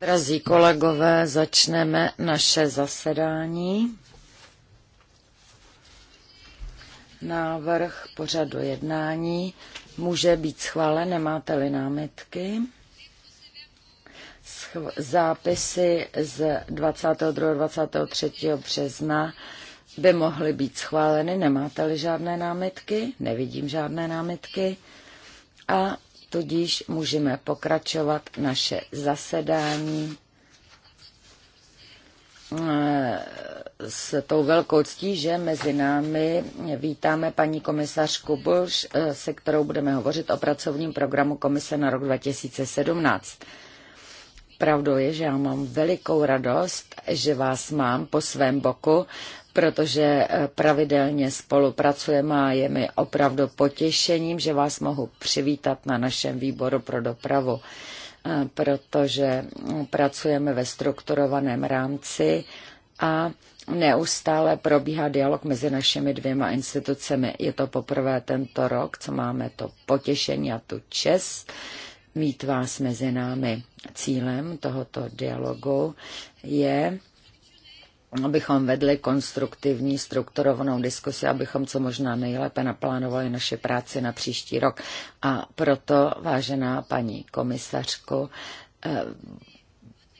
Drazí kolegové, začneme naše zasedání. Návrh pořadu jednání může být schválen, nemáte-li námitky. Zápisy z 22. 23. března by mohly být schváleny, nemáte-li žádné námitky, nevidím žádné námitky. A Tudíž můžeme pokračovat naše zasedání eh, s tou velkou ctí, že mezi námi vítáme paní komisařku Bulš, eh, se kterou budeme hovořit o pracovním programu Komise na rok 2017. Pravdou je, že já mám velikou radost, že vás mám po svém boku protože eh, pravidelně spolupracujeme a je mi opravdu potěšením, že vás mohu přivítat na našem výboru pro dopravu, eh, protože mm, pracujeme ve strukturovaném rámci a neustále probíhá dialog mezi našimi dvěma institucemi. Je to poprvé tento rok, co máme to potěšení a tu čest mít vás mezi námi. Cílem tohoto dialogu je abychom vedli konstruktivní, strukturovanou diskusi, abychom co možná nejlépe naplánovali naše práci na příští rok. A proto, vážená paní komisařko, eh,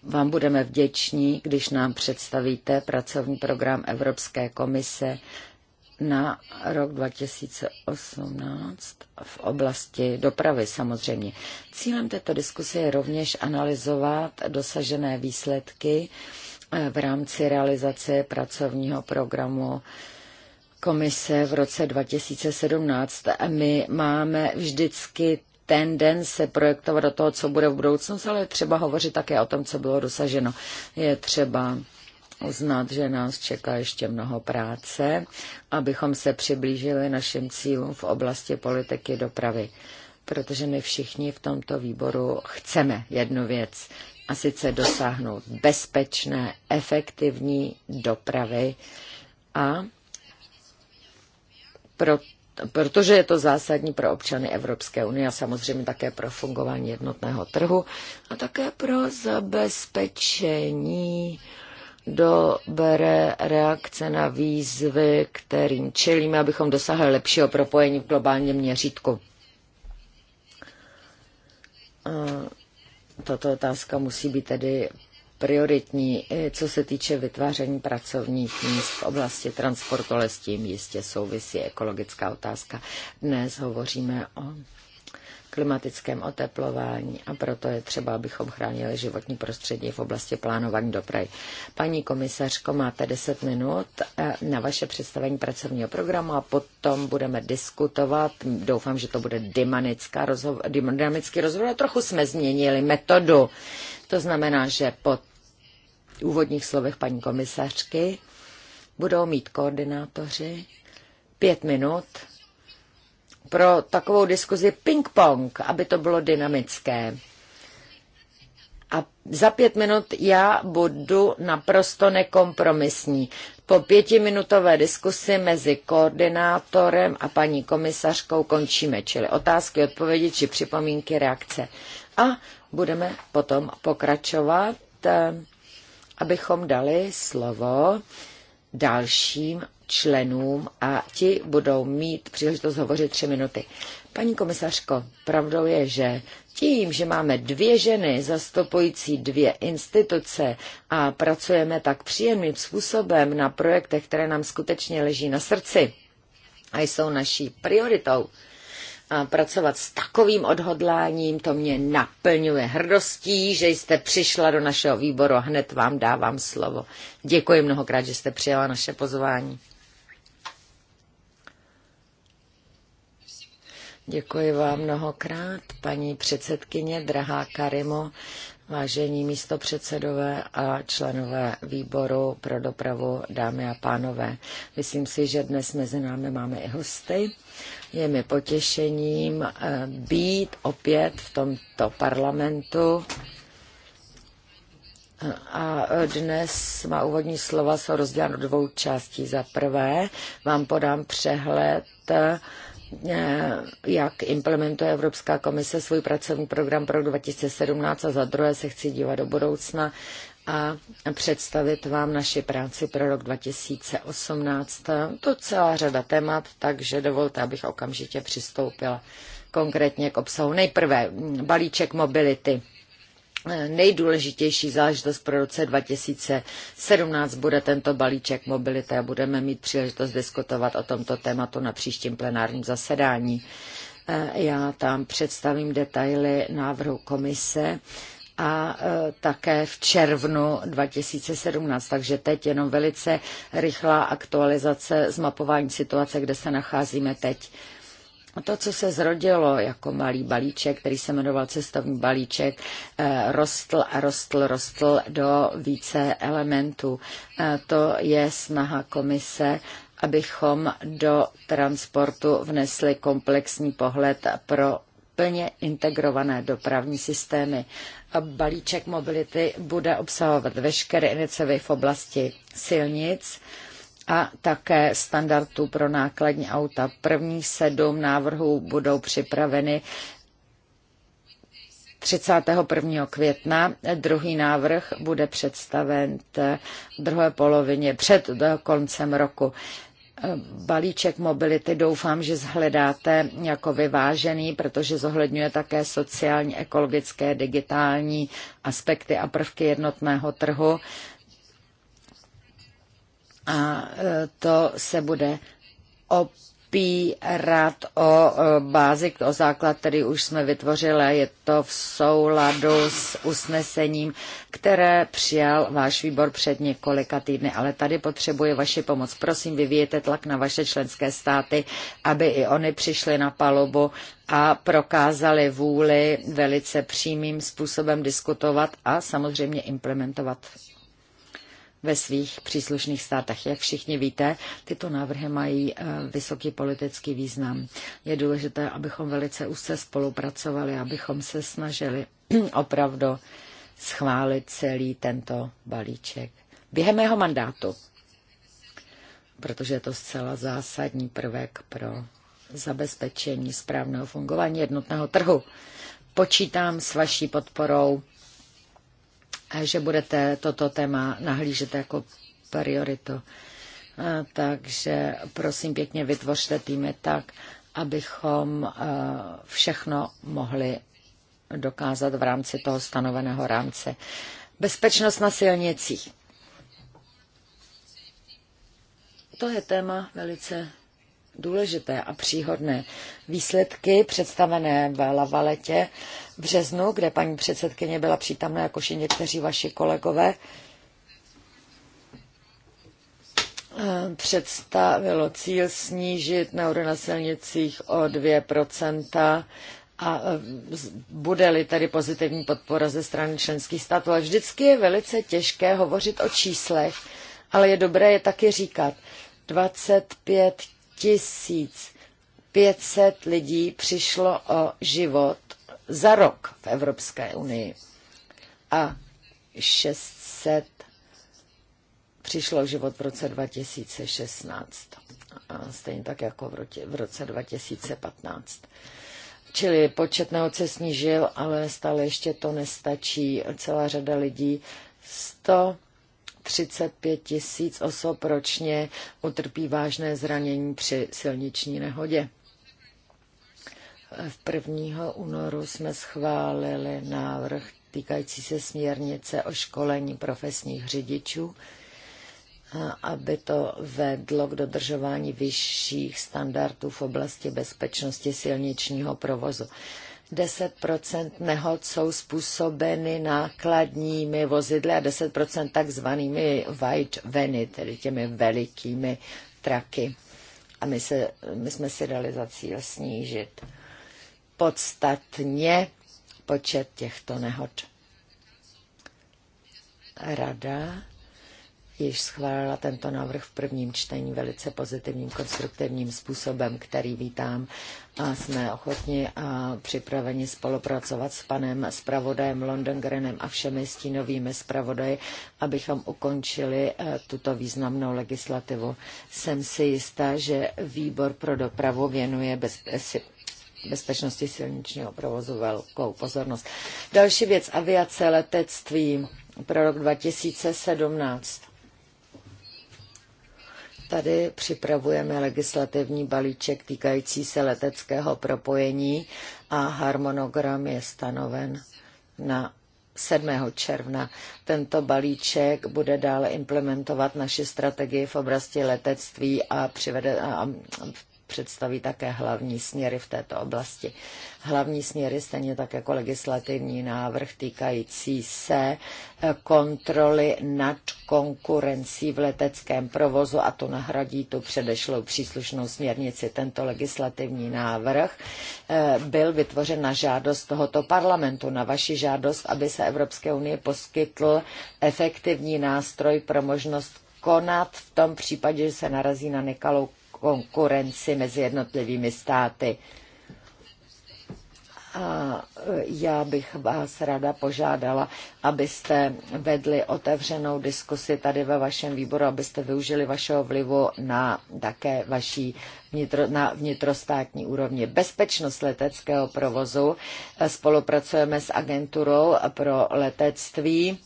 vám budeme vděční, když nám představíte pracovní program Evropské komise na rok 2018 v oblasti dopravy samozřejmě. Cílem této diskuse je rovněž analyzovat dosažené výsledky v rámci realizace pracovního programu komise v roce 2017. My máme vždycky tendence projektovat do toho, co bude v budoucnosti, ale třeba hovořit také o tom, co bylo dosaženo. Je třeba uznat, že nás čeká ještě mnoho práce, abychom se přiblížili našim cílům v oblasti politiky dopravy. Protože my všichni v tomto výboru chceme jednu věc a sice dosáhnout bezpečné, efektivní dopravy a pro, protože je to zásadní pro občany Evropské unie a samozřejmě také pro fungování jednotného trhu a také pro zabezpečení dobré reakce na výzvy, kterým čelíme, abychom dosáhli lepšího propojení v globálním měřítku tato otázka musí být tedy prioritní, co se týče vytváření pracovních míst v oblasti transportu, ale s tím jistě souvisí ekologická otázka. Dnes hovoříme o klimatickém oteplování a proto je třeba, abychom chránili životní prostředí v oblasti plánování dopravy. Paní komisařko, máte 10 minut eh, na vaše představení pracovního programu a potom budeme diskutovat. Doufám, že to bude rozhovor, dynamický rozhovor. Trochu jsme změnili metodu. To znamená, že po úvodních slovech paní komisařky budou mít koordinátoři pět minut pro takovou diskuzi ping-pong, aby to bylo dynamické. A za pět minut já budu naprosto nekompromisní. Po pětiminutové diskusi mezi koordinátorem a paní komisařkou končíme, čili otázky, odpovědi či připomínky, reakce. A budeme potom pokračovat, eh, abychom dali slovo dalším členům a ti budou mít příležitost hovořit tři minuty. Paní komisařko, pravdou je, že tím, že máme dvě ženy zastupující dvě instituce a pracujeme tak příjemným způsobem na projektech, které nám skutečně leží na srdci a jsou naší prioritou, a pracovat s takovým odhodláním, to mě naplňuje hrdostí, že jste přišla do našeho výboru a hned vám dávám slovo. Děkuji mnohokrát, že jste přijela naše pozvání. Děkuji vám mnohokrát, paní předsedkyně, drahá Karimo, vážení místopředsedové a členové výboru pro dopravu, dámy a pánové. Myslím si, že dnes mezi námi máme i hosty. Je mi potěšením eh, být opět v tomto parlamentu eh, a eh, dnes má úvodní slova jsou rozděleno do dvou částí. Za prvé vám podám přehled Eh, jak implementuje Evropská komise svůj pracovní program pro 2017 a za druhé se chci dívat do budoucna a představit vám naši práci pro rok 2018. To celá řada témat, takže dovolte, abych okamžitě přistoupila konkrétně k obsahu. Nejprve balíček mobility. Eh, nejdůležitější záležitost pro roce 2017 bude tento balíček mobility a budeme mít příležitost diskutovat o tomto tématu na příštím plenárním zasedání. Eh, já tam představím detaily návrhu komise a eh, také v červnu 2017. Takže teď jenom velice rychlá aktualizace zmapování situace, kde se nacházíme teď to, co se zrodilo jako malý balíček, který se jmenoval cestovní balíček, eh, rostl a rostl, rostl do více elementů. Eh, to je snaha komise abychom do transportu vnesli komplexní pohled pro plně integrované dopravní systémy. Balíček mobility bude obsahovat veškeré iniciativy v oblasti silnic, a také standardů pro nákladní auta. První sedm návrhů budou připraveny 31. května. Druhý návrh bude představen v druhé polovině před koncem roku. Balíček mobility doufám, že zhledáte jako vyvážený, protože zohledňuje také sociální, ekologické, digitální aspekty a prvky jednotného trhu a e, to se bude opírat o e, bázi, o základ, který už jsme vytvořili. Je to v souladu s usnesením, které přijal váš výbor před několika týdny, ale tady potřebuje vaši pomoc. Prosím, vyvíjete tlak na vaše členské státy, aby i oni přišli na palubu a prokázali vůli velice přímým způsobem diskutovat a samozřejmě implementovat ve svých příslušných státech. Jak všichni víte, tyto návrhy mají eh, vysoký politický význam. Je důležité, abychom velice úzce spolupracovali, abychom se snažili opravdu schválit celý tento balíček během mého mandátu, protože je to zcela zásadní prvek pro zabezpečení správného fungování jednotného trhu. Počítám s vaší podporou že budete toto téma nahlížet jako prioritu. Takže prosím pěkně vytvořte týmy tak, abychom všechno mohli dokázat v rámci toho stanoveného rámce. Bezpečnost na silnicích. To je téma velice důležité a příhodné výsledky představené v Lavaletě v březnu, kde paní předsedkyně byla přítomna, jakož i někteří vaši kolegové, eh, představilo cíl snížit nehodu na silnicích o 2% a eh, bude-li tady pozitivní podpora ze strany členských států. Ale vždycky je velice těžké hovořit o číslech, ale je dobré je taky říkat. 25 1500 lidí přišlo o život za rok v Evropské unii a 600 přišlo o život v roce 2016, a stejně tak jako v, v roce 2015. Čili počet nehod se snížil, ale stále ještě to nestačí. Celá řada lidí 100 35 tisíc osob ročně utrpí vážné zranění při silniční nehodě. V 1. únoru jsme schválili návrh týkající se směrnice o školení profesních řidičů, aby to vedlo k dodržování vyšších standardů v oblasti bezpečnosti silničního provozu. 10 nehod jsou způsobeny nákladními vozidly a 10 takzvanými white veny, tedy těmi velikými traky. A my, se, my jsme si dali za cíl snížit podstatně počet těchto nehod. Rada již schválila tento návrh v prvním čtení velice pozitivním, konstruktivním způsobem, který vítám a jsme ochotni a připraveni spolupracovat s panem zpravodajem Londongrenem a všemi stínovými zpravodaji, abychom ukončili eh, tuto významnou legislativu. Jsem si jistá, že výbor pro dopravu věnuje bez, bezpečnosti silničního provozu velkou pozornost. Další věc, aviace, letectví pro rok 2017. Tady připravujeme legislativní balíček týkající se leteckého propojení a harmonogram je stanoven na 7. června. Tento balíček bude dále implementovat naši strategii v oblasti letectví a, přivede, a představí také hlavní směry v této oblasti. Hlavní směry, stejně tak jako legislativní návrh týkající se eh, kontroly nad konkurencí v leteckém provozu a to nahradí tu předešlou příslušnou směrnici. Tento legislativní návrh eh, byl vytvořen na žádost tohoto parlamentu, na vaši žádost, aby se Evropské unie poskytl efektivní nástroj pro možnost konat v tom případě, že se narazí na nekalou konkurenci mezi jednotlivými státy. A já bych vás ráda požádala, abyste vedli otevřenou diskusi tady ve vašem výboru, abyste využili vašeho vlivu na také vaší vnitro, na vnitrostátní úrovni. Bezpečnost leteckého provozu spolupracujeme s agenturou pro letectví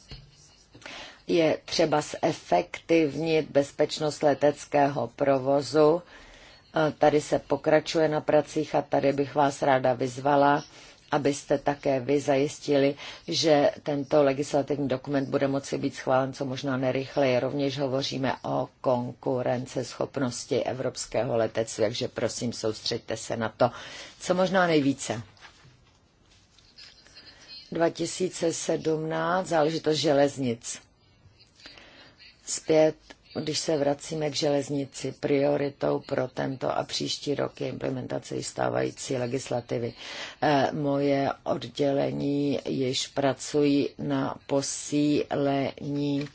je třeba zefektivnit bezpečnost leteckého provozu. Tady se pokračuje na pracích a tady bych vás ráda vyzvala, abyste také vy zajistili, že tento legislativní dokument bude moci být schválen co možná nerychleji. Rovněž hovoříme o konkurenceschopnosti evropského letectví, takže prosím, soustřeďte se na to, co možná nejvíce. 2017, záležitost železnic. Zpět, když se vracíme k železnici, prioritou pro tento a příští rok je implementace stávající legislativy. Eh, moje oddělení již pracují na posílení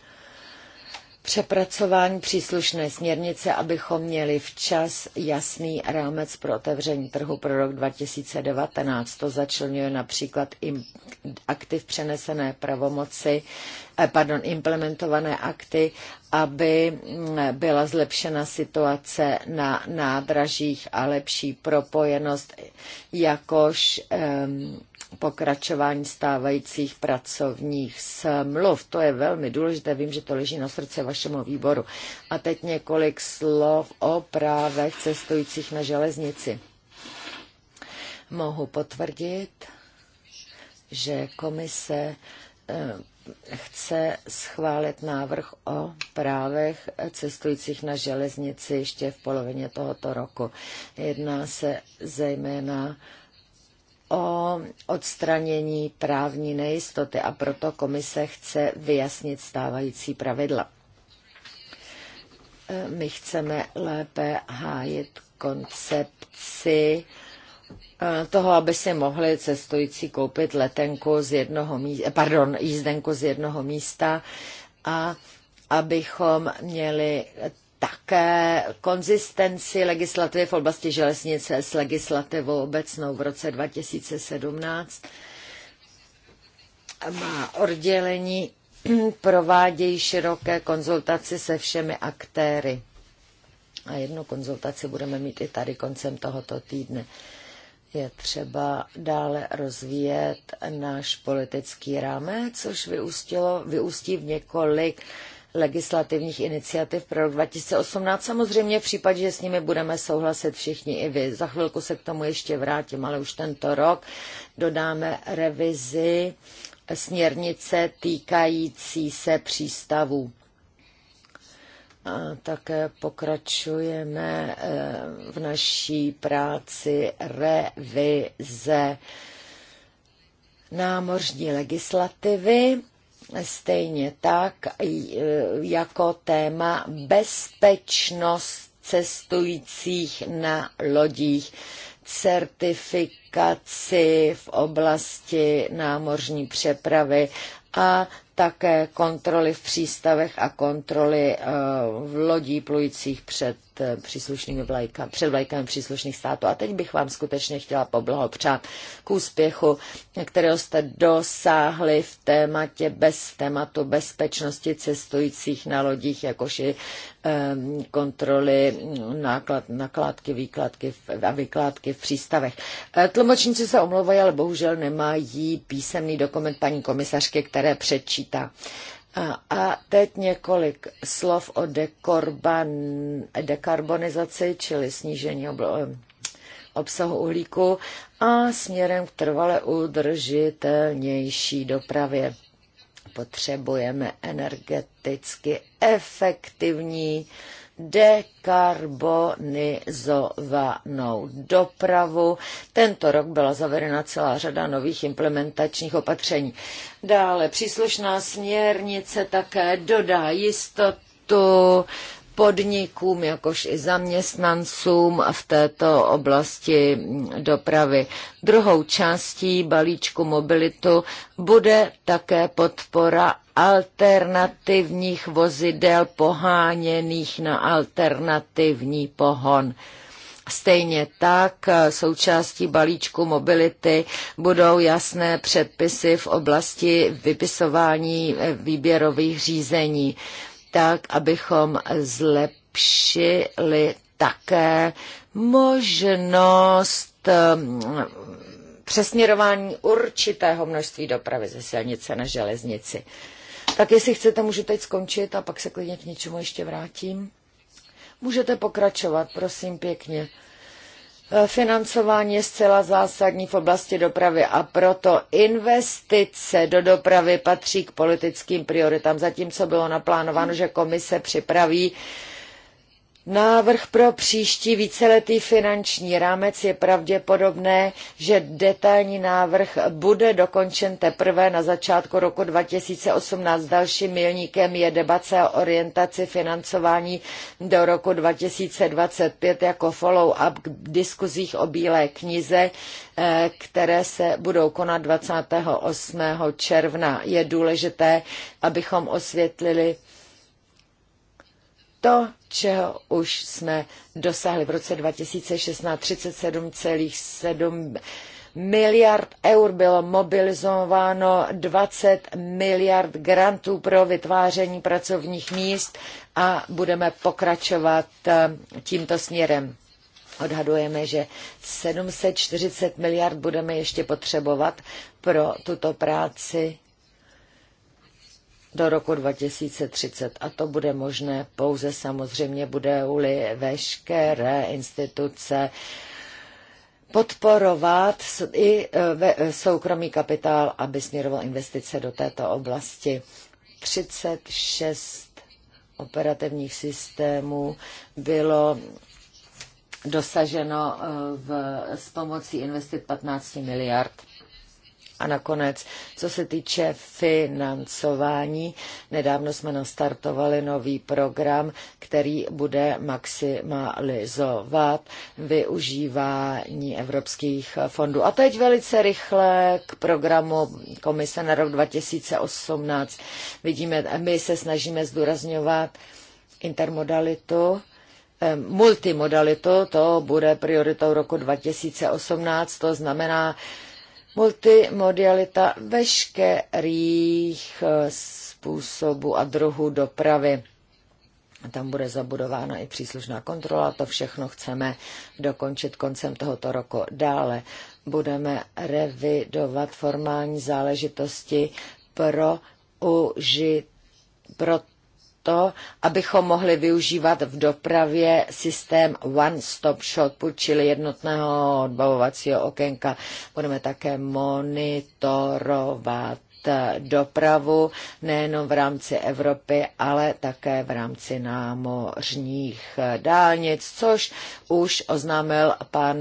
přepracování příslušné směrnice, abychom měli včas jasný rámec pro otevření trhu pro rok 2019. To začlenuje například aktiv přenesené pravomoci, eh, pardon, implementované akty, aby mm, byla zlepšena situace na nádražích a lepší propojenost, jakož pokračování stávajících pracovních smluv. To je velmi důležité, vím, že to leží na srdce vašemu výboru. A teď několik slov o právech cestujících na železnici. Mohu potvrdit, že komise eh, chce schválit návrh o právech cestujících na železnici ještě v polovině tohoto roku. Jedná se zejména o odstranění právní nejistoty a proto komise chce vyjasnit stávající pravidla. E, my chceme lépe hájit koncepci e, toho, aby si mohli cestující koupit letenku z jednoho místa, e, pardon, jízdenku z jednoho místa a abychom měli také konzistenci legislativy v oblasti železnice s legislativou obecnou v roce 2017. Má oddělení provádějí široké konzultaci se všemi aktéry. A jednu konzultaci budeme mít i tady koncem tohoto týdne. Je třeba dále rozvíjet náš politický rámec, což vyústilo, vyústí v několik legislativních iniciativ pro rok 2018, samozřejmě v případě, že s nimi budeme souhlasit všichni i vy. Za chvilku se k tomu ještě vrátím, ale už tento rok dodáme revizi směrnice týkající se přístavů. A také pokračujeme eh, v naší práci revize námořní legislativy stejně tak jako téma bezpečnost cestujících na lodích, certifikaci v oblasti námořní přepravy a také kontroly v přístavech a kontroly eh, v lodí plujících před eh, příslušnými vlajkami, před vlajkami příslušných států. A teď bych vám skutečně chtěla poblahopřát k úspěchu, kterého jste dosáhli v tématě bez tématu bezpečnosti cestujících na lodích, jakož i ehm, kontroly náklad, nakládky, výkladky a vykládky v přístavech. Eh, tlumočníci se omlouvají, ale bohužel nemají písemný dokument paní komisařky, které přečí počítá. A, a teď několik slov o dekorban, dekarbonizaci, čili snížení obl- obsahu uhlíku a směrem k trvale udržitelnější dopravě. Potřebujeme energeticky efektivní uh, dekarbonizovanou dopravu. Tento rok byla zavedena celá řada nových implementačních opatření. Dále příslušná směrnice také dodá jistotu, podnikům, jakož i zaměstnancům v této oblasti dopravy. Druhou částí balíčku mobilitu bude také podpora alternativních vozidel poháněných na alternativní pohon. Stejně tak součástí balíčku mobility budou jasné předpisy v oblasti vypisování e, výběrových řízení tak abychom zlepšili také možnost um, přesměrování určitého množství dopravy ze silnice na železnici. Tak jestli chcete, můžu teď skončit a pak se klidně k něčemu ještě vrátím. Můžete pokračovat, prosím pěkně. Financování je zcela zásadní v oblasti dopravy a proto investice do dopravy patří k politickým prioritám. Zatímco bylo naplánováno, že komise připraví uh, Návrh pro příští víceletý finanční rámec je pravděpodobné, že detailní návrh bude dokončen teprve na začátku roku 2018. Dalším milníkem je debace o orientaci financování do roku 2025 jako follow-up k diskuzích o Bílé knize, eh, které se budou konat 28. června. Je důležité, abychom osvětlili to, čeho už jsme dosáhli v roce 2016 37,7 miliard eur bylo mobilizováno 20 miliard grantů pro vytváření pracovních míst a budeme pokračovat eh, tímto směrem. Odhadujeme, že 740 miliard budeme ještě potřebovat pro tuto práci do roku 2030. A to bude možné pouze samozřejmě bude-li veškeré instituce podporovat i e, e, soukromý kapitál, aby směroval investice do této oblasti. 36 operativních systémů bylo dosaženo e, v, s pomocí investit 15 miliard a nakonec, co se týče financování, nedávno jsme nastartovali nový program, který bude maximalizovat využívání evropských fondů. A teď velice rychle k programu Komise na rok 2018. Vidíme, my se snažíme zdůrazňovat intermodalitu, multimodalitu, to bude prioritou roku 2018, to znamená multimodialita veškerých eh, způsobů a druhů dopravy. Tam bude zabudována i příslušná kontrola, to všechno chceme dokončit koncem tohoto roku. Dále budeme revidovat formální záležitosti pro užit pro to, abychom mohli využívat v dopravě systém One Stop Shopu, čili jednotného odbavovacího okénka. Budeme také monitorovat dopravu nejenom v rámci Evropy, ale také v rámci námořních dálnic, což už oznámil pan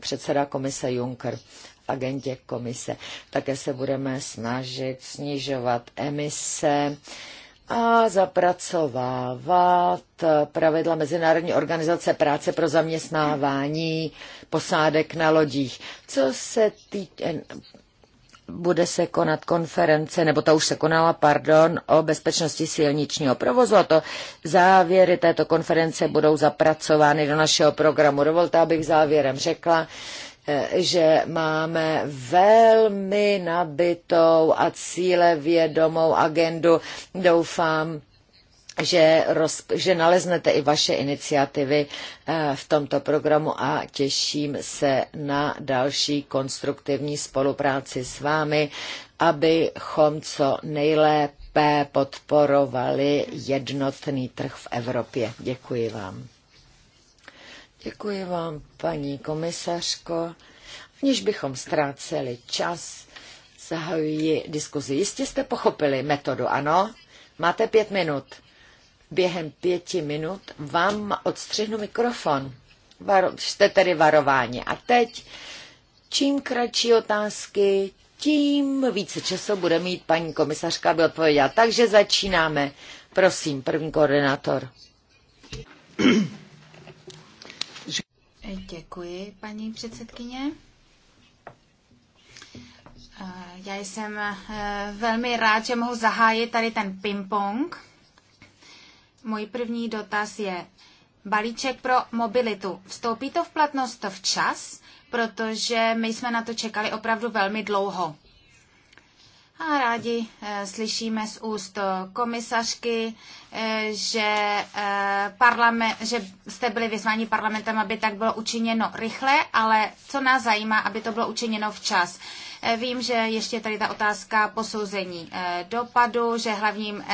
předseda komise Juncker v agentě komise. Také se budeme snažit snižovat emise a zapracovávat pravidla Mezinárodní organizace práce pro zaměstnávání posádek na lodích. Co se týče, bude se konat konference, nebo ta už se konala, pardon, o bezpečnosti silničního provozu a to závěry této konference budou zapracovány do našeho programu. Dovolte, abych závěrem řekla, Eh, že máme velmi nabitou a cílevědomou agendu. Doufám, že, roz, že naleznete i vaše iniciativy eh, v tomto programu a těším se na další konstruktivní spolupráci s vámi, abychom co nejlépe podporovali jednotný trh v Evropě. Děkuji vám. Děkuji vám, paní komisařko. Aniž bychom ztráceli čas, zahajuji diskuzi. Jistě jste pochopili metodu, ano? Máte pět minut. Během pěti minut vám odstřihnu mikrofon. Varo, jste tedy varováni. A teď, čím kratší otázky, tím více času bude mít paní komisařka, aby odpověděla. Takže začínáme. Prosím, první koordinátor. Děkuji, paní předsedkyně. Eh, já jsem eh, velmi rád, že mohu zahájit tady ten ping-pong. Můj první dotaz je, balíček pro mobilitu, vstoupí to v platnost včas? Protože my jsme na to čekali opravdu velmi dlouho. A rádi eh, slyšíme z úst komisařky, eh, že, eh, parlament, že jste byli vyzváni parlamentem, aby tak bylo učiněno rychle, ale co nás zajímá, aby to bylo učiněno včas. Vím, že ještě tady ta otázka posouzení dopadu, že hlavním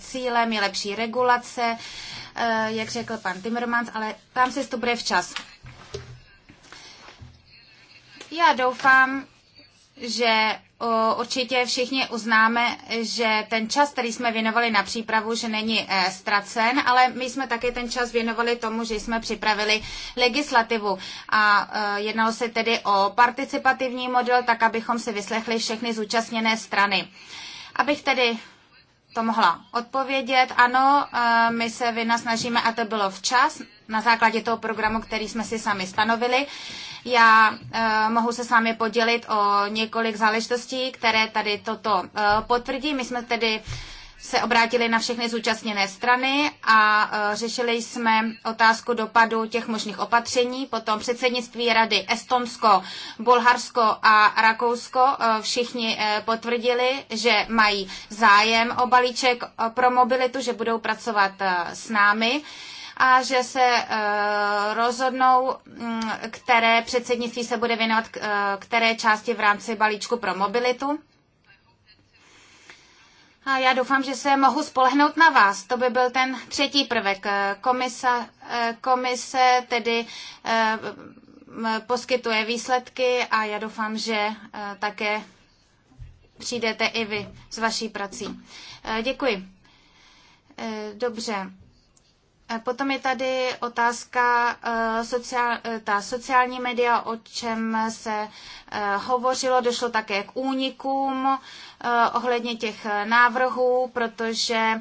cílem je lepší regulace, jak řekl pan Timmermans, ale tam se to bude včas. Já doufám, že určitě všichni uznáme, že ten čas, který jsme věnovali na přípravu, že není e, ztracen, ale my jsme také ten čas věnovali tomu, že jsme připravili legislativu. A e, jednalo se tedy o participativní model, tak abychom si vyslechli všechny zúčastněné strany. Abych tedy to mohla odpovědět. Ano, eh, my se snažíme a to bylo včas, na základě toho programu, který jsme si sami stanovili. Já eh, mohu se s vámi podělit o několik záležitostí, které tady toto eh, potvrdí. My jsme tedy se obrátili na všechny zúčastněné strany a e, řešili jsme otázku dopadu těch možných opatření. Potom předsednictví rady Estonsko, Bulharsko a Rakousko e, všichni e, potvrdili, že mají zájem o balíček pro mobilitu, že budou pracovat s námi a že se rozhodnou, mm, které předsednictví se bude věnovat které části v rámci balíčku pro mobilitu. A já doufám, že se mohu spolehnout na vás. To by byl ten třetí prvek. Eh, Komisa, eh, komise tedy eh, poskytuje výsledky a já doufám, že také přijdete i vy s vaší prací. Děkuji. Dobře. Potom je tady otázka eh, sociál, eh, ta sociální média, o čem se eh, hovořilo. Došlo také k únikům ohledně těch návrhů, protože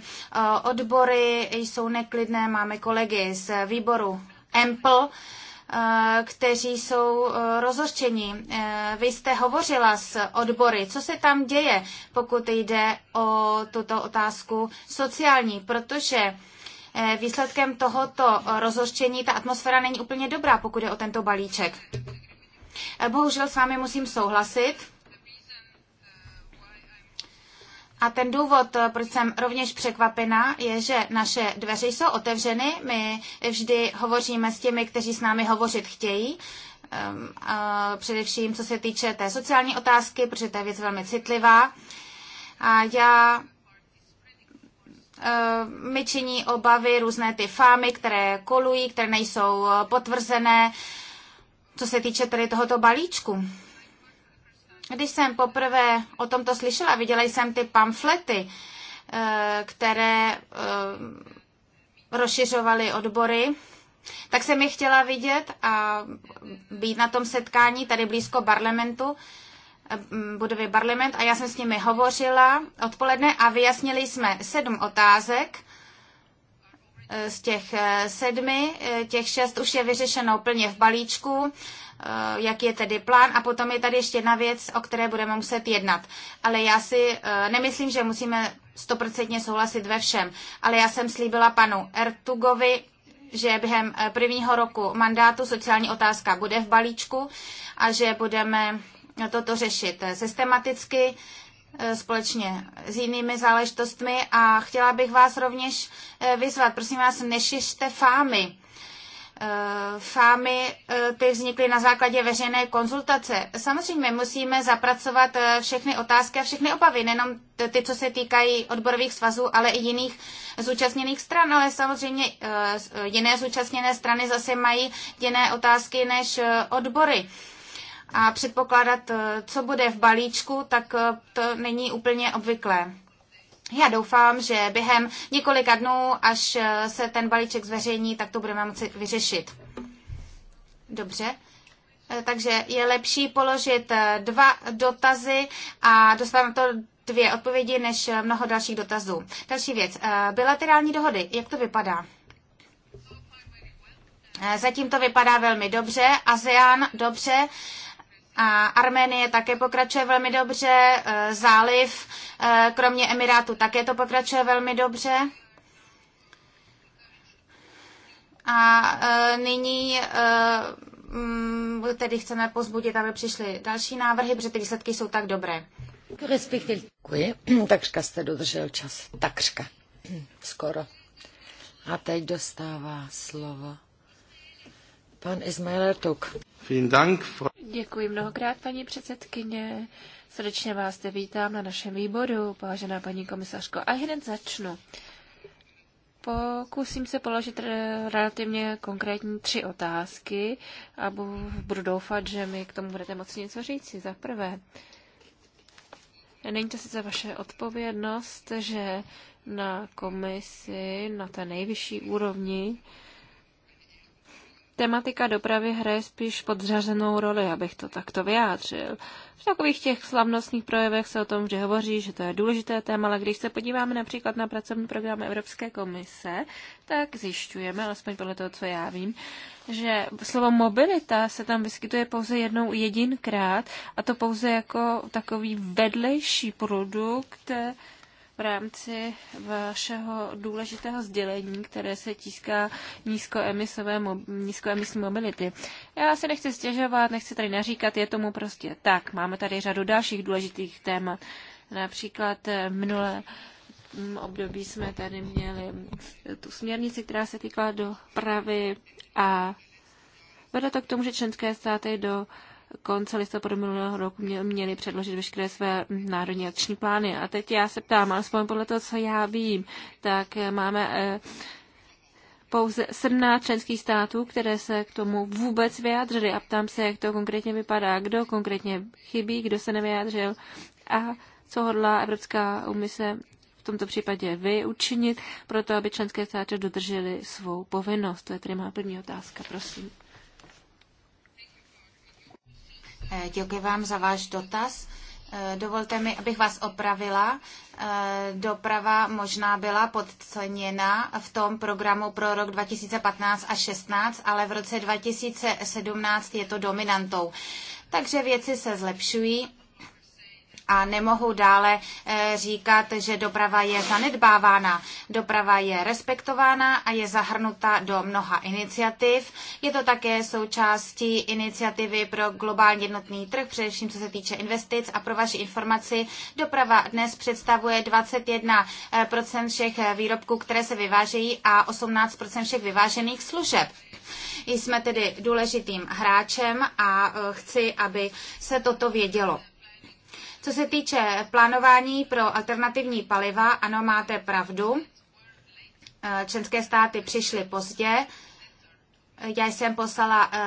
odbory jsou neklidné. Máme kolegy z výboru EMPL, kteří jsou rozhořčení. Vy jste hovořila s odbory, co se tam děje, pokud jde o tuto otázku sociální, protože Eh, výsledkem tohoto rozhořčení ta atmosféra není úplně dobrá, pokud je o tento balíček. Eh, bohužel s vámi musím souhlasit. A ten důvod, eh, proč jsem rovněž překvapena, je, že naše dveře jsou otevřeny. My vždy hovoříme s těmi, kteří s námi hovořit chtějí. Ehm, především co se týče té sociální otázky, protože to je věc velmi citlivá. A já Eh, mi činí obavy různé ty fámy, které kolují, které nejsou eh, potvrzené, co se týče tedy tohoto balíčku. Když jsem poprvé o tomto slyšela, viděla jsem ty pamflety, eh, které rozšiřovaly odbory, tak jsem je chtěla vidět a být na tom setkání tady blízko parlamentu, Eh, budovy Parlament a já jsem s nimi hovořila odpoledne a vyjasnili jsme sedm otázek. Eh, z těch eh, sedmi, těch šest už je vyřešeno plně v balíčku, jaký je tedy plán a potom je tady ještě jedna věc, o které budeme muset jednat. Ale já si nemyslím, že musíme stoprocentně souhlasit ve všem, ale já jsem slíbila panu Ertugovi, že během prvního roku mandátu sociální otázka bude v balíčku a že budeme toto řešit systematicky e, společně s jinými záležitostmi a chtěla bych vás rovněž e, vyzvat, prosím vás, nešište fámy. E, fámy ty vznikly na základě veřejné konzultace. Samozřejmě musíme zapracovat všechny otázky a všechny obavy, nejenom ty, co se týkají odborových svazů, ale i jiných zúčastněných stran. Ale samozřejmě jiné zúčastněné strany zase mají jiné otázky než odbory a předpokládat, eh, co bude v balíčku, tak eh, to není úplně obvyklé. Já doufám, že během několika dnů, až eh, se ten balíček zveřejní, tak to budeme moci vyřešit. Dobře. Takže je lepší položit dva dotazy a dostávám to dvě odpovědi než mnoho dalších dotazů. Další věc. Bilaterální dohody. Jak to vypadá? Zatím to vypadá velmi dobře. ASEAN dobře. A Arménie také pokračuje velmi dobře, e, záliv, e, kromě Emirátu také to pokračuje velmi dobře. A e, nyní mm, tedy chceme pozbudit, aby přišly další návrhy, protože ty výsledky jsou tak dobré. Děkuji. Takřka jste dodržel čas. Takřka. Skoro. A teď dostává slovo Pan Ismail Děkuji mnohokrát, paní předsedkyně. Srdečně vás zde vítám na našem výboru, vážená paní komisařko. A hned začnu. Pokusím se položit relativně konkrétní tři otázky a budu doufat, že mi k tomu budete moci něco říci. Za prvé, není to sice vaše odpovědnost, že na komisi, na té nejvyšší úrovni, tematika dopravy hraje spíš podřazenou roli, abych to takto vyjádřil. V takových těch slavnostních projevech se o tom vždy hovoří, že to je důležité téma, ale když se podíváme například na pracovní program Evropské komise, tak zjišťujeme, alespoň podle toho, co já vím, že slovo mobilita se tam vyskytuje pouze jednou jedinkrát a to pouze jako takový vedlejší produkt, v rámci vašeho důležitého sdělení, které se tíská nízkoemisové, nízkoemisní mobility. Já se nechci stěžovat, nechci tady naříkat, je tomu prostě tak. Máme tady řadu dalších důležitých témat. Například eh, minulé mm, období jsme tady měli eh, tu směrnici, která se týkala dopravy a vedlo to k tomu, že členské státy do konce listopadu minulého roku mě, měli předložit veškeré své národní akční plány. A teď já se ptám, alespoň podle toho, co já vím, tak eh, máme eh, pouze 17 členských států, které se k tomu vůbec vyjádřily. A ptám se, jak to konkrétně vypadá, kdo konkrétně chybí, kdo se nevyjádřil a co hodlá Evropská umise v tomto případě vy učinit, proto aby členské státy dodržely svou povinnost. To je tedy má první otázka, prosím. Eh, děkuji vám za váš dotaz. Eh, dovolte mi, abych vás opravila. Eh, doprava možná byla podceněna v tom programu pro rok 2015 a 16, ale v roce 2017 je to dominantou. Takže věci se zlepšují a nemohu dále eh, říkat, že doprava je zanedbávána. Doprava je respektována a je zahrnuta do mnoha iniciativ. Je to také součástí iniciativy pro globální jednotný trh, především co se týče investic a pro vaši informaci, doprava dnes představuje 21% eh, všech eh, výrobků, které se vyvážejí a 18% všech vyvážených služeb. Jsme tedy důležitým hráčem a chci, aby se toto vědělo. Co se týče plánování pro alternativní paliva, ano, máte pravdu. Eh, členské státy přišly pozdě. Já jsem poslala eh,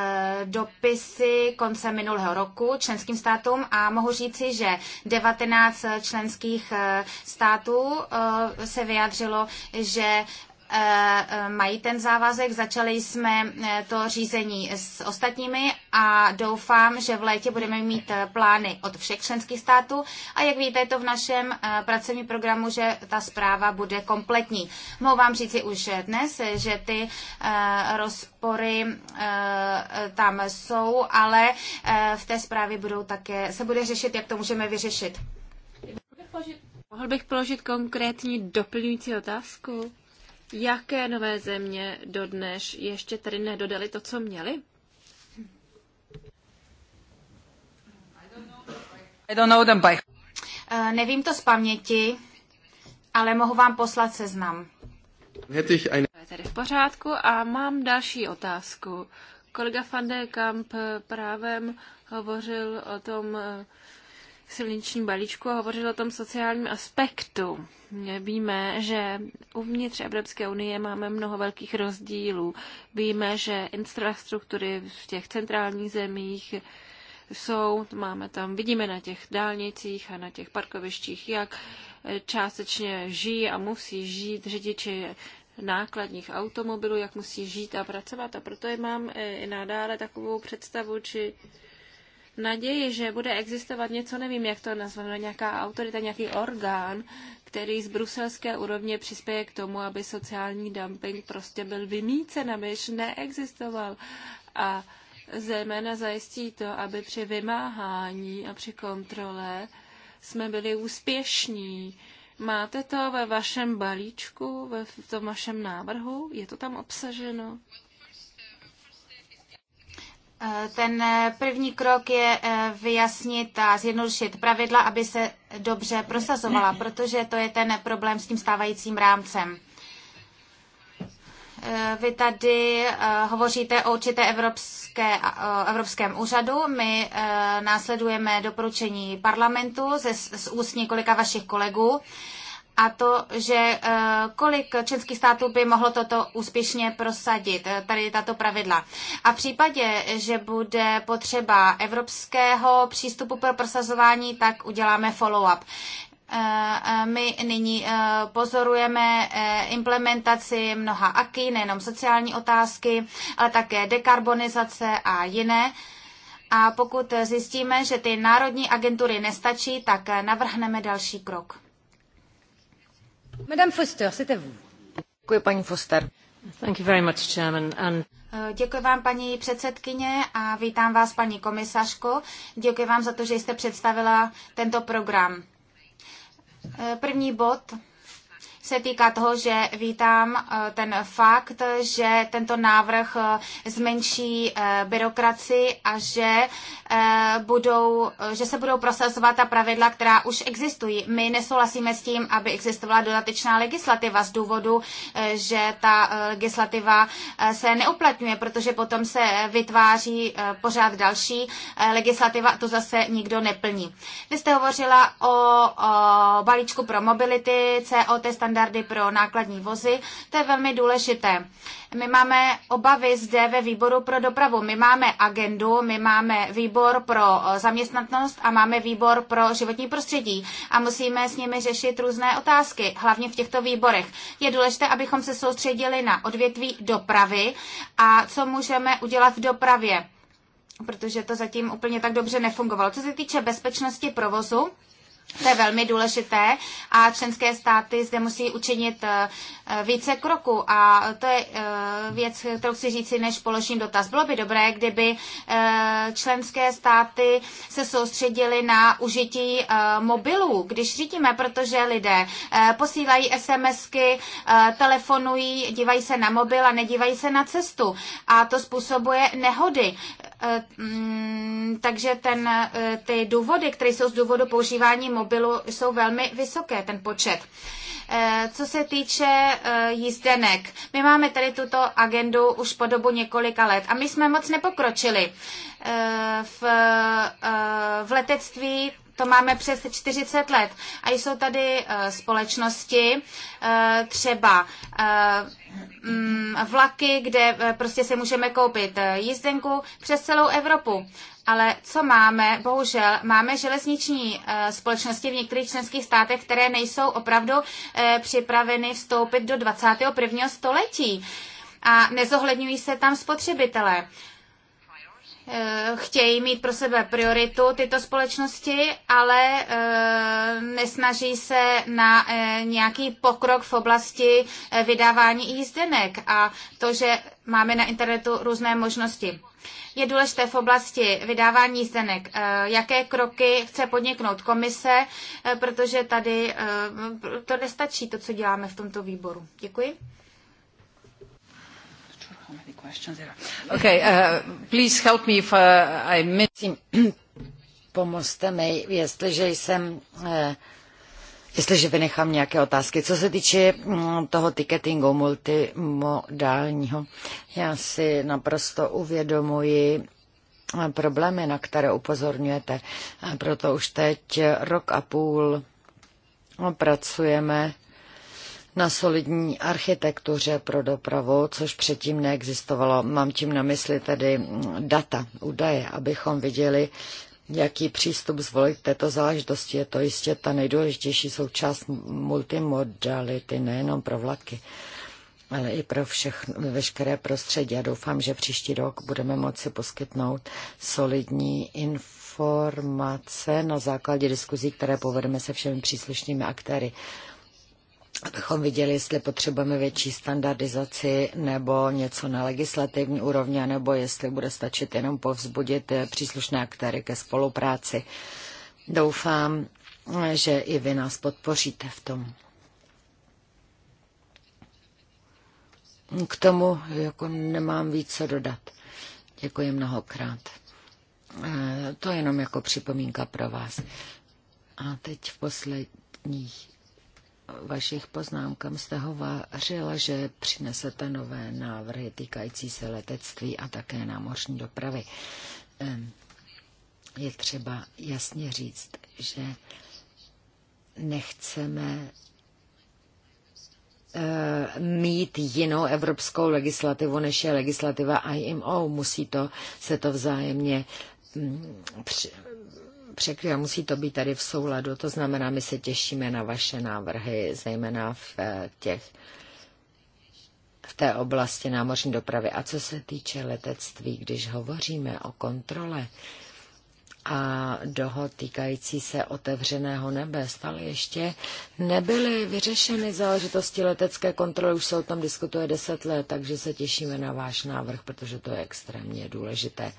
dopisy konce minulého roku členským státům a mohu říci, že 19 členských eh, států se vyjádřilo, že Eh, mají ten závazek. Začali jsme eh, to řízení s ostatními a doufám, že v létě budeme mít eh, plány od všech členských států. A jak víte, je to v našem pracovním programu, že ta zpráva bude kompletní. Mohu vám si už dnes, že ty rozpory tam jsou, ale v té zprávě budou také, se bude řešit, jak to můžeme vyřešit. Mohl bych položit konkrétní doplňující otázku? jaké nové země dodnes ještě tedy nedodali to, co měli? I don't know them by... Uh, nevím to z paměti, ale mohu vám poslat seznam. Hätte ich v pořádku a mám další otázku. Kolega van de Kamp právě hovořil o tom, eh, silničním balíčku a hovořil o tom sociálním aspektu. Víme, že uvnitř Evropské unie máme mnoho velkých rozdílů. Víme, že infrastruktury v těch centrálních zemích jsou, máme tam, vidíme na těch dálnicích a na těch parkovištích, jak částečně žijí a musí žít řidiči nákladních automobilů, jak musí žít a pracovat. A proto je mám e, i nadále takovou představu, či naději, že bude existovat něco, nevím, jak to nazvat, nějaká autorita, nějaký orgán, který z bruselské úrovně přispěje k tomu, aby sociální dumping prostě byl vymícen, aby již neexistoval. A zejména zajistí to, aby při vymáhání a při kontrole jsme byli úspěšní. Máte to ve vašem balíčku, ve v tom vašem návrhu? Je to tam obsaženo? Eh, ten eh, první krok je eh, vyjasnit a zjednodušit pravidla, aby se dobře prosazovala, protože to je ten problém s tím stávajícím rámcem. Vy tady hovoříte o určité evropské, evropském úřadu. My následujeme doporučení parlamentu ze, z úst několika vašich kolegů a to, že eh, kolik členských států by mohlo toto úspěšně prosadit, eh, tady tato pravidla. A v případě, že bude potřeba evropského přístupu pro prosazování, tak uděláme follow-up. Eh, my nyní pozorujeme implementaci mnoha aky, nejenom sociální otázky, ale také dekarbonizace a jiné. A pokud zjistíme, že ty národní agentury nestačí, tak navrhneme další krok. Madame Foster, c'est à vous. Děkuji, paní Foster. Thank you very much, Chairman. And... Eh, děkuji vám, paní předsedkyně, a vítám vás, paní komisařko. Děkuji vám za to, že jste představila tento program. Eh, první bod se týká toho, že vítám eh, ten fakt, že tento návrh eh, zmenší eh, byrokracii a že, budou, že se budou prosazovat ta pravidla, která už existují. My nesouhlasíme s tím, aby existovala dodatečná legislativa z důvodu, že ta legislativa se neuplatňuje, protože potom se vytváří pořád další legislativa a to zase nikdo neplní. Vy jste hovořila o, o balíčku pro mobility, COT standard standardy pro nákladní vozy. To je velmi důležité. My máme obavy zde ve výboru pro dopravu. My máme agendu, my máme výbor pro eh, zaměstnatnost a máme výbor pro životní prostředí a musíme s nimi řešit různé otázky, hlavně v těchto výborech. Je důležité, abychom se soustředili na odvětví dopravy a co můžeme udělat v dopravě protože to zatím úplně tak dobře nefungovalo. Co se týče bezpečnosti provozu, to je velmi důležité a členské státy zde musí učinit eh, eh, více kroků a to je eh, věc, kterou chci říci, než položím dotaz. Bylo by dobré, kdyby členské státy se soustředily na užití mobilů, když řídíme, protože lidé posílají SMSky, telefonují, dívají se na mobil a nedívají se na cestu a to způsobuje nehody. Eh, mm, takže ten, eh, ty důvody, které jsou z důvodu používání mobilu, jsou velmi vysoké, ten počet. Eh, co se týče jízdenek, my máme tady tuto agendu už po dobu několika let a my jsme moc nepokročili. V, v letectví to máme přes 40 let a jsou tady společnosti, třeba Mm, vlaky, kde eh, prostě si můžeme koupit eh, jízdenku přes celou Evropu. Ale co máme, bohužel, máme železniční eh, společnosti v některých členských státech, které nejsou opravdu připraveny vstoupit do 21. století a nezohledňují se tam spotřebitelé. Eh, chtějí mít pro sebe prioritu tyto společnosti, ale eh, nesnaží se na eh, nějaký pokrok v oblasti vydávání jízdenek a to, že máme na internetu různé možnosti. Je důležité v oblasti vydávání jízdenek, jaké kroky chce podniknout komise, protože tady to nestačí, to, co děláme v tomto výboru. Děkuji questions there. Okay, uh, please help me if uh, I'm missing. Pomozte mi, jestliže jsem uh, Jestliže vynechám nějaké otázky, co se týče mm, toho ticketingu multimodálního, já si naprosto uvědomuji eh, problémy, na které upozorňujete. Proto už teď rok a půl no, pracujeme na solidní architektuře pro dopravu, což předtím neexistovalo. Mám tím na mysli tedy data, údaje, abychom viděli, jaký přístup zvolit k této záležitosti. Je to jistě ta nejdůležitější součást multimodality, nejenom pro vlaky, ale i pro všechno, veškeré prostředí. A doufám, že příští rok budeme moci poskytnout solidní informace na základě diskuzí, které povedeme se všemi příslušnými aktéry abychom viděli, jestli potřebujeme větší standardizaci nebo něco na legislativní úrovni, nebo jestli bude stačit jenom povzbudit eh, příslušné aktéry ke spolupráci. Doufám, že i vy nás podpoříte v tom. K tomu jako nemám víc co dodat. Děkuji mnohokrát. Eh, to jenom jako připomínka pro vás. A teď v posledních vašich poznámkám jste hovařila, že přinesete nové návrhy týkající se letectví a také námořní dopravy. Je třeba jasně říct, že nechceme eh, mít jinou evropskou legislativu, než je legislativa IMO. Musí to se to vzájemně mm, překryl. Musí to být tady v souladu. To znamená, my se těšíme na vaše návrhy, zejména v eh, těch v té oblasti námořní dopravy. A co se týče letectví, když hovoříme o kontrole a dohod týkající se otevřeného nebe, stále ještě nebyly vyřešeny záležitosti letecké kontroly, už se o tom diskutuje deset let, takže se těšíme na váš návrh, protože to je extrémně důležité.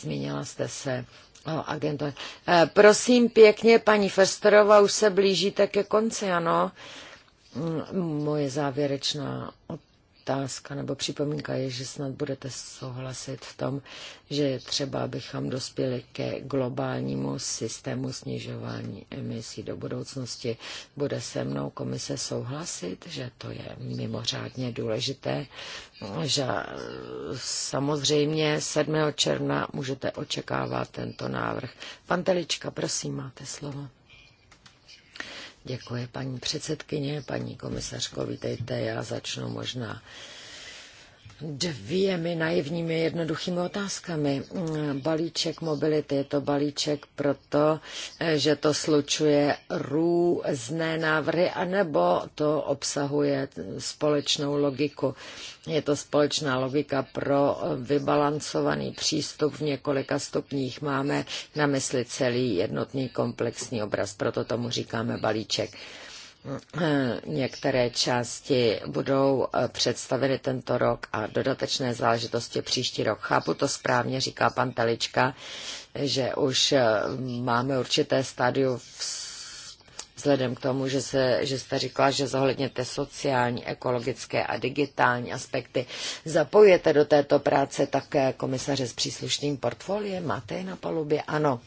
Zmínila jste se O, agenda. E, prosím pěkně, paní Festerová, už se blížíte ke konci, ano? Moje závěrečná otázka otázka nebo připomínka je, že snad budete souhlasit v tom, že je třeba, abychom dospěli ke globálnímu systému snižování emisí do budoucnosti. Bude se mnou komise souhlasit, že to je mimořádně důležité, že samozřejmě 7. června můžete očekávat tento návrh. Pan Telička, prosím, máte slovo. Děkuji paní předsedkyně, paní komisařko, vítejte, já začnu možná dvěmi naivními jednoduchými otázkami. Balíček mobility je to balíček proto, že to slučuje různé návrhy, anebo to obsahuje společnou logiku. Je to společná logika pro vybalancovaný přístup v několika stupních. Máme na mysli celý jednotný komplexní obraz, proto tomu říkáme balíček. Některé části budou eh, představeny tento rok a dodatečné záležitosti příští rok. Chápu to správně, říká pan Telička, že už eh, máme určité stádiu vzhledem k tomu, že, se, že jste říkala, že zohledněte sociální, ekologické a digitální aspekty. Zapojete do této práce také komisaře s příslušným portfoliem? Máte je na palubě? Ano.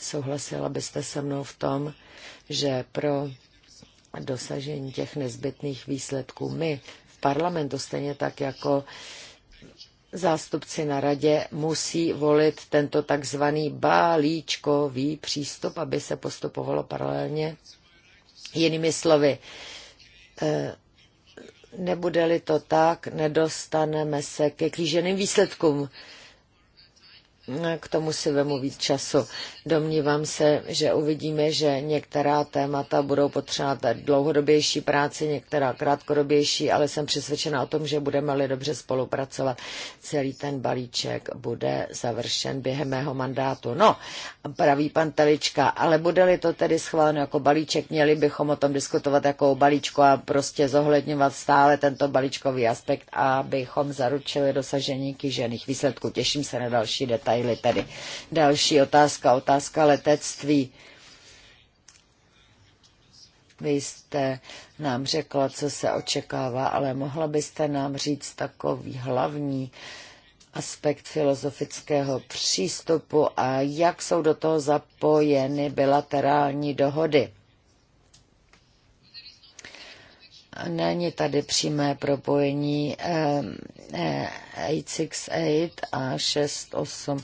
Souhlasila byste se mnou v tom, že pro dosažení těch nezbytných výsledků my v parlamentu, stejně tak jako zástupci na radě, musí volit tento takzvaný balíčkový přístup, aby se postupovalo paralelně. Jinými slovy, eh, nebude-li to tak, nedostaneme se ke kýženým výsledkům k tomu si vemu víc času. Domnívám se, že uvidíme, že některá témata budou potřebovat dlouhodobější práci, některá krátkodobější, ale jsem přesvědčena o tom, že budeme-li dobře spolupracovat, celý ten balíček bude završen během mého mandátu. No, praví pan Telička, ale bude-li to tedy schváleno jako balíček, měli bychom o tom diskutovat jako o balíčku a prostě zohledňovat stále tento balíčkový aspekt, abychom zaručili dosažení kýžených výsledků. Těším se na další detaily detaily tedy. Další otázka, otázka letectví. Vy jste nám řekla, co se očekává, ale mohla byste nám říct takový hlavní aspekt filozofického přístupu a jak jsou do toho zapojeny bilaterální dohody? Není tady přímé propojení 868 eh, a 68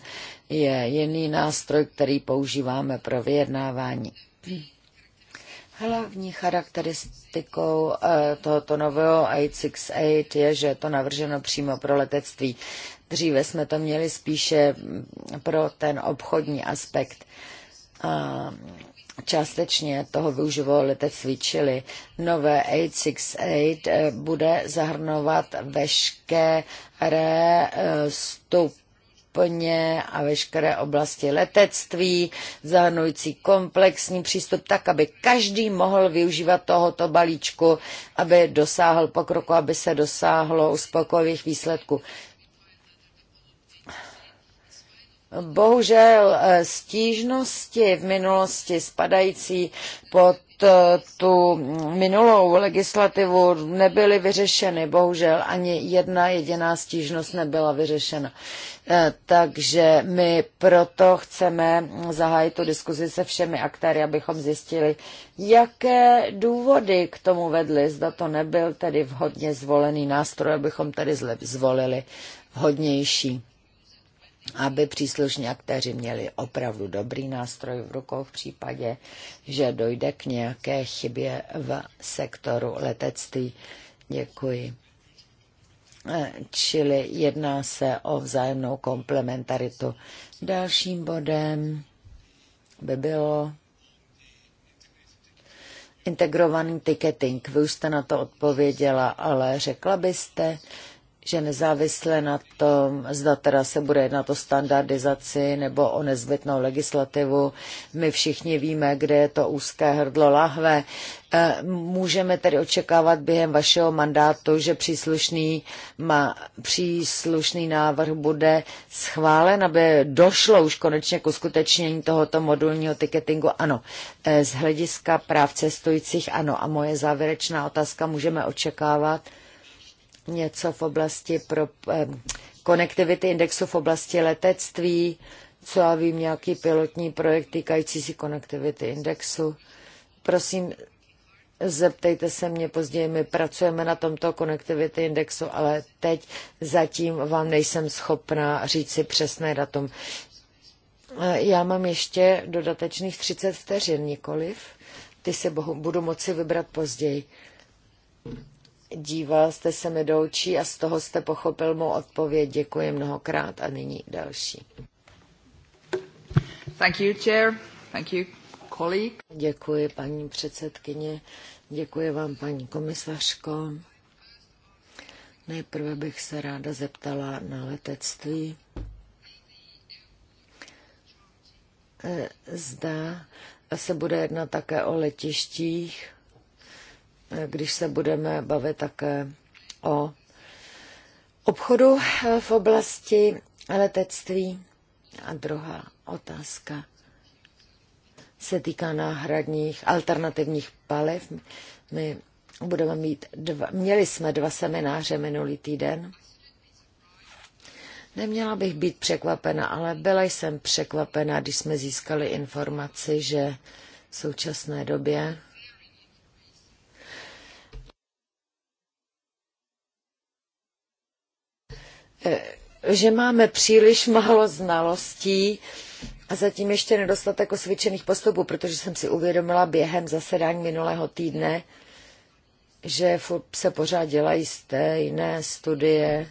je jiný nástroj, který používáme pro vyjednávání. Hlavní charakteristikou eh, tohoto nového 868 je, že je to navrženo přímo pro letectví. Dříve jsme to měli spíše pro ten obchodní aspekt částečně toho využívalo letectví, čili nové 868 eh, bude zahrnovat veškeré eh, stupně a veškeré oblasti letectví, zahrnující komplexní přístup tak, aby každý mohl využívat tohoto balíčku, aby dosáhl pokroku, aby se dosáhlo uspokojivých výsledků. Bohužel eh, stížnosti v minulosti spadající pod eh, tu minulou legislativu nebyly vyřešeny. Bohužel ani jedna jediná stížnost nebyla vyřešena. Eh, takže my proto chceme zahájit tu diskuzi se všemi aktéry, abychom zjistili, jaké důvody k tomu vedly. Zda to nebyl tedy vhodně zvolený nástroj, abychom tedy zvolili vhodnější aby příslušní aktéři měli opravdu dobrý nástroj v rukou v případě, že dojde k nějaké chybě v sektoru letectví. Děkuji. E, čili jedná se o vzájemnou komplementaritu. Dalším bodem by bylo integrovaný ticketing. Vy už jste na to odpověděla, ale řekla byste, že nezávisle na tom, zda teda se bude jednat o standardizaci nebo o nezbytnou legislativu, my všichni víme, kde je to úzké hrdlo lahve. E, můžeme tedy očekávat během vašeho mandátu, že příslušný, má, příslušný návrh bude schválen, aby došlo už konečně k uskutečnění tohoto modulního ticketingu. Ano, e, z hlediska práv cestujících ano. A moje závěrečná otázka, můžeme očekávat, něco v oblasti pro eh, konektivity eh, indexu v oblasti letectví, co já vím, nějaký pilotní projekt týkající si konektivity indexu. Prosím, zeptejte se mě později, my pracujeme na tomto konektivity indexu, ale teď zatím vám nejsem schopná říct si přesné datum. Eh, já mám ještě dodatečných 30 vteřin, nikoliv. Ty se bohu, budu moci vybrat později díval jste se mi do očí a z toho jste pochopil mou odpověď. Děkuji mnohokrát a nyní další. Thank you, chair. Thank you, colleague. Děkuji, paní předsedkyně. Děkuji vám, paní komisařko. Nejprve bych se ráda zeptala na letectví. E, zda se bude jednat také o letištích když se budeme bavit také o obchodu eh, v oblasti letectví. A druhá otázka se týká náhradních alternativních paliv. My budeme mít dva, měli jsme dva semináře minulý týden. Neměla bych být překvapena, ale byla jsem překvapena, když jsme získali informaci, že v současné době Eh, že máme příliš málo znalostí a zatím ještě nedostatek osvědčených postupů, protože jsem si uvědomila během zasedání minulého týdne, že se pořád dělají stejné studie,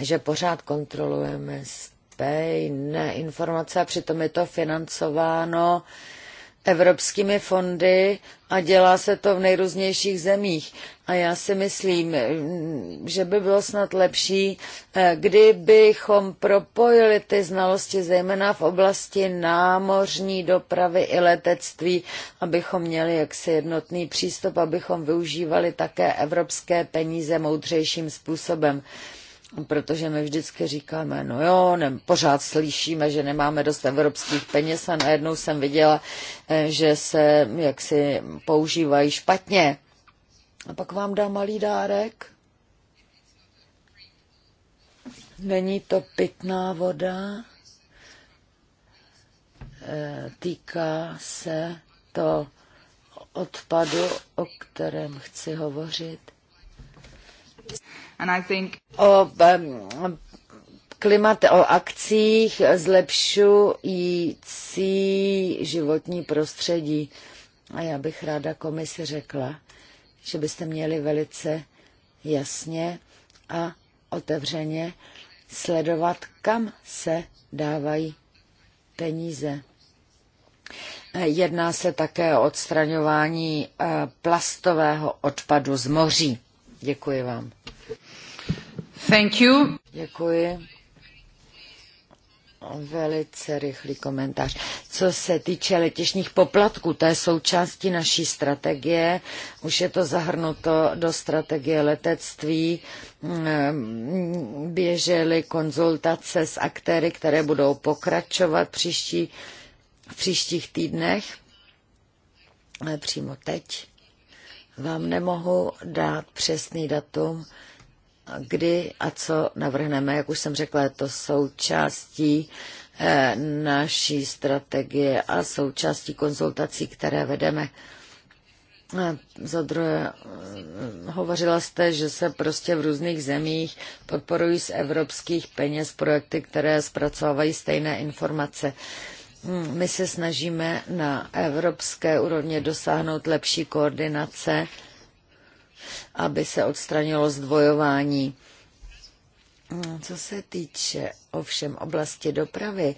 že pořád kontrolujeme stejné informace a přitom je to financováno uh, evropskými fondy a dělá se to v nejrůznějších zemích. A já si myslím, že by bylo snad lepší, eh, kdybychom propojili ty znalosti, zejména v oblasti námořní dopravy i letectví, abychom měli jaksi jednotný přístup, abychom využívali také evropské peníze moudřejším způsobem protože my vždycky říkáme, no jo, ne, pořád slyšíme, že nemáme dost evropských peněz a najednou jsem viděla, eh, že se jaksi používají špatně. A pak vám dá malý dárek. Není to pitná voda. Eh, týká se to odpadu, o kterém chci hovořit. O, klimat, o akcích zlepšující životní prostředí. A já bych ráda komisi řekla, že byste měli velice jasně a otevřeně sledovat, kam se dávají peníze. Jedná se také o odstraňování eh, plastového odpadu z moří. Děkuji vám. Thank you. Děkuji. Velice rychlý komentář. Co se týče letišních poplatků, to je součástí naší strategie. Už je to zahrnuto do strategie letectví. Mm, běžely konzultace s aktéry, které budou pokračovat příští, v příštích týdnech. Přímo teď vám nemohu dát přesný datum, kdy a co navrhneme. Jak už jsem řekla, je to součástí eh, naší strategie a součástí konzultací, které vedeme. Eh, za druhé, eh, hovořila jste, že se prostě v různých zemích podporují z evropských peněz projekty, které zpracovávají stejné informace. Uh, Hmm, my se snažíme na evropské úrovně dosáhnout lepší koordinace, aby se odstranilo zdvojování. Hmm, co se týče ovšem oblasti dopravy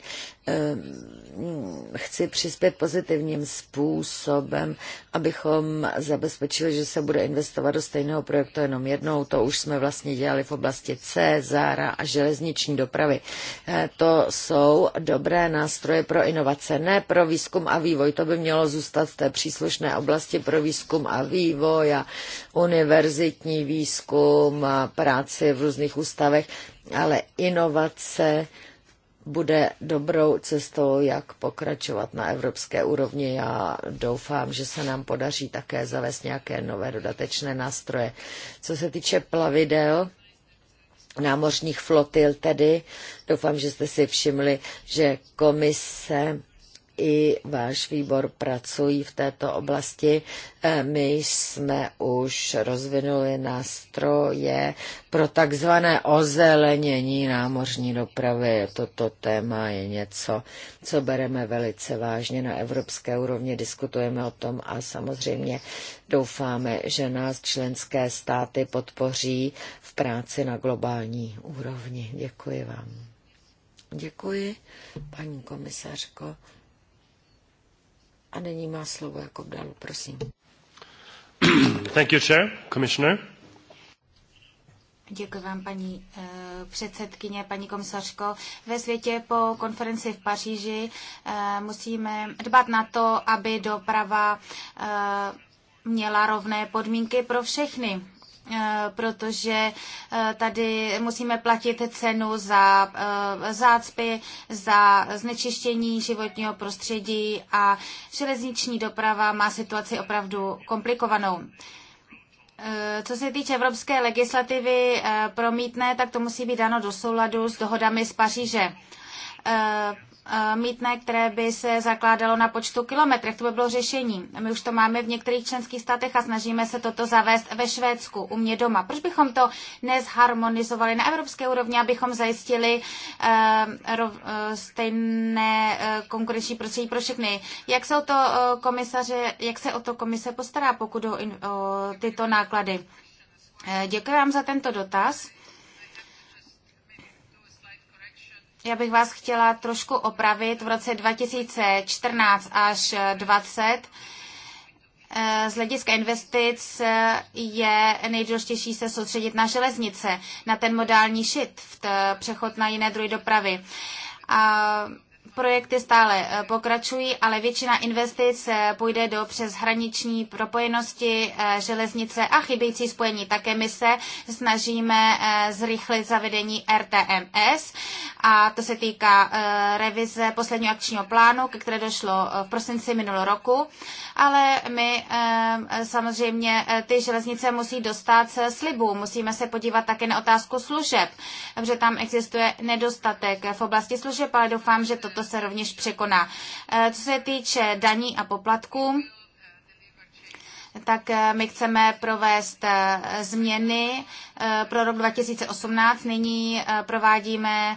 ehm, chci přispět pozitivním způsobem, abychom zabezpečili, že se bude investovat do stejného projektu jenom jednou. To už jsme vlastně dělali v oblasti C, Zára a železniční dopravy. Eh, to jsou dobré nástroje pro inovace, ne pro výzkum a vývoj. To by mělo zůstat v té příslušné oblasti pro výzkum a vývoj a univerzitní výzkum a práci v různých ústavech ale inovace bude dobrou cestou, jak pokračovat na evropské úrovni. Já doufám, že se nám podaří také zavést nějaké nové dodatečné nástroje. Co se týče plavidel, námořních flotil tedy, doufám, že jste si všimli, že komise i váš výbor pracují v této oblasti. Eh, my jsme už rozvinuli nástroje pro takzvané ozelenění námořní dopravy. Toto téma je něco, co bereme velice vážně na evropské úrovni, diskutujeme o tom a samozřejmě doufáme, že nás členské státy podpoří v práci na globální úrovni. Děkuji vám. Děkuji, paní komisařko. A nyní má slovo jako dal, prosím. Thank you, Chair, Commissioner. Děkuji vám, paní uh, předsedkyně, paní komisařko. Ve světě po konferenci v Paříži uh, musíme dbat na to, aby doprava uh, měla rovné podmínky pro všechny Eh, protože eh, tady musíme platit cenu za eh, zácpy, za znečištění životního prostředí a železniční doprava má situaci opravdu komplikovanou. Co se týče evropské legislativy promítné, tak to musí být dáno do souladu s dohodami z Paříže Eh, mítné, které by se zakládalo na počtu kilometrech. To by bylo řešení. My už to máme v některých členských státech a snažíme se toto zavést ve Švédsku, u mě doma. Proč bychom to nezharmonizovali na evropské úrovni, abychom zajistili eh, eh, stejné konkurenční prostředí pro všechny? Jak se o to komisaře, jak se o to komise postará, pokud o, tyto náklady? Děkuji vám za tento dotaz. já bych vás chtěla trošku opravit. V roce 2014 až 20 eh, z hlediska investic eh, je nejdůležitější se soustředit na železnice, na ten modální shift, eh, přechod na jiné druhy dopravy. A projekty stále eh, pokračují, ale většina investic eh, půjde do přeshraniční propojenosti eh, železnice a chybějící spojení. Také my se snažíme zrychlit zavedení RTMS a to se týká revize posledního akčního plánu, ke které došlo v prosinci minulého roku, ale my samozřejmě ty železnice musí dostat slibu. Musíme se podívat také na otázku služeb, protože tam existuje nedostatek v oblasti služeb, ale doufám, že toto se rovněž překoná. Eh, co se týče daní a poplatků, tak eh, my chceme provést eh, změny pro rok 2018. Nyní provádíme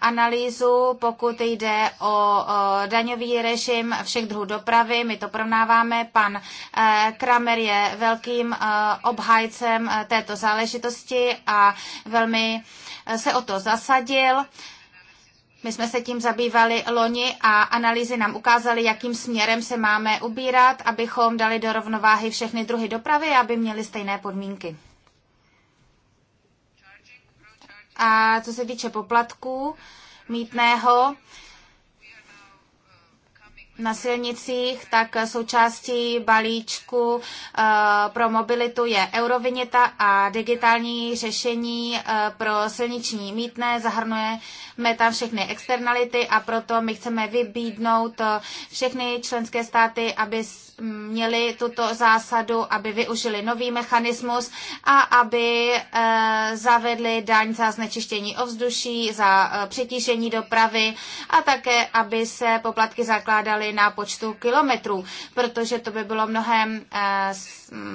analýzu, pokud jde o daňový režim všech druhů dopravy. My to porovnáváme. Pan Kramer je velkým obhájcem této záležitosti a velmi se o to zasadil. My jsme se tím zabývali loni a analýzy nám ukázaly, jakým směrem se máme ubírat, abychom dali do rovnováhy všechny druhy dopravy, aby měly stejné podmínky. A co se týče poplatků, mítného, na silnicích, tak součástí balíčku eh, pro mobilitu je eurovinita a digitální řešení eh, pro silniční mítné. Zahrnujeme tam všechny externality a proto my chceme vybídnout eh, všechny členské státy, aby měli tuto zásadu, aby využili nový mechanismus a aby zavedli daň za znečištění ovzduší, za přetížení dopravy a také, aby se poplatky zakládaly podíleli na počtu kilometrů, protože to by bylo mnohem eh,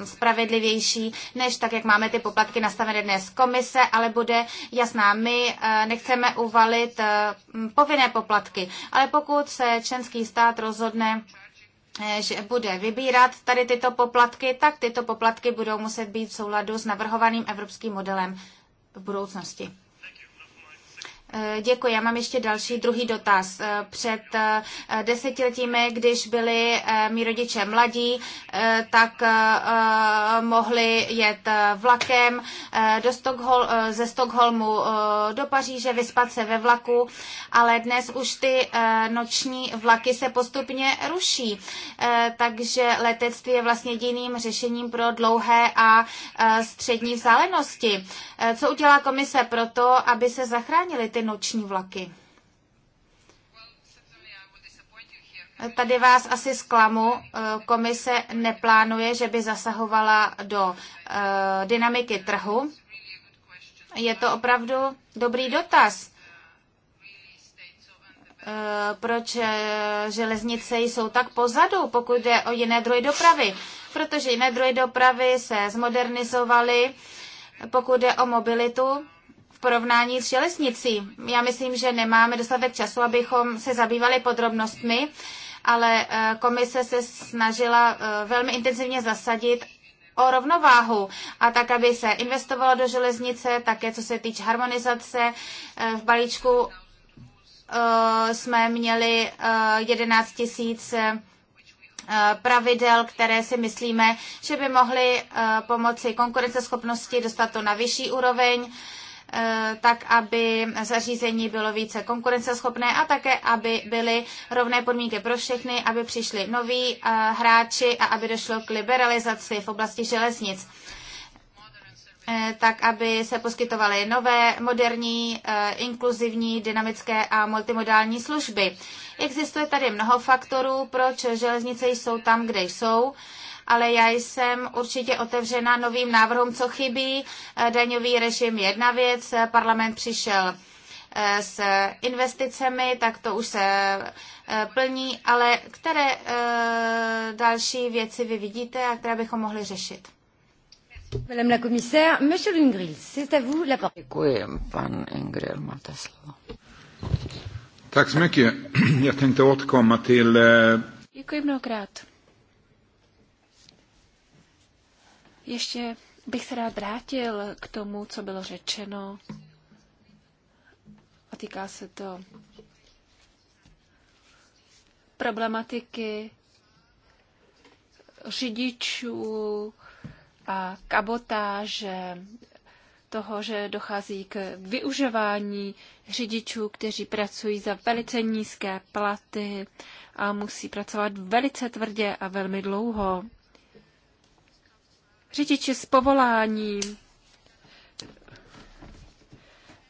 spravedlivější, než tak, jak máme ty poplatky nastavené dnes komise, ale bude jasná, my eh, nechceme uvalit eh, povinné poplatky, ale pokud se členský stát rozhodne, že bude vybírat tady tyto poplatky, tak tyto poplatky budou muset být v souladu s navrhovaným evropským modelem v budoucnosti. Eh, děkuji. Já mám ještě další druhý dotaz. Eh, před eh, desetiletími, když byli mý rodiče mladí, tak mohli jet vlakem do Stockhol, ze Stockholmu do Paříže, vyspat se ve vlaku, ale dnes už ty noční vlaky se postupně ruší. Takže letectví je vlastně jediným řešením pro dlouhé a střední vzdálenosti. Co udělá komise pro to, aby se zachránili ty ty noční vlaky. Tady vás asi zklamu. Komise neplánuje, že by zasahovala do eh, dynamiky trhu. Je to opravdu dobrý dotaz. Eh, proč eh, železnice jsou tak pozadu, pokud jde o jiné druhy dopravy? Protože jiné druhy dopravy se zmodernizovaly, pokud jde o mobilitu porovnání s železnicí. Já myslím, že nemáme dostatek času, abychom se zabývali podrobnostmi, ale eh, komise se snažila eh, velmi intenzivně zasadit o rovnováhu a tak, aby se investovalo do železnice, také co se týče harmonizace eh, v balíčku jsme měli 11 tisíc pravidel, které si myslíme, že by mohly pomoci konkurenceschopnosti dostat to na vyšší úroveň Eh, tak aby zařízení bylo více konkurenceschopné a také, aby byly rovné podmínky pro všechny, aby přišli noví eh, hráči a aby došlo k liberalizaci v oblasti železnic eh, tak aby se poskytovaly nové, moderní, inkluzivní, dynamické a multimodální služby. Existuje tady mnoho faktorů, proč železnice jsou tam, kde jsou ale já jsem určitě otevřena novým návrhům, co chybí. Eh, daňový režim je jedna věc, eh, parlament přišel eh, s investicemi, tak to už se plní, ale které další věci vy vidíte a které bychom mohli řešit? Madame la commissaire, monsieur Ingril, c'est à vous la parole. Děkuji, pan Ingril, máte slovo. Tak smyky, já tenkte odkoma til... Děkuji mnohokrát. Ještě bych se rád vrátil k tomu, co bylo řečeno. A týká se to problematiky řidičů a kabotáže, toho, že dochází k využívání řidičů, kteří pracují za velice nízké platy a musí pracovat velice tvrdě a velmi dlouho. Řidiči s povoláním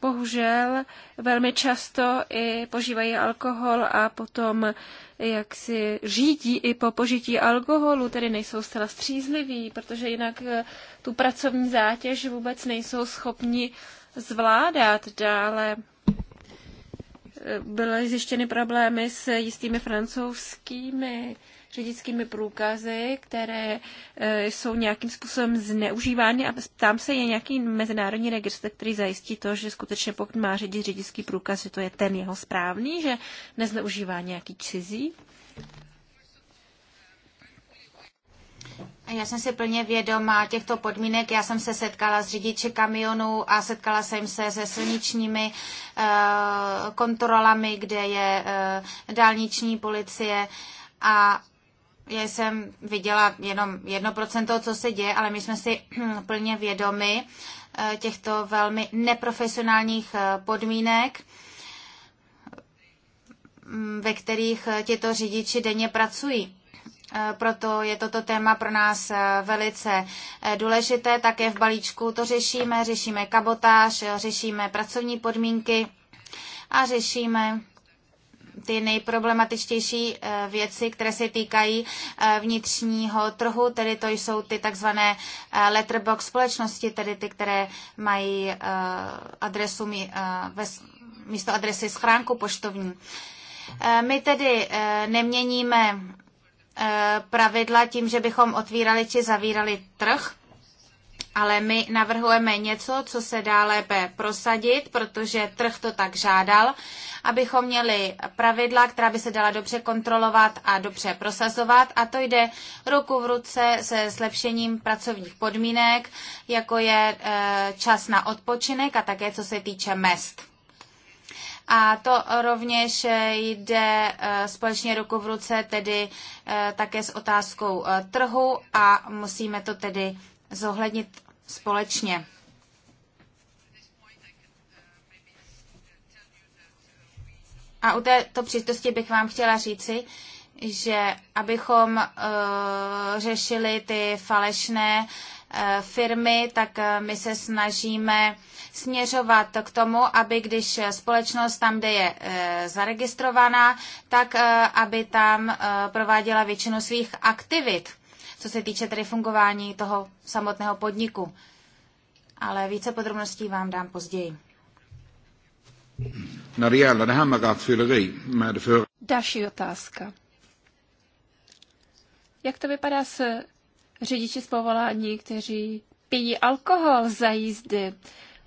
Bohužel velmi často i požívají alkohol a potom jak si řídí i po požití alkoholu, tedy nejsou zcela střízliví, protože jinak eh, tu pracovní zátěž vůbec nejsou schopni zvládat dále. Eh, Byly zjištěny problémy s jistými francouzskými řidičskými průkazy, které e, jsou nějakým způsobem zneužívány a tam se je nějaký mezinárodní registr, který zajistí to, že skutečně pokud má řidič řidičský průkaz, že to je ten jeho správný, že nezneužívá nějaký cizí? Já jsem si plně vědoma těchto podmínek. Já jsem se setkala s řidiči kamionů a setkala jsem se se silničními e, kontrolami, kde je e, dálniční policie a já jsem viděla jenom 1% toho, co se děje, ale my jsme si plně vědomi eh, těchto velmi neprofesionálních eh, podmínek, mm, ve kterých eh, tito řidiči denně pracují. Proto je toto téma pro nás velice důležité. Také v balíčku to řešíme. Řešíme kabotáž, řešíme pracovní podmínky a řešíme ty nejproblematičtější eh, věci, které se týkají eh, vnitřního trhu, tedy to jsou ty takzvané eh, letterbox společnosti, tedy ty, které mají adresu místo adresy schránku poštovní. My tedy neměníme pravidla tím, že bychom otvírali či zavírali trh, ale my navrhujeme něco, co se dá lépe prosadit, protože trh to tak žádal, abychom měli pravidla, která by se dala dobře kontrolovat a dobře prosazovat a to jde ruku v ruce se zlepšením pracovních podmínek, jako je e, čas na odpočinek a také co se týče mest. A to rovněž jde e, společně ruku v ruce tedy e, také s otázkou trhu a musíme to tedy zohlednit společně. A u této příležitosti bych vám chtěla říci, že abychom uh, řešili ty falešné uh, firmy, tak uh, my se snažíme směřovat k tomu, aby když společnost tam, kde je uh, zaregistrovaná, tak uh, aby tam uh, prováděla většinu svých aktivit co se týče tedy fungování toho samotného podniku. Ale více podrobností vám dám později. Další otázka. Jak to vypadá s řidiči z povolání, kteří pijí alkohol za jízdy?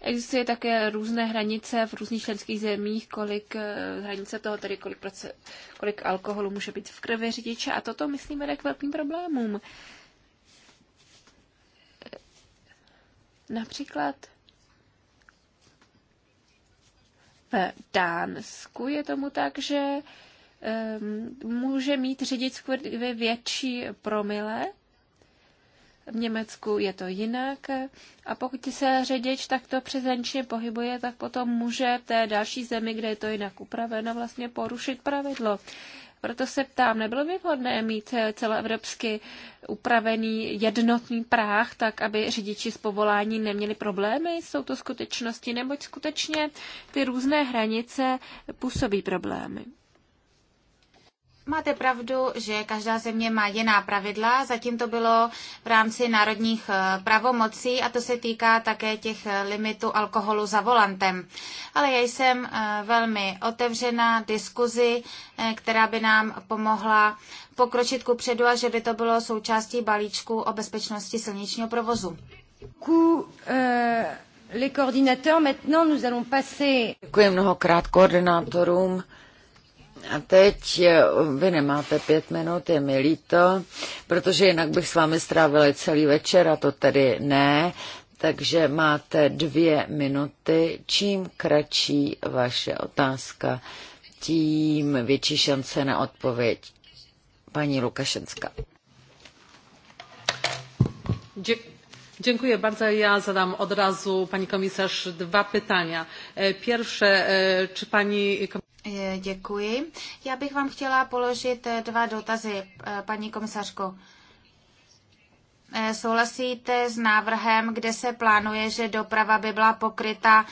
Existuje také různé hranice v různých členských zemích, kolik eh, hranice toho, tedy kolik, proce kolik alkoholu může být v krvi řidiče a toto, myslím, vede k velkým problémům. Například v Dánsku je tomu tak, že um, může mít řidič větší promile v Německu je to jinak. A pokud se řidič takto přezenčně pohybuje, tak potom může v té další zemi, kde je to jinak upraveno, vlastně porušit pravidlo. Proto se ptám, nebylo by vhodné mít celoevropsky upravený jednotný práh, tak aby řidiči z povolání neměli problémy s touto skutečností, neboť skutečně ty různé hranice působí problémy. Máte pravdu, že každá země má jiná pravidla. Zatím to bylo v rámci národních eh, pravomocí a to se týká také těch eh, limitů alkoholu za volantem. Ale já jsem eh, velmi otevřená diskuzi, která by nám pomohla pokročit ku předu a že by to bylo součástí balíčku o bezpečnosti silničního provozu. Ku, Les maintenant nous allons passer. Děkuji mnohokrát koordinátorům. A teď eh, vy nemáte pět minut, je mi líto, protože jinak bych s vámi strávila celý večer a to tedy ne. Takže máte dvě minuty. Čím kratší vaše otázka, tím větší šance na odpověď. Paní Lukašenská. Děkuji. Dziękuję bardzo. Ja zadam od razu pani komisarz dwa pytania. E, pierwsze, e, czy pani e, Děkuji. Já bych vám chtěla položit dva dotazy, paní komisařko. Souhlasíte s návrhem, kde se plánuje, že doprava by byla pokryta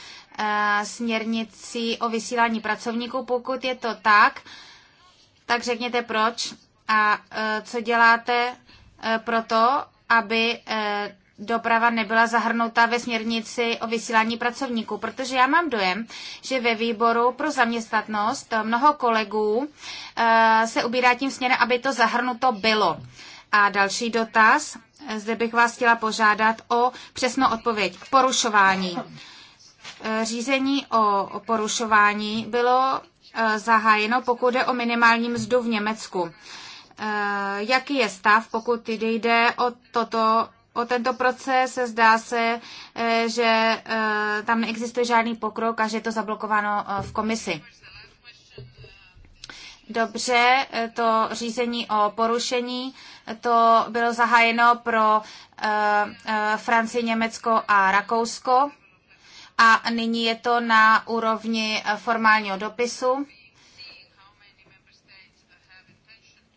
směrnicí o vysílání pracovníků? Pokud je to tak, tak řekněte proč a co děláte pro to, aby doprava nebyla zahrnuta ve směrnici o vysílání pracovníků, protože já mám dojem, že ve výboru pro zaměstnatnost mnoho kolegů eh, se ubírá tím směrem, aby to zahrnuto bylo. A další dotaz, zde bych vás chtěla požádat o přesnou odpověď k porušování. Eh, řízení o porušování bylo eh, zahájeno, pokud jde o minimální mzdu v Německu jaký je stav, pokud jde o toto o tento proces. Zdá se, eh, že eh, tam neexistuje žádný pokrok a že je to zablokováno eh, v komisi. Dobře, to řízení o porušení, to bylo zahájeno pro Francii, Německo a Rakousko a nyní je to na úrovni formálního dopisu.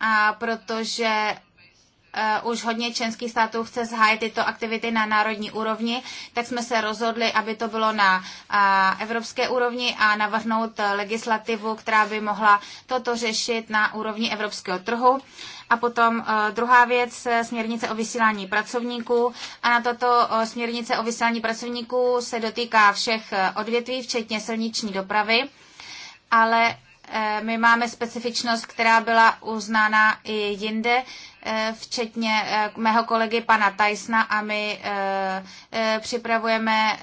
A protože Eh, už hodně členských států chce zahájit tyto aktivity na národní úrovni, tak jsme se rozhodli, aby to bylo na eh, evropské úrovni a navrhnout legislativu, která by mohla toto řešit na úrovni evropského trhu. A potom eh, druhá věc, směrnice o vysílání pracovníků. A na toto směrnice o vysílání pracovníků se dotýká všech odvětví, včetně silniční dopravy ale Eh, my máme specifičnost, která byla uznána i jinde, eh, včetně eh, mého kolegy pana Tysona a my připravujeme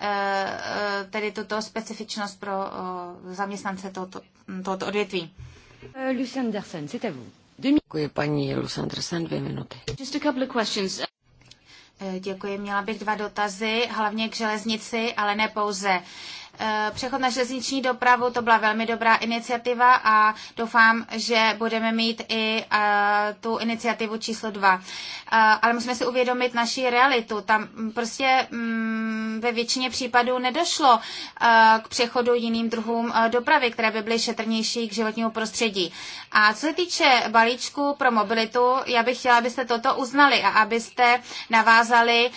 tedy tuto specifičnost pro zaměstnance tohoto, tohoto odvětví. Děkuji paní Lusandersen, dvě minuty. Just a couple of questions. Děkuji, měla bych dva dotazy, hlavně k železnici, ale ne pouze. Eh, přechod na železniční dopravu, to byla velmi dobrá iniciativa a doufám, že budeme mít i eh, tu iniciativu číslo dva. Eh, ale musíme si uvědomit naši realitu. Tam prostě mm, ve většině případů nedošlo k přechodu jiným druhům dopravy, které by byly šetrnější k životnímu prostředí. A co se týče balíčku pro mobilitu, já bych chtěla, abyste toto uznali a abyste navázali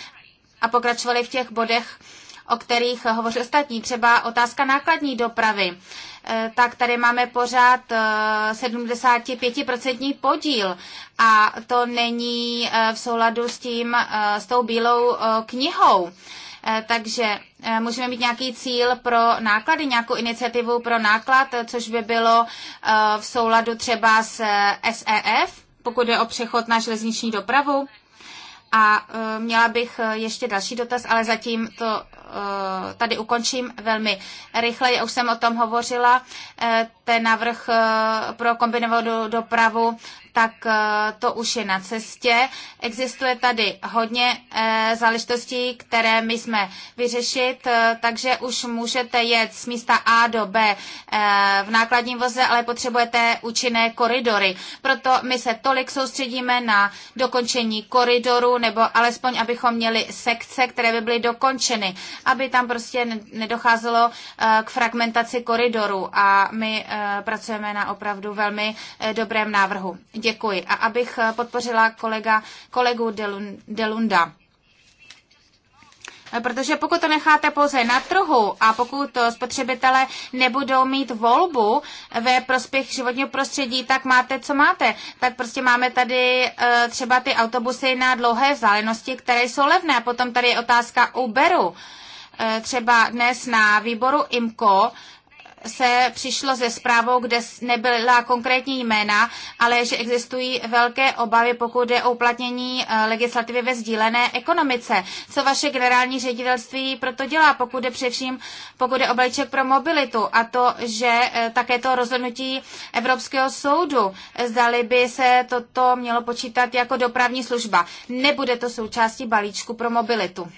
a pokračovali v těch bodech, o kterých hovoří ostatní, třeba otázka nákladní dopravy, eh, tak tady máme pořád 75% eh, podíl a to není eh, v souladu s tím, s tou bílou knihou. Takže můžeme mít nějaký cíl pro náklady, nějakou iniciativu pro náklad, což by bylo v souladu třeba s SEF, pokud je o přechod na železniční dopravu. A eh, měla bych eh, ještě další dotaz, ale zatím to eh, tady ukončím velmi rychle. Já už jsem o tom hovořila. Ten návrh pro kombinovanou dopravu tak eh, to už je na cestě. Existuje tady hodně eh, záležitostí, které my jsme vyřešit, eh, takže už můžete jet z místa A do B v nákladním voze, ale potřebujete účinné koridory. Proto my se tolik soustředíme na dokončení koridoru, nebo alespoň, abychom měli sekce, které by byly dokončeny, aby tam prostě nedocházelo k fragmentaci koridoru a my pracujeme na opravdu velmi dobrém návrhu. Děkuji. A abych eh, podpořila kolega, kolegu Delunda. Eh, protože pokud to necháte pouze na trhu a pokud spotřebitelé nebudou mít volbu ve prospěch životního prostředí, tak máte, co máte. Tak prostě máme tady eh, třeba ty autobusy na dlouhé vzdálenosti, které jsou levné. A potom tady je otázka Uberu. Třeba dnes na výboru IMCO se přišlo ze zprávou, kde nebyla konkrétní jména, ale že existují velké obavy, pokud je o uplatnění eh, legislativy ve sdílené ekonomice. Co vaše generální ředitelství proto dělá, pokud je především, pokud je obleček pro mobilitu a to, že eh, také to rozhodnutí Evropského soudu, eh, zdali by se toto mělo počítat jako dopravní služba. Nebude to součástí balíčku pro mobilitu.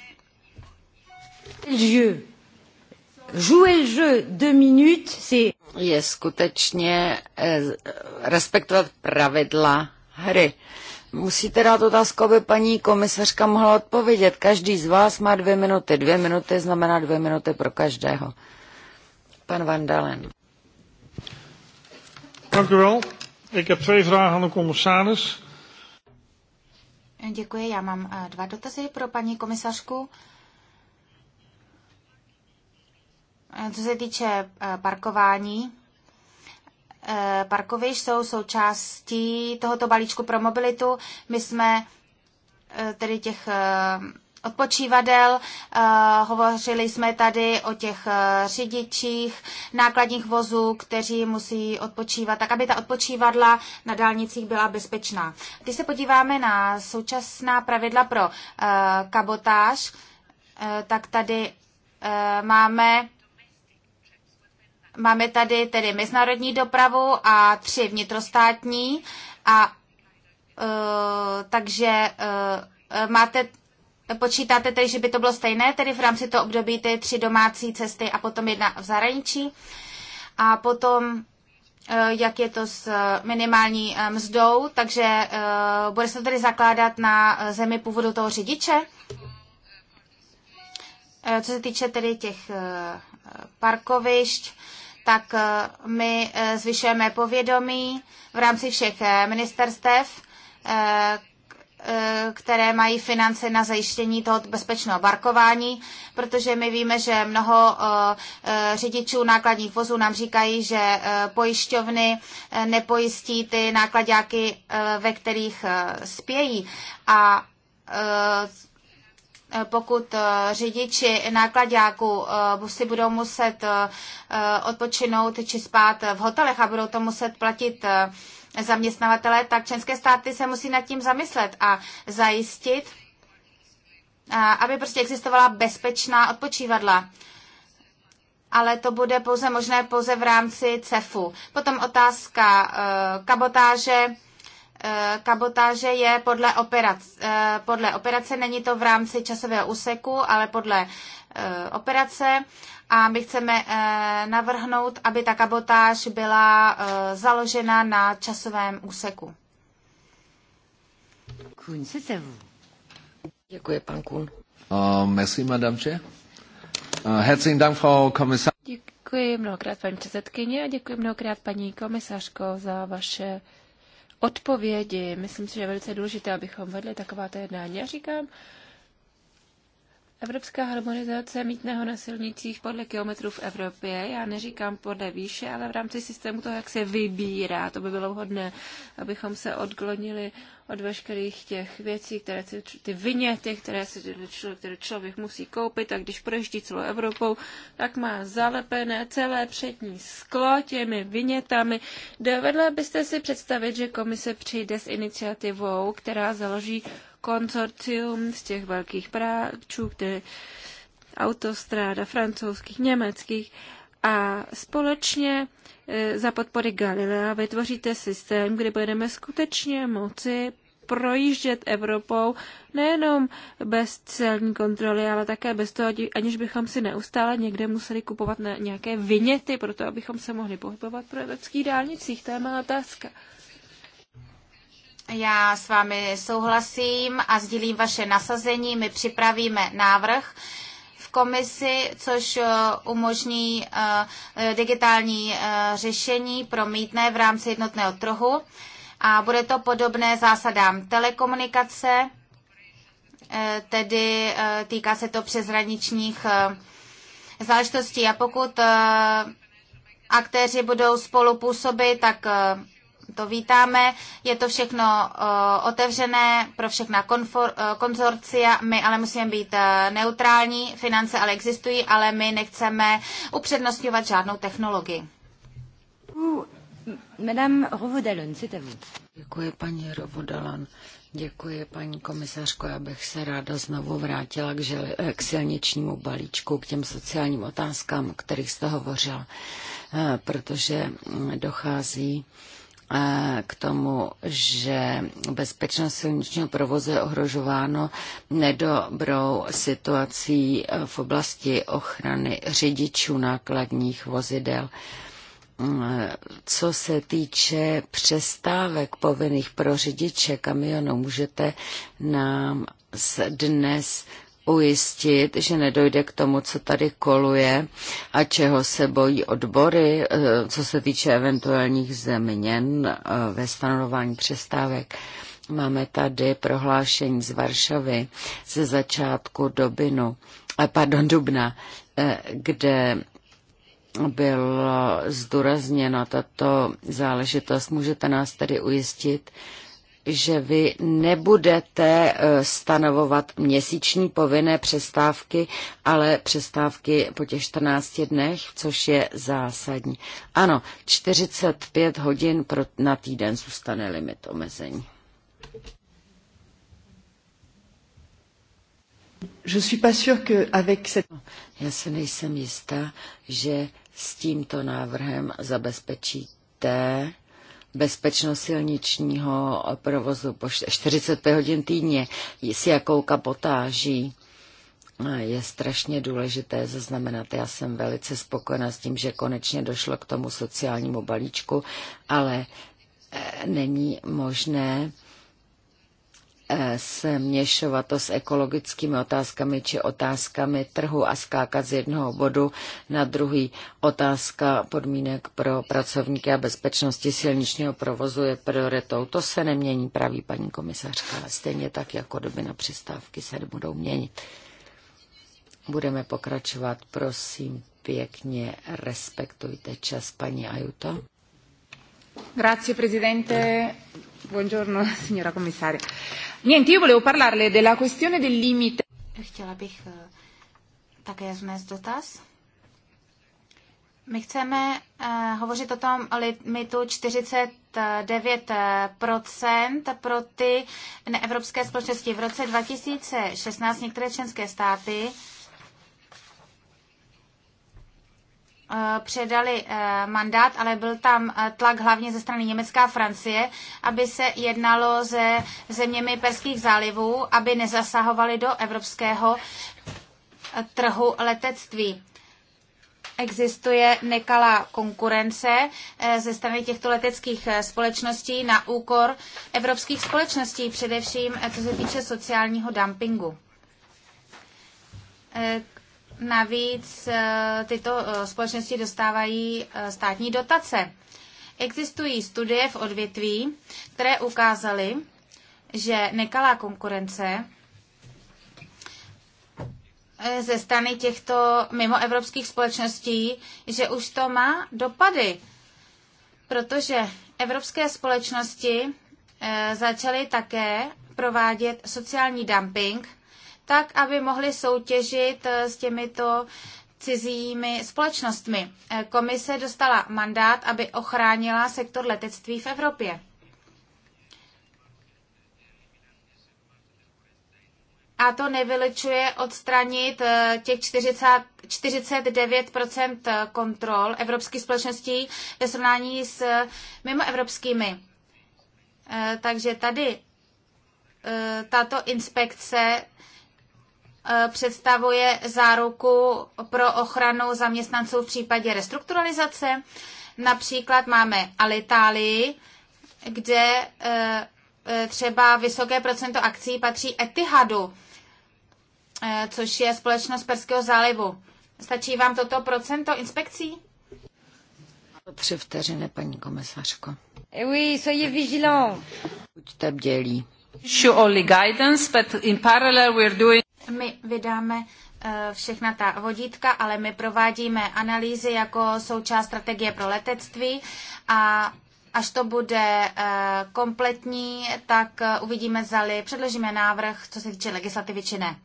Dieu je skutečně eh, respektovat pravidla hry. Musíte dát otázku, aby paní komisařka mohla odpovědět. Každý z vás má dvě minuty. Dvě minuty znamená dvě minuty pro každého. Pan Van Dalen. Dank u wel. Ik heb twee vragen aan de commissaris. Děkuji, já mám eh, dva dotazy pro paní komisařku. Co se týče eh, parkování, eh, parkovišť jsou součástí tohoto balíčku pro mobilitu. My jsme eh, tedy těch odpočívadel, hovořili jsme tady o těch řidičích nákladních vozů, kteří musí odpočívat, tak aby ta odpočívadla na dálnicích byla bezpečná. Když se podíváme na současná pravidla pro kabotáž, tak tady máme Máme tady tedy mezinárodní dopravu a tři vnitrostátní. A uh, takže uh, máte, počítáte tedy, že by to bylo stejné, tedy v rámci toho období ty tři domácí cesty a potom jedna v zahraničí. A potom e, jak je to s minimální mzdou, takže bude se to tedy zakládat na zemi původu toho řidiče. Co se týče tedy těch parkovišť, tak eh, my eh, zvyšujeme povědomí v rámci všech eh, ministerstev, které mají finance na zajištění toho bezpečného barkování, protože my víme, že mnoho řidičů nákladních vozů nám říkají, že pojišťovny nepojistí ty nákladňáky, ve kterých spějí. A Eh, pokud eh, řidiči nákladňáků eh, si budou muset odpočinout či spát v hotelech a budou to muset platit zaměstnavatele, tak členské státy se musí nad tím zamyslet a zajistit, aby prostě existovala bezpečná odpočívadla. Ale to bude pouze možné pouze v rámci CEFu. Potom otázka kabotáže Eh, kabotáže je podle operace. Eh, podle operace není to v rámci časového úseku, ale podle eh, operace a my chceme navrhnout, aby ta kabotáž byla založena na časovém úseku. Děkuji, pan Kuhn. Uh, merci, madame Uh, herzlichen Dank, Frau Kommissar. Děkuji mnohokrát, paní předsedkyně, a děkuji mnohokrát, paní komisařko, za vaše odpovědi. Myslím si, že je velice důležité, abychom vedli takováto jednání. Já říkám, Evropská harmonizace mítného na silnicích podle kilometrů v Evropě, já neříkám podle výše, ale v rámci systému toho, jak se vybírá, to by bylo vhodné, abychom se odklonili od veškerých těch věcí, které ty, ty vyněty, které, se, které člověk musí koupit a když projíždí celou Evropou, tak má zalepené celé přední sklo těmi vynětami. Dovedla byste si představit, že komise přijde s iniciativou, která založí konzorcium z těch velkých práčů, které autostráda francouzských, německých a společně e, za podpory Galilea vytvoříte systém, kde budeme skutečně moci projíždět Evropou nejenom bez celní kontroly, ale také bez toho, aniž bychom si neustále někde museli kupovat nějaké vyněty, proto abychom se mohli pohybovat pro evropských dálnicích. To je má otázka. Já s vámi souhlasím a sdílím vaše nasazení. My připravíme návrh v komisi, což eh, umožní eh, digitální eh, řešení pro mítné v rámci jednotného trhu. A bude to podobné zásadám telekomunikace, tedy týká se to přeshraničních záležitostí. A pokud aktéři budou spolu tak to vítáme. Je to všechno eh, otevřené pro všechna konfor, eh, konzorcia. My ale musíme být eh, neutrální. Finance ale existují, ale my nechceme upřednostňovat žádnou technologii. Děkuji, paní Rovodalan. Děkuji, paní komisařko. Já bych se ráda znovu vrátila k, žel- k silničnímu balíčku, k těm sociálním otázkám, o kterých jste hovořila, protože mm, dochází k tomu, že bezpečnost silničního provozu je ohrožováno nedobrou situací v oblasti ochrany řidičů nákladních vozidel. Co se týče přestávek povinných pro řidiče kamionů, můžete nám dnes ujistit, že nedojde k tomu, co tady koluje a čeho se bojí odbory, eh, co se týče eventuálních změn eh, ve stanovování přestávek. Máme tady prohlášení z Varšavy ze začátku dobinu, eh, pardon, dubna, kde bylo zdůrazněno tato záležitost. Můžete nás tedy ujistit, že vy nebudete eh, stanovovat měsíční povinné přestávky, ale přestávky po těch 14 dnech, což je zásadní. Ano, 45 hodin pro, na týden zůstane limit omezení. Je suis pas sûr que avec cette... No, já se nejsem jistá, že s tímto návrhem zabezpečíte bezpečnost silničního provozu po 45 hodin týdně s jakou kapotáží je strašně důležité zaznamenat. Já jsem velice spokojená s tím, že konečně došlo k tomu sociálnímu balíčku, ale e, není možné se měšovat to s ekologickými otázkami či otázkami trhu a skákat z jednoho bodu na druhý. Otázka podmínek pro pracovníky a bezpečnosti silničního provozu je prioritou. To se nemění, praví paní komisařka. Stejně tak jako doby na přestávky se budou měnit. Budeme pokračovat, prosím, pěkně respektujte čas paní Ajuto. Grazie Presidente, buongiorno signora commissaria. Niente, io volevo parlarle della questione del limite. Chtěla bych eh, také vznést dotaz. My chceme uh, hovořit o tom limitu 49% pro ty neevropské společnosti. V roce 2016 některé členské státy uh, Eh, předali eh, mandát, ale byl tam eh, tlak hlavně ze strany Německa a Francie, aby se jednalo se zeměmi Perských zálivů, aby nezasahovali do evropského trhu letectví. Existuje nekalá konkurence ze strany těchto leteckých společností na úkor evropských společností, především co se týče sociálního dumpingu Navíc eh, tyto eh, společnosti dostávají eh, státní dotace. Existují studie v odvětví, které ukázaly, že nekalá konkurence ze strany těchto mimoevropských společností, že už to má dopady, protože evropské společnosti začaly také provádět sociální dumping tak aby mohli soutěžit eh, s těmito cizími společnostmi. Eh, komise dostala mandát, aby ochránila sektor letectví v Evropě. A to nevylučuje odstranit eh, těch 40, 49 kontrol evropských společností ve srovnání s mimoevropskými. Takže tady tato inspekce E, představuje záruku pro ochranu zaměstnanců v případě restrukturalizace. Například máme Alitalii, kde e, e, třeba vysoké procento akcí patří Etihadu, což je společnost Perského zálivu. Stačí vám toto procento inspekcí? Tři vteřiny, paní komisařko. Eh oui, soyez vigilant. Buďte bdělí. Show only guidance, but in parallel we're doing my vydáme eh, všechna ta vodítka, ale my provádíme analýzy jako součást strategie pro letectví a až to bude eh, kompletní, tak eh, uvidíme, zali předložíme návrh, co se týče legislativy, či ne.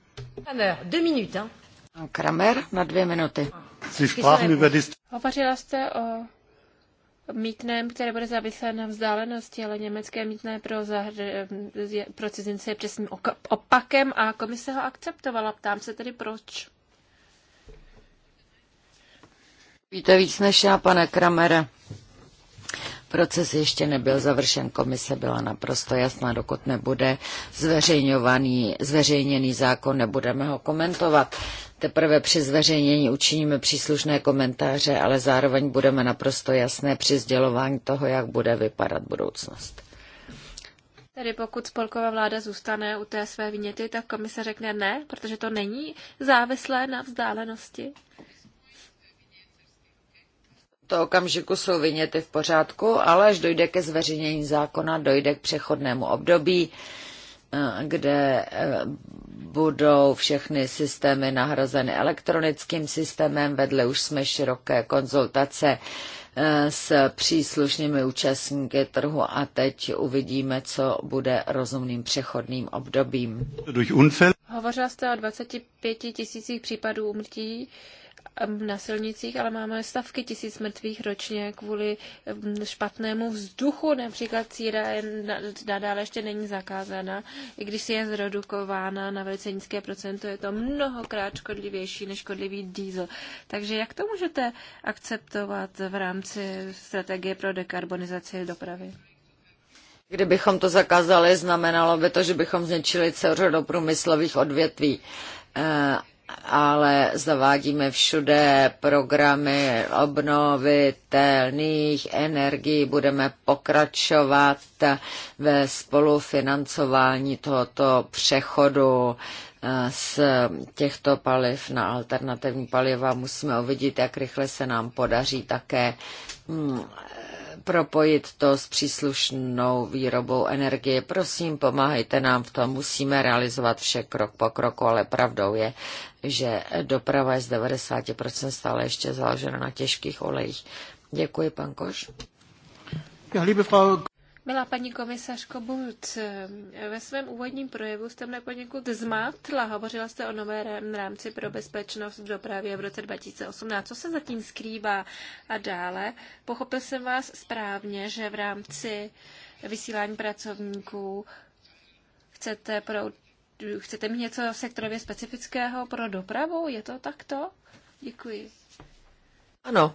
Kramer na dvě minuty. Hovořila jste o mítném, které bude závislé na vzdálenosti, ale německé mítné pro, zahr- pro cizince je přesným opakem a komise ho akceptovala. Ptám se tedy proč. Víte víc než já, pane Kramere. Proces ještě nebyl završen, komise byla naprosto jasná, dokud nebude zveřejňovaný, zveřejněný zákon, nebudeme ho komentovat. Teprve při zveřejnění učiníme příslušné komentáře, ale zároveň budeme naprosto jasné při sdělování toho, jak bude vypadat budoucnost. Tedy pokud spolková vláda zůstane u té své výněty, tak komise řekne ne, protože to není závislé na vzdálenosti. To okamžiku jsou vyněty v pořádku, ale až dojde ke zveřejnění zákona, dojde k přechodnému období, kde eh, budou všechny systémy nahrazeny elektronickým systémem. Vedle už jsme široké konzultace eh, s příslušnými účastníky trhu a teď uvidíme, co bude rozumným přechodným obdobím. Hovořila jste o 25 tisících případů umrtí na silnicích, ale máme stavky tisíc mrtvých ročně kvůli špatnému vzduchu. Například síra je nadále ještě není zakázána, i když si je zredukována na velice nízké procento, je to mnohokrát škodlivější než škodlivý diesel. Takže jak to můžete akceptovat v rámci strategie pro dekarbonizaci dopravy? Kdybychom to zakázali, znamenalo by to, že bychom zničili celou do průmyslových odvětví eh, ale zavádíme všude programy obnovitelných energií. Budeme pokračovat ve spolufinancování tohoto přechodu eh, z těchto paliv na alternativní paliva. Musíme uvidit, jak rychle se nám podaří také hmm, propojit to s příslušnou výrobou energie. Prosím, pomáhejte nám v tom, musíme realizovat vše krok po kroku, ale pravdou je, že doprava je z 90% stále ještě založena na těžkých olejích. Děkuji, pan Koš. Ja, liebe Frau... Milá paní komisařko Bulc, ve svém úvodním projevu jste mne poněkud zmátla. Hovořila jste o nové rámci pro bezpečnost v dopravě v roce 2018. Co se zatím skrývá? A dále, pochopil jsem vás správně, že v rámci vysílání pracovníků chcete, pro, chcete mít něco sektorově specifického pro dopravu? Je to takto? Děkuji. Ano.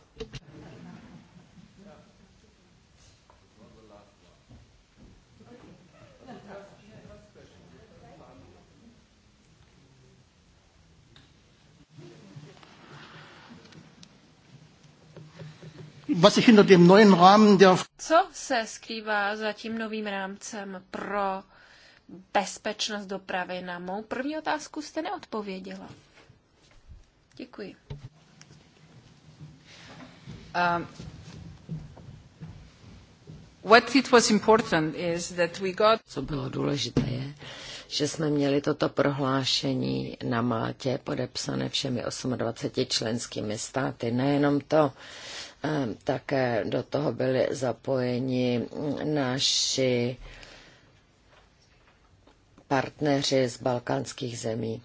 Co se skrývá za tím novým rámcem pro bezpečnost dopravy? Na mou první otázku jste neodpověděla. Děkuji. Um, Co bylo důležité je, že jsme měli toto prohlášení na Maltě podepsané všemi 28 členskými státy. Nejenom to, také do toho byli zapojeni naši partneři z balkánských zemí,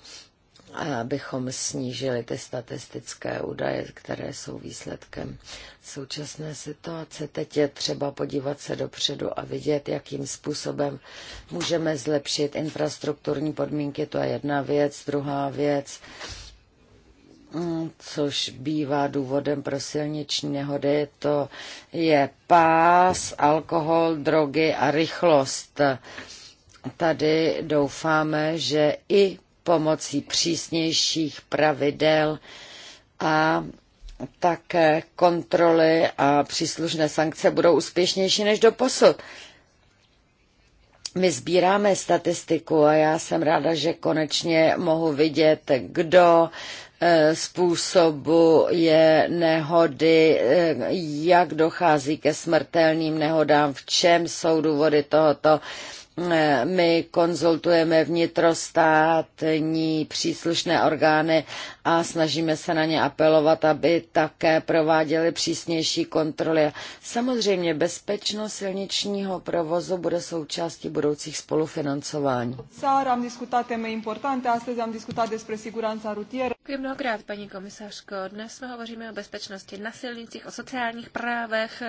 abychom snížili ty statistické údaje, které jsou výsledkem současné situace. Teď je třeba podívat se dopředu a vidět, jakým způsobem můžeme zlepšit infrastrukturní podmínky. To je jedna věc. Druhá věc, Mm, což bývá důvodem pro silniční nehody, to je pás, alkohol, drogy a rychlost. Tady doufáme, že i pomocí přísnějších pravidel a také kontroly a příslušné sankce budou úspěšnější než do posud. My sbíráme statistiku a já jsem ráda, že konečně mohu vidět, kdo Eh, způsobu je nehody, eh, jak dochází ke smrtelným nehodám, v čem jsou důvody tohoto my konzultujeme vnitrostátní příslušné orgány a snažíme se na ně apelovat, aby také prováděli přísnější kontroly. Samozřejmě bezpečnost silničního provozu bude součástí budoucích spolufinancování. Děkuji mnohokrát, paní komisařko. Dnes jsme hovoříme o bezpečnosti na silnicích, o sociálních právech,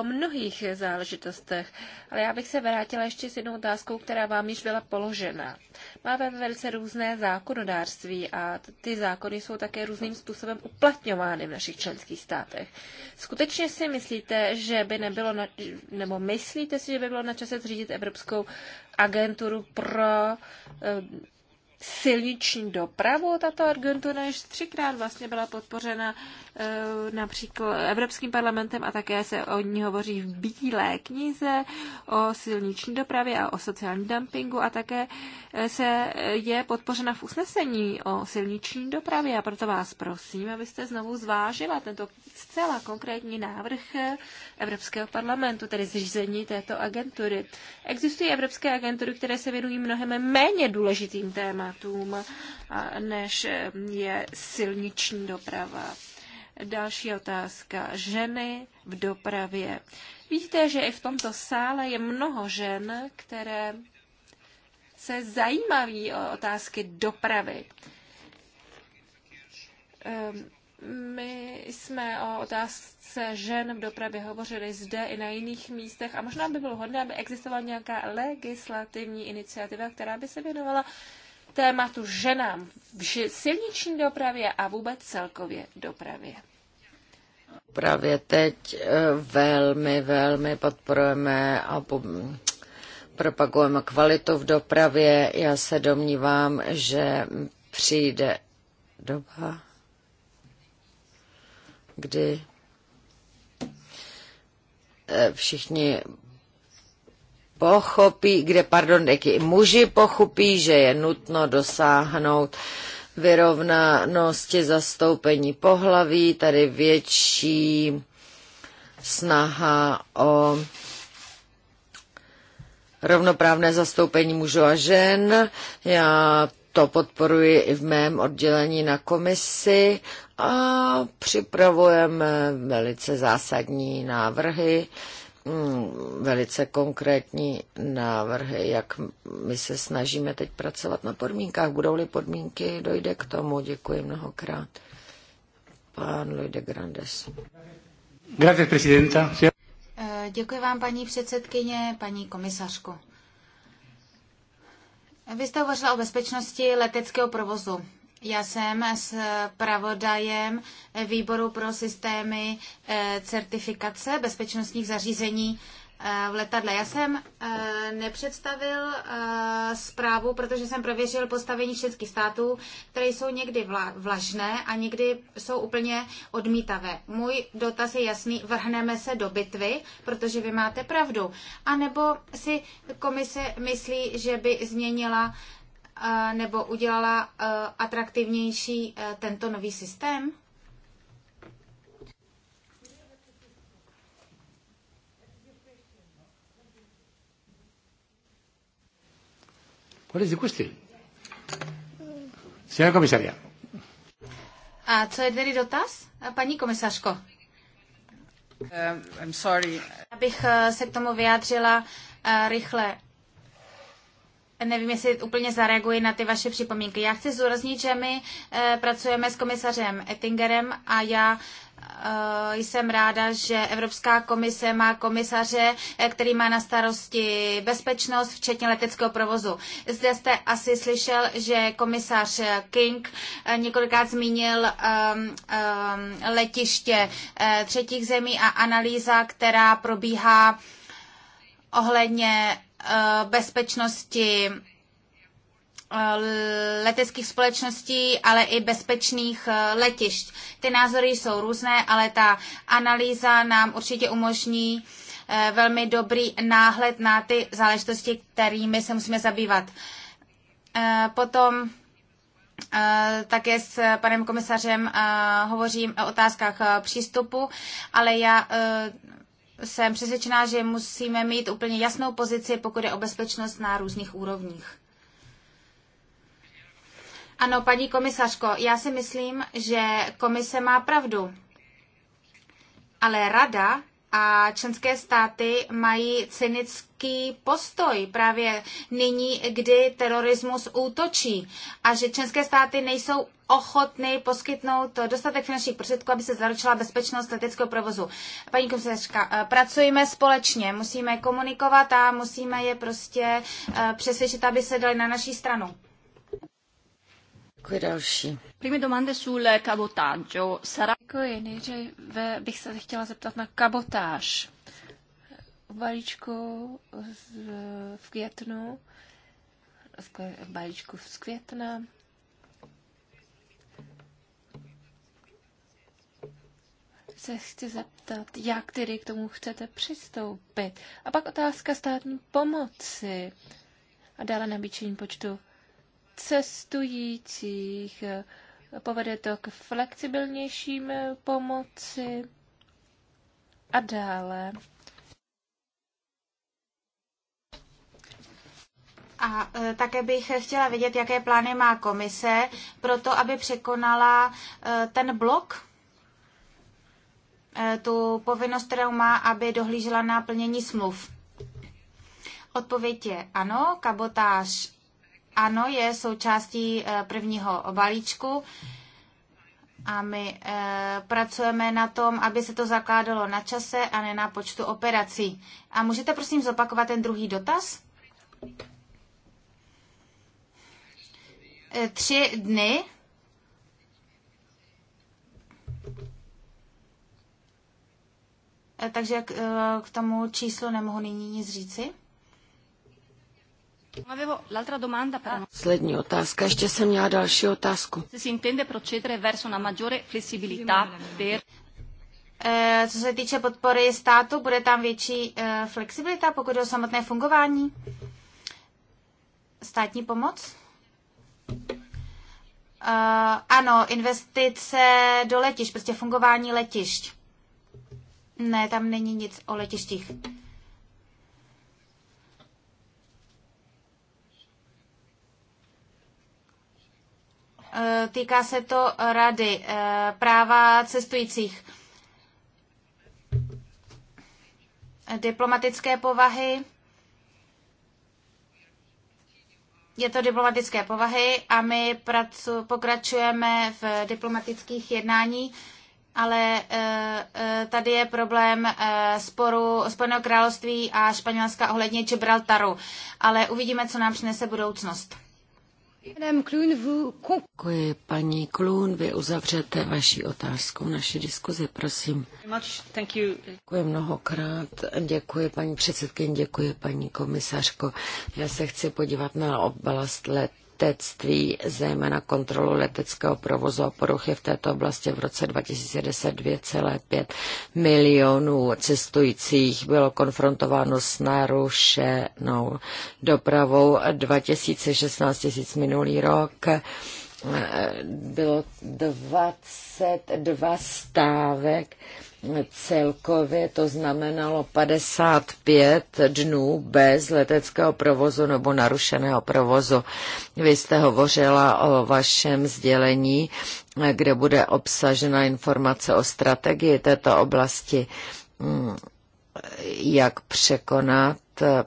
o mnohých záležitostech. Ale já bych se vrátila ještě s jednou jednou otázkou, která vám již byla položena. Máme velice různé zákonodárství a ty zákony jsou také různým způsobem uplatňovány v našich členských státech. Skutečně si myslíte, že by nebylo, na, nebo myslíte si, že by bylo na čase zřídit Evropskou agenturu pro eh, silniční dopravu. Tato agentura již třikrát vlastně byla podpořena Eh, například Evropským parlamentem a také se o ní hovoří v Bílé knize o silniční dopravě a o sociálním dumpingu a také eh, se je podpořena v usnesení o silniční dopravě a proto vás prosím, abyste znovu zvážila tento zcela konkrétní návrh eh, Evropského parlamentu, tedy zřízení této agentury. Existují evropské agentury, které se věnují mnohem méně důležitým tématům, než je silniční doprava. Další otázka. Ženy v dopravě. Vidíte, že i v tomto sále je mnoho žen, které se zajímaví o otázky dopravy. Ehm, my jsme o otázce žen v dopravě hovořili zde i na jiných místech a možná by bylo hodné, aby existovala nějaká legislativní iniciativa, která by se věnovala tématu ženám v silniční dopravě a vůbec celkově dopravě. Právě teď eh, velmi, velmi podporujeme a po, propagujeme kvalitu v dopravě. Já se domnívám, že přijde doba, kdy eh, všichni pochopí, kde, pardon, i muži pochopí, že je nutno dosáhnout vyrovnanosti zastoupení pohlaví, tady větší snaha o rovnoprávné zastoupení mužů a žen. Já to podporuji i v mém oddělení na komisi a připravujeme velice zásadní návrhy, Mm, velice konkrétní návrhy, jak my se snažíme teď pracovat na podmínkách. Budou-li podmínky, dojde k tomu. Děkuji mnohokrát. Pán Luis Grandes. Gracias, presidenta. Eh, děkuji vám, paní předsedkyně, paní komisařko. Vy jste hovořila o bezpečnosti leteckého provozu. Já jsem s pravodajem výboru pro systémy eh, certifikace bezpečnostních zařízení eh, v letadle. Já jsem eh, nepředstavil zprávu, protože jsem prověřil postavení všech států, které jsou někdy vlažné a někdy jsou úplně odmítavé. Můj dotaz je jasný, vrhneme se do bitvy, protože vy máte pravdu. A nebo si komise myslí, že by změnila nebo udělala e, atraktivnější e, tento nový systém? What is the question? Señora A co je tedy dotaz, paní komisařko? Um, I'm sorry. Abych e, se k tomu vyjádřila rychle. Nevím, jestli úplně zareaguji na ty vaše připomínky. Já chci zúraznit, že my eh, pracujeme s komisařem Ettingerem a já eh, jsem ráda, že Evropská komise má komisaře, eh, který má na starosti bezpečnost, včetně leteckého provozu. Zde jste asi slyšel, že komisař King několikrát zmínil ehm, ehm, letiště třetích zemí a analýza, která probíhá ohledně Eh, bezpečnosti eh, leteckých společností, ale i bezpečných eh, letišť. Ty názory jsou různé, ale ta analýza nám určitě umožní velmi dobrý náhled na ty záležitosti, kterými se musíme zabývat. Potom také s panem komisařem hovořím o otázkách přístupu, ale já jsem přesvědčená, že musíme mít úplně jasnou pozici, pokud je o bezpečnost na různých úrovních. Ano, paní komisařko, já si myslím, že komise má pravdu. Ale rada a členské státy mají cynický postoj právě nyní, kdy terorismus útočí a že členské státy nejsou ochotny poskytnout dostatek finančních prostředků, aby se zaručila bezpečnost leteckého provozu. Paní komisařka, eh, pracujeme společně, musíme komunikovat a musíme je prostě eh, přesvědčit, aby se dali na naší stranu. Děkuji další. Prime domande sul cabotaggio. Sara... Děkuji. Nejdříve bych se chtěla zeptat na kabotáž. Balíčku v květnu, balíčku z května se chci zeptat, jak tedy k tomu chcete přistoupit. A pak otázka státní pomoci a dále navýšení počtu cestujících. Povede to k flexibilnějším pomoci a dále. A e, také bych chtěla vědět, jaké plány má komise pro to, aby překonala e, ten blok Eh, tu povinnost, kterou má, aby dohlížela na plnění smluv? Odpověď je ano, kabotáž ano, je součástí eh, prvního balíčku. A my eh, pracujeme na tom, aby se to zakládalo na čase a ne na počtu operací. A můžete prosím zopakovat ten druhý dotaz? tři dny Eh, takže eh, k tomu číslu nemohu nyní nic říci. Poslední otázka, ještě jsem měla další otázku. Eh, co se týče podpory státu, bude tam větší flexibilita, pokud je o samotné fungování? Státní pomoc? Ano, investice do letišť, prostě fungování letišť ne, tam není nic o letištích. E, týká se to rady e, práva cestujících diplomatické povahy. Je to diplomatické povahy a my pracu, pokračujeme v diplomatických jednání ale eh, eh, tady je problém eh, sporu Spojeného království a Španělska ohledně Gibraltaru. Ale uvidíme, co nám přinese budoucnost. Děkuji, paní Klun, vy uzavřete vaši otázku, naši diskuzi, prosím. Děkuji mnohokrát, děkuji paní předsedkyně, děkuji paní komisařko. Já se chci podívat na oblast let letectví, zejména kontrolu leteckého provozu a poruchy v této oblasti v roce 2010 2,5 milionů cestujících bylo konfrontováno s narušenou dopravou 2016 tisíc minulý rok eh, bylo 22 stávek Celkově to znamenalo 55 dnů bez leteckého provozu nebo narušeného provozu. Vy jste hovořila o vašem sdělení, kde bude obsažena informace o strategii této oblasti, hmm, jak překonat eh,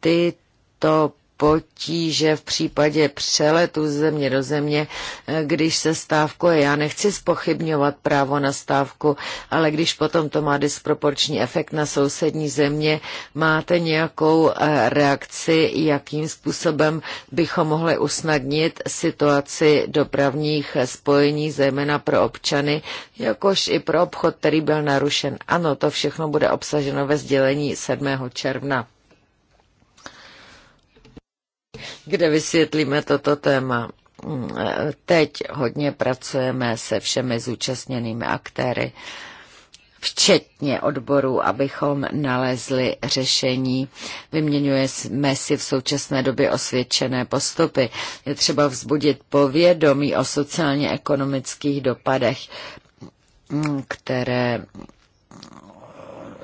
tyto potíže v případě přeletu země do země, eh, když se stávkuje. Já nechci spochybňovat právo na stávku, ale když potom to má disproporční efekt na sousední země, máte nějakou eh, reakci, jakým způsobem bychom mohli usnadnit situaci dopravních spojení, zejména pro občany, jakož i pro obchod, který byl narušen. Ano, to všechno bude obsaženo ve sdělení 7. června kde vysvětlíme toto téma. Mm, e, teď hodně pracujeme se všemi zúčastněnými aktéry, včetně odborů, abychom nalezli řešení. Vyměňujeme si v současné době osvědčené postupy. Je třeba vzbudit povědomí o sociálně-ekonomických dopadech, mm, které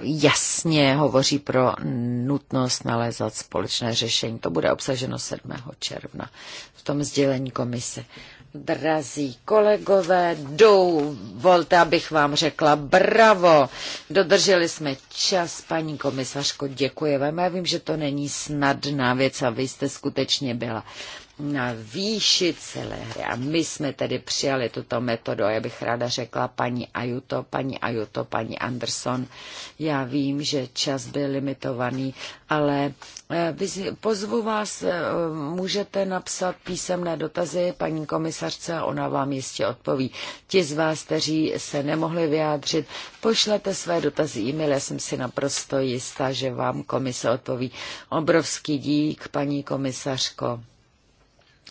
jasně hovoří pro nutnost nalézat společné řešení. To bude obsaženo 7. června v tom sdělení komise. Drazí kolegové, dovolte, abych vám řekla bravo. Dodrželi jsme čas, paní komisařko, děkujeme. Já vím, že to není snadná věc a vy jste skutečně byla na výši celé hry. A my jsme tedy přijali tuto metodu. A já bych ráda řekla paní Ajuto, paní Ajuto, paní Anderson. Já vím, že čas byl limitovaný, ale eh, pozvu vás, eh, můžete napsat písemné dotazy paní komisařce a ona vám jistě odpoví. Ti z vás, kteří se nemohli vyjádřit, pošlete své dotazy e-mail. Já jsem si naprosto jistá, že vám komise odpoví. Obrovský dík, paní komisařko.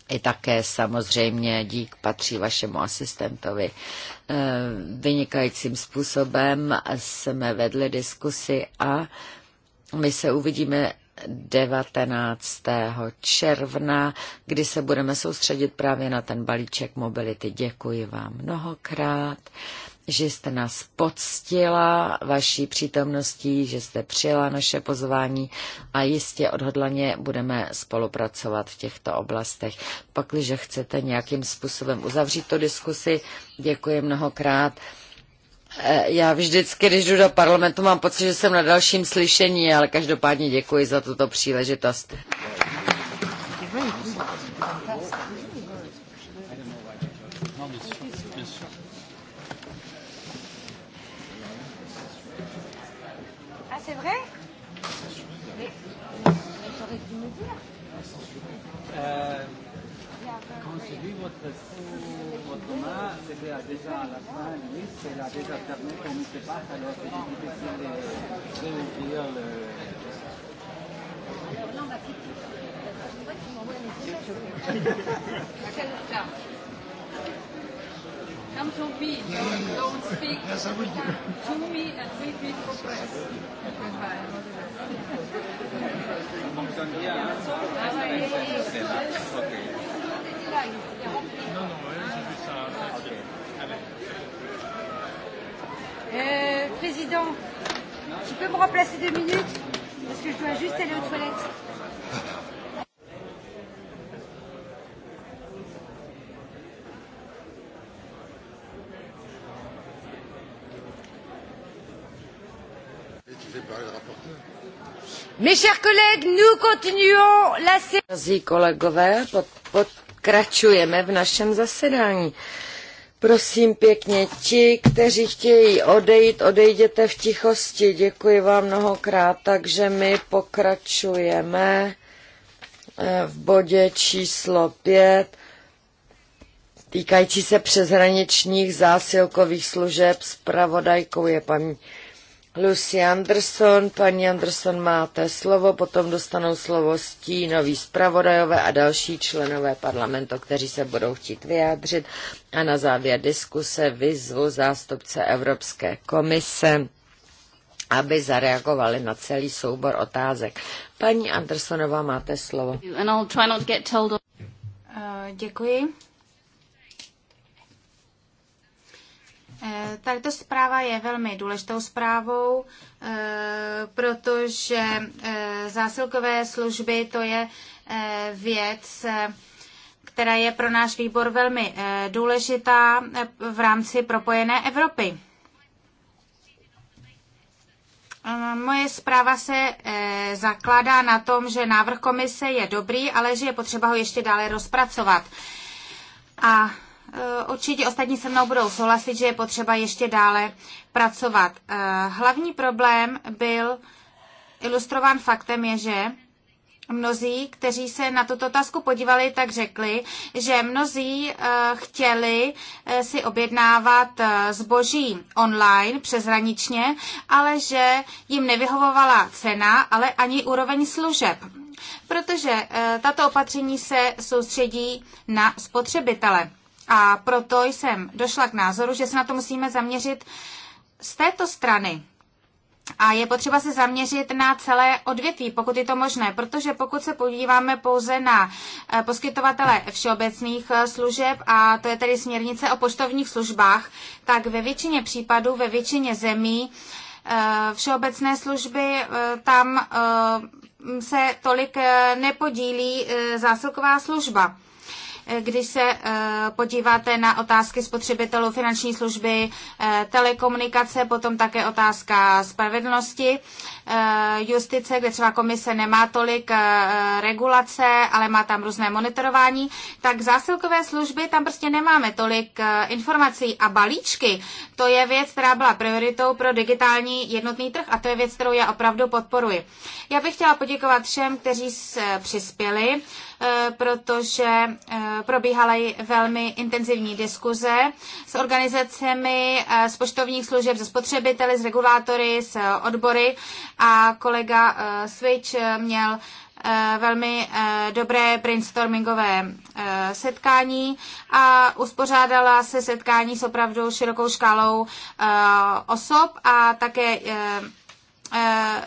I také samozřejmě dík patří vašemu asistentovi. E, vynikajícím způsobem jsme vedli diskusy a my se uvidíme 19. června, kdy se budeme soustředit právě na ten balíček mobility. Děkuji vám mnohokrát že jste nás poctila vaší přítomností, že jste přijela naše pozvání a jistě odhodlaně budeme spolupracovat v těchto oblastech. Pak, když chcete nějakým způsobem uzavřít tu diskusi, děkuji mnohokrát. E, já vždycky, když jdu do parlamentu, mám pocit, že jsem na dalším slyšení, ale každopádně děkuji za tuto příležitost. conseiller votre votre main, c'était déjà à la fin, oui, c'est déjà terminé qu'on ne sait pas, alors c'est difficile de réouvrir le. Alors là, on va quitter. Je vois que tu un message. quelle heure Come to me. don't, don't speak. Yes, I will. Come to me and we will progress. Goodbye. Euh, président, tu peux me remplacer deux minutes Parce que je dois juste aller aux toilettes. Mes chers collègues, nous continuons la séance. kolegové, pokračujeme v našem zasedání. Prosím pěkně, ti, kteří chtějí odejít, odejděte v tichosti. Děkuji vám mnohokrát, takže my pokračujeme eh, v bodě číslo 5 týkající se přeshraničních zásilkových služeb. Spravodajkou je paní Lucy Anderson, paní Anderson máte slovo, potom dostanou slovo stínoví zpravodajové a další členové parlamentu, kteří se budou chtít vyjádřit a na závěr diskuse vyzvu zástupce Evropské komise, aby zareagovali na celý soubor otázek. Paní Andersonová, máte slovo. Děkuji. Eh, tato zpráva je velmi důležitou zprávou, eh, protože eh, zásilkové služby to je věc, která je pro náš výbor velmi důležitá v rámci propojené Evropy. Moje zpráva se zakládá na tom, že návrh komise je dobrý, ale že je potřeba ho ještě dále rozpracovat. A Eh, určitě ostatní se mnou budou souhlasit, že je potřeba ještě dále pracovat. Eh, hlavní problém byl ilustrován faktem je, že Mnozí, kteří se na tuto otázku podívali, tak řekli, že mnozí eh, chtěli si objednávat zboží online přeshraničně, ale že jim nevyhovovala cena, ale ani úroveň služeb. Protože tato opatření se soustředí na spotřebitele. A proto jsem došla k názoru, že se na to musíme zaměřit z této strany. A je potřeba se zaměřit na celé odvětví, pokud je to možné, protože pokud se podíváme pouze na eh, poskytovatele všeobecných eh, služeb, a to je tedy směrnice o poštovních službách, tak ve většině případů, ve většině zemí eh, všeobecné služby tam se tolik nepodílí zásilková služba. Když se eh, podíváte na otázky spotřebitelů finanční služby, eh, telekomunikace, potom také otázka spravedlnosti, eh, justice, kde třeba komise nemá tolik regulace, ale má tam různé monitorování, tak zásilkové služby tam prostě nemáme tolik informací a balíčky. To je věc, která byla prioritou pro digitální jednotný trh a to je věc, kterou já opravdu podporuji. Já bych chtěla poděkovat všem, kteří přispěli Eh, protože eh, probíhala velmi intenzivní diskuze s organizacemi eh, z poštovních služeb, se spotřebiteli, s regulátory, s odbory a kolega Switch měl velmi dobré brainstormingové setkání a uspořádala se setkání s opravdu širokou škálou osob a také Eh,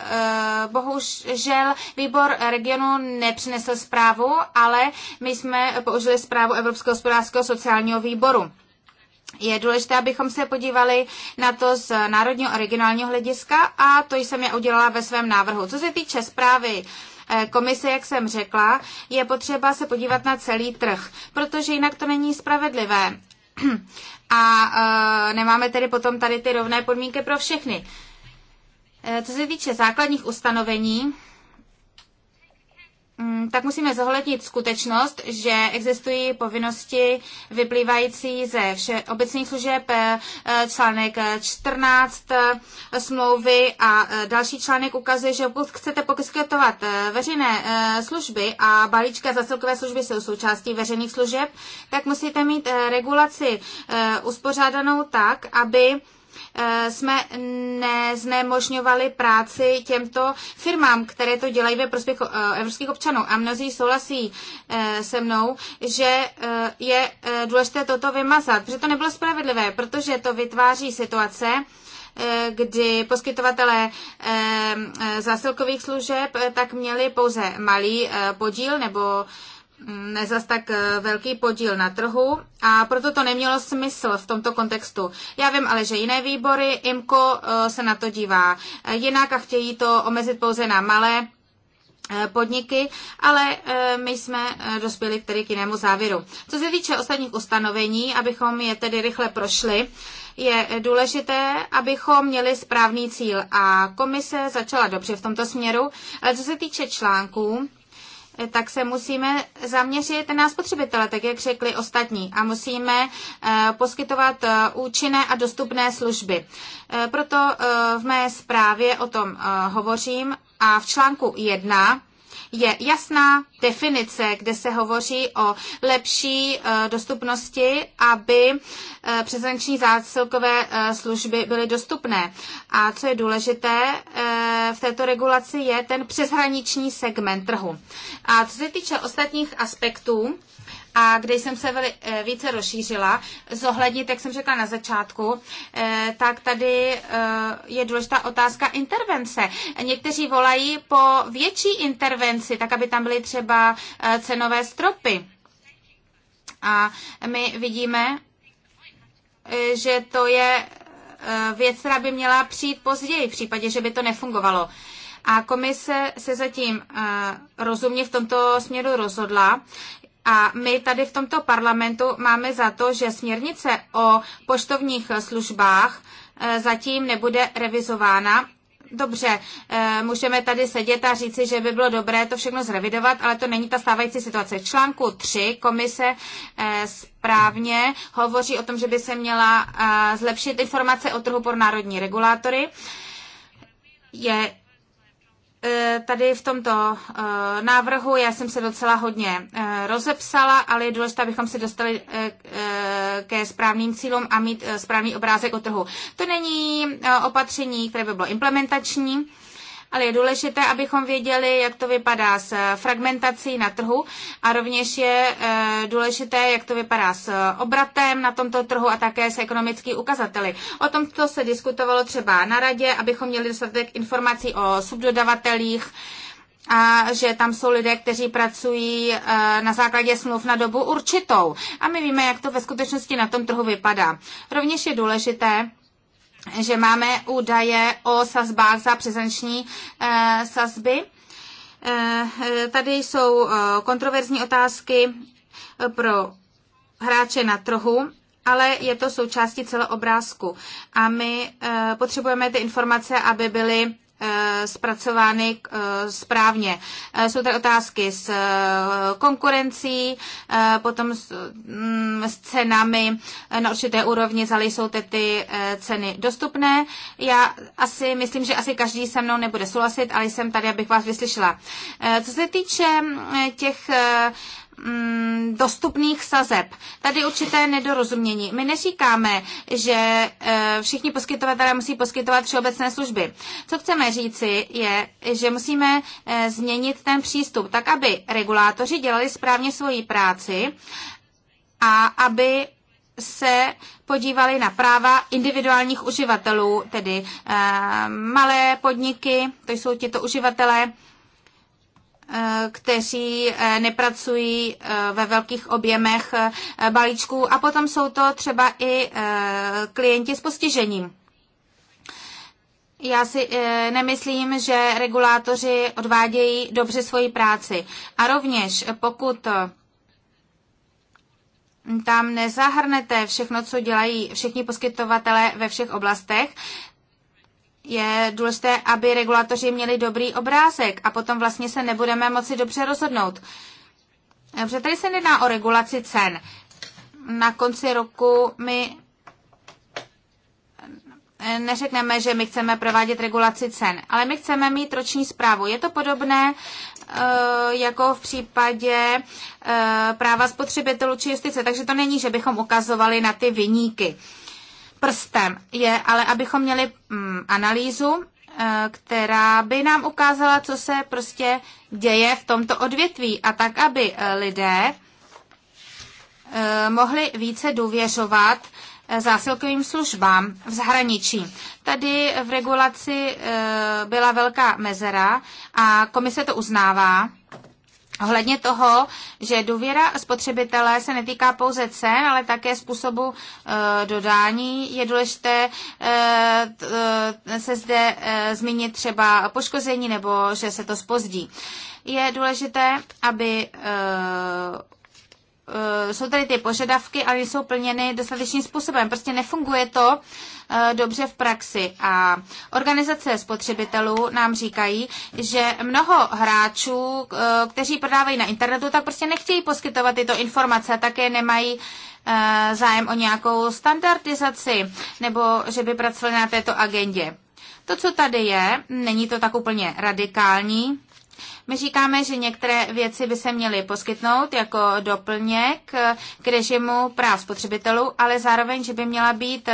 eh, bohužel výbor regionu nepřinesl zprávu, ale my jsme použili zprávu Evropského hospodářského sociálního výboru. Je důležité, abychom se podívali na to z národního a regionálního hlediska a to jsem já udělala ve svém návrhu. Co se týče zprávy eh, komise, jak jsem řekla, je potřeba se podívat na celý trh, protože jinak to není spravedlivé. A e, nemáme tedy potom tady ty rovné podmínky pro všechny. E, Eh, co se týče základních ustanovení, mm, tak musíme zohlednit skutečnost, že existují povinnosti vyplývající ze všeobecných obecných služeb, eh, článek 14 eh, smlouvy a další článek ukazuje, že pokud chcete poskytovat veřejné služby a balíčka za celkové služby jsou součástí veřejných služeb, tak musíte mít regulaci uspořádanou tak, aby Eh, jsme neznemožňovali práci těmto firmám, které to dělají ve prospěch eh, evropských občanů. A mnozí souhlasí eh, se mnou, že je důležité toto vymazat, protože to nebylo spravedlivé, protože to vytváří situace, kdy poskytovatelé zásilkových služeb tak měli pouze malý podíl nebo nezas tak eh, velký podíl na trhu a proto to nemělo smysl v tomto kontextu. Já vím ale, že jiné výbory, IMCO eh, se na to dívá eh, jinak a chtějí to omezit pouze na malé podniky, ale my jsme dospěli k tedy k jinému závěru. Co se týče ostatních ustanovení, abychom je tedy rychle prošli, je důležité, abychom měli správný cíl a komise začala dobře v tomto směru, ale co se týče článků, Eh, tak se musíme zaměřit na spotřebitele, tak jak řekli ostatní, a musíme eh, poskytovat eh, účinné a dostupné služby. Proto v mé zprávě o tom hovořím a v článku 1 je jasná definice, kde se hovoří o lepší eh, dostupnosti, aby eh, přeshraniční zásilkové eh, služby byly dostupné. A co je důležité v této regulaci, je ten přeshraniční segment trhu. A co se týče ostatních aspektů, a když jsem se veli, eh, více rozšířila, zohlednit, jak jsem řekla na začátku, eh, tak tady eh, je důležitá otázka intervence. Někteří volají po větší intervenci, tak aby tam byly třeba cenové stropy. A my vidíme, že to je věc, která by měla přijít později, v případě, že by to nefungovalo. A komise se zatím rozumně v tomto směru rozhodla, a my tady v tomto parlamentu máme za to, že směrnice o poštovních službách eh, zatím nebude revizována. Dobře, eh, můžeme tady sedět a říci, že by bylo dobré to všechno zrevidovat, ale to není ta stávající situace. V článku 3 komise eh, správně hovoří o tom, že by se měla zlepšit informace o trhu pro národní regulátory. Je tady v tomto návrhu já jsem se docela hodně rozepsala, ale je důležité, abychom se dostali eh, eh, ke správným cílům a mít eh, správný obrázek o trhu. To není opatření, které by bylo implementační, ale je důležité, abychom věděli, jak to vypadá s fragmentací na trhu a rovněž je důležité, jak to vypadá s obratem na tomto trhu a také s ekonomickými ukazateli. O tomto se diskutovalo třeba na radě, abychom měli dostatek informací o subdodavatelích, a že tam jsou lidé, kteří pracují eh, na základě smluv na dobu určitou. A my víme, jak to ve skutečnosti na tom trhu vypadá. Rovněž je důležité, že máme údaje o sazbách za přezenční eh, sazby. Eh, tady jsou kontroverzní otázky pro hráče na trhu, ale je to součástí celého obrázku. A my potřebujeme ty informace, aby byly Eh, zpracovány eh, správně. Eh, jsou tady otázky s konkurencí, potom s mm, cenami na určité úrovni, zali jsou ty, ty ceny dostupné. Já asi myslím, že asi každý se mnou nebude souhlasit, ale jsem tady, abych vás vyslyšela. Co se týče mm, těch Mm, dostupných sazeb. Tady určité nedorozumění. My neříkáme, že e, všichni poskytovatelé musí poskytovat všeobecné služby. Co chceme říci je, že musíme e, změnit ten přístup tak, aby regulátoři dělali správně svoji práci a aby se podívali na práva individuálních uživatelů, tedy e, malé podniky, to jsou tito uživatelé, Eh, kteří eh, nepracují eh, ve velkých objemech balíčků a potom jsou to třeba i klienti s postižením. Já si e, nemyslím, že regulátoři odvádějí dobře svoji práci. A rovněž, pokud tam nezahrnete všechno, co dělají všichni poskytovatelé ve všech oblastech, je důležité, aby regulatoři měli dobrý obrázek a potom vlastně se nebudeme moci dobře rozhodnout. Protože tady se nedá o regulaci cen. Na konci roku my neřekneme, že my chceme provádět regulaci cen, ale my chceme mít roční zprávu. Je to podobné eh, jako v případě eh, práva spotřebitelů či justice, takže to není, že bychom ukazovali na ty vyníky prstem je, ale abychom měli mm, analýzu, eh, která by nám ukázala, co se prostě děje v tomto odvětví a tak, aby eh, lidé eh, mohli více důvěřovat zásilkovým službám v zahraničí. Tady v regulaci byla velká mezera a komise to uznává Ohledně toho, že důvěra spotřebitele se netýká pouze cen, ale také způsobu e, dodání, je důležité e, se zde e, zmínit třeba poškození nebo že se to spozdí. Je důležité, aby e, Eh, jsou tady ty požadavky, ale jsou plněny dostatečným způsobem. Prostě nefunguje to eh, dobře v praxi. A organizace spotřebitelů nám říkají, že mnoho hráčů, eh, kteří prodávají na internetu, tak prostě nechtějí poskytovat tyto informace, také nemají zájem o nějakou standardizaci nebo že by pracovali na této agendě. To, co tady je, není to tak úplně radikální, my říkáme, že některé věci by se měly poskytnout jako doplněk k režimu práv spotřebitelů, ale zároveň, že by měla být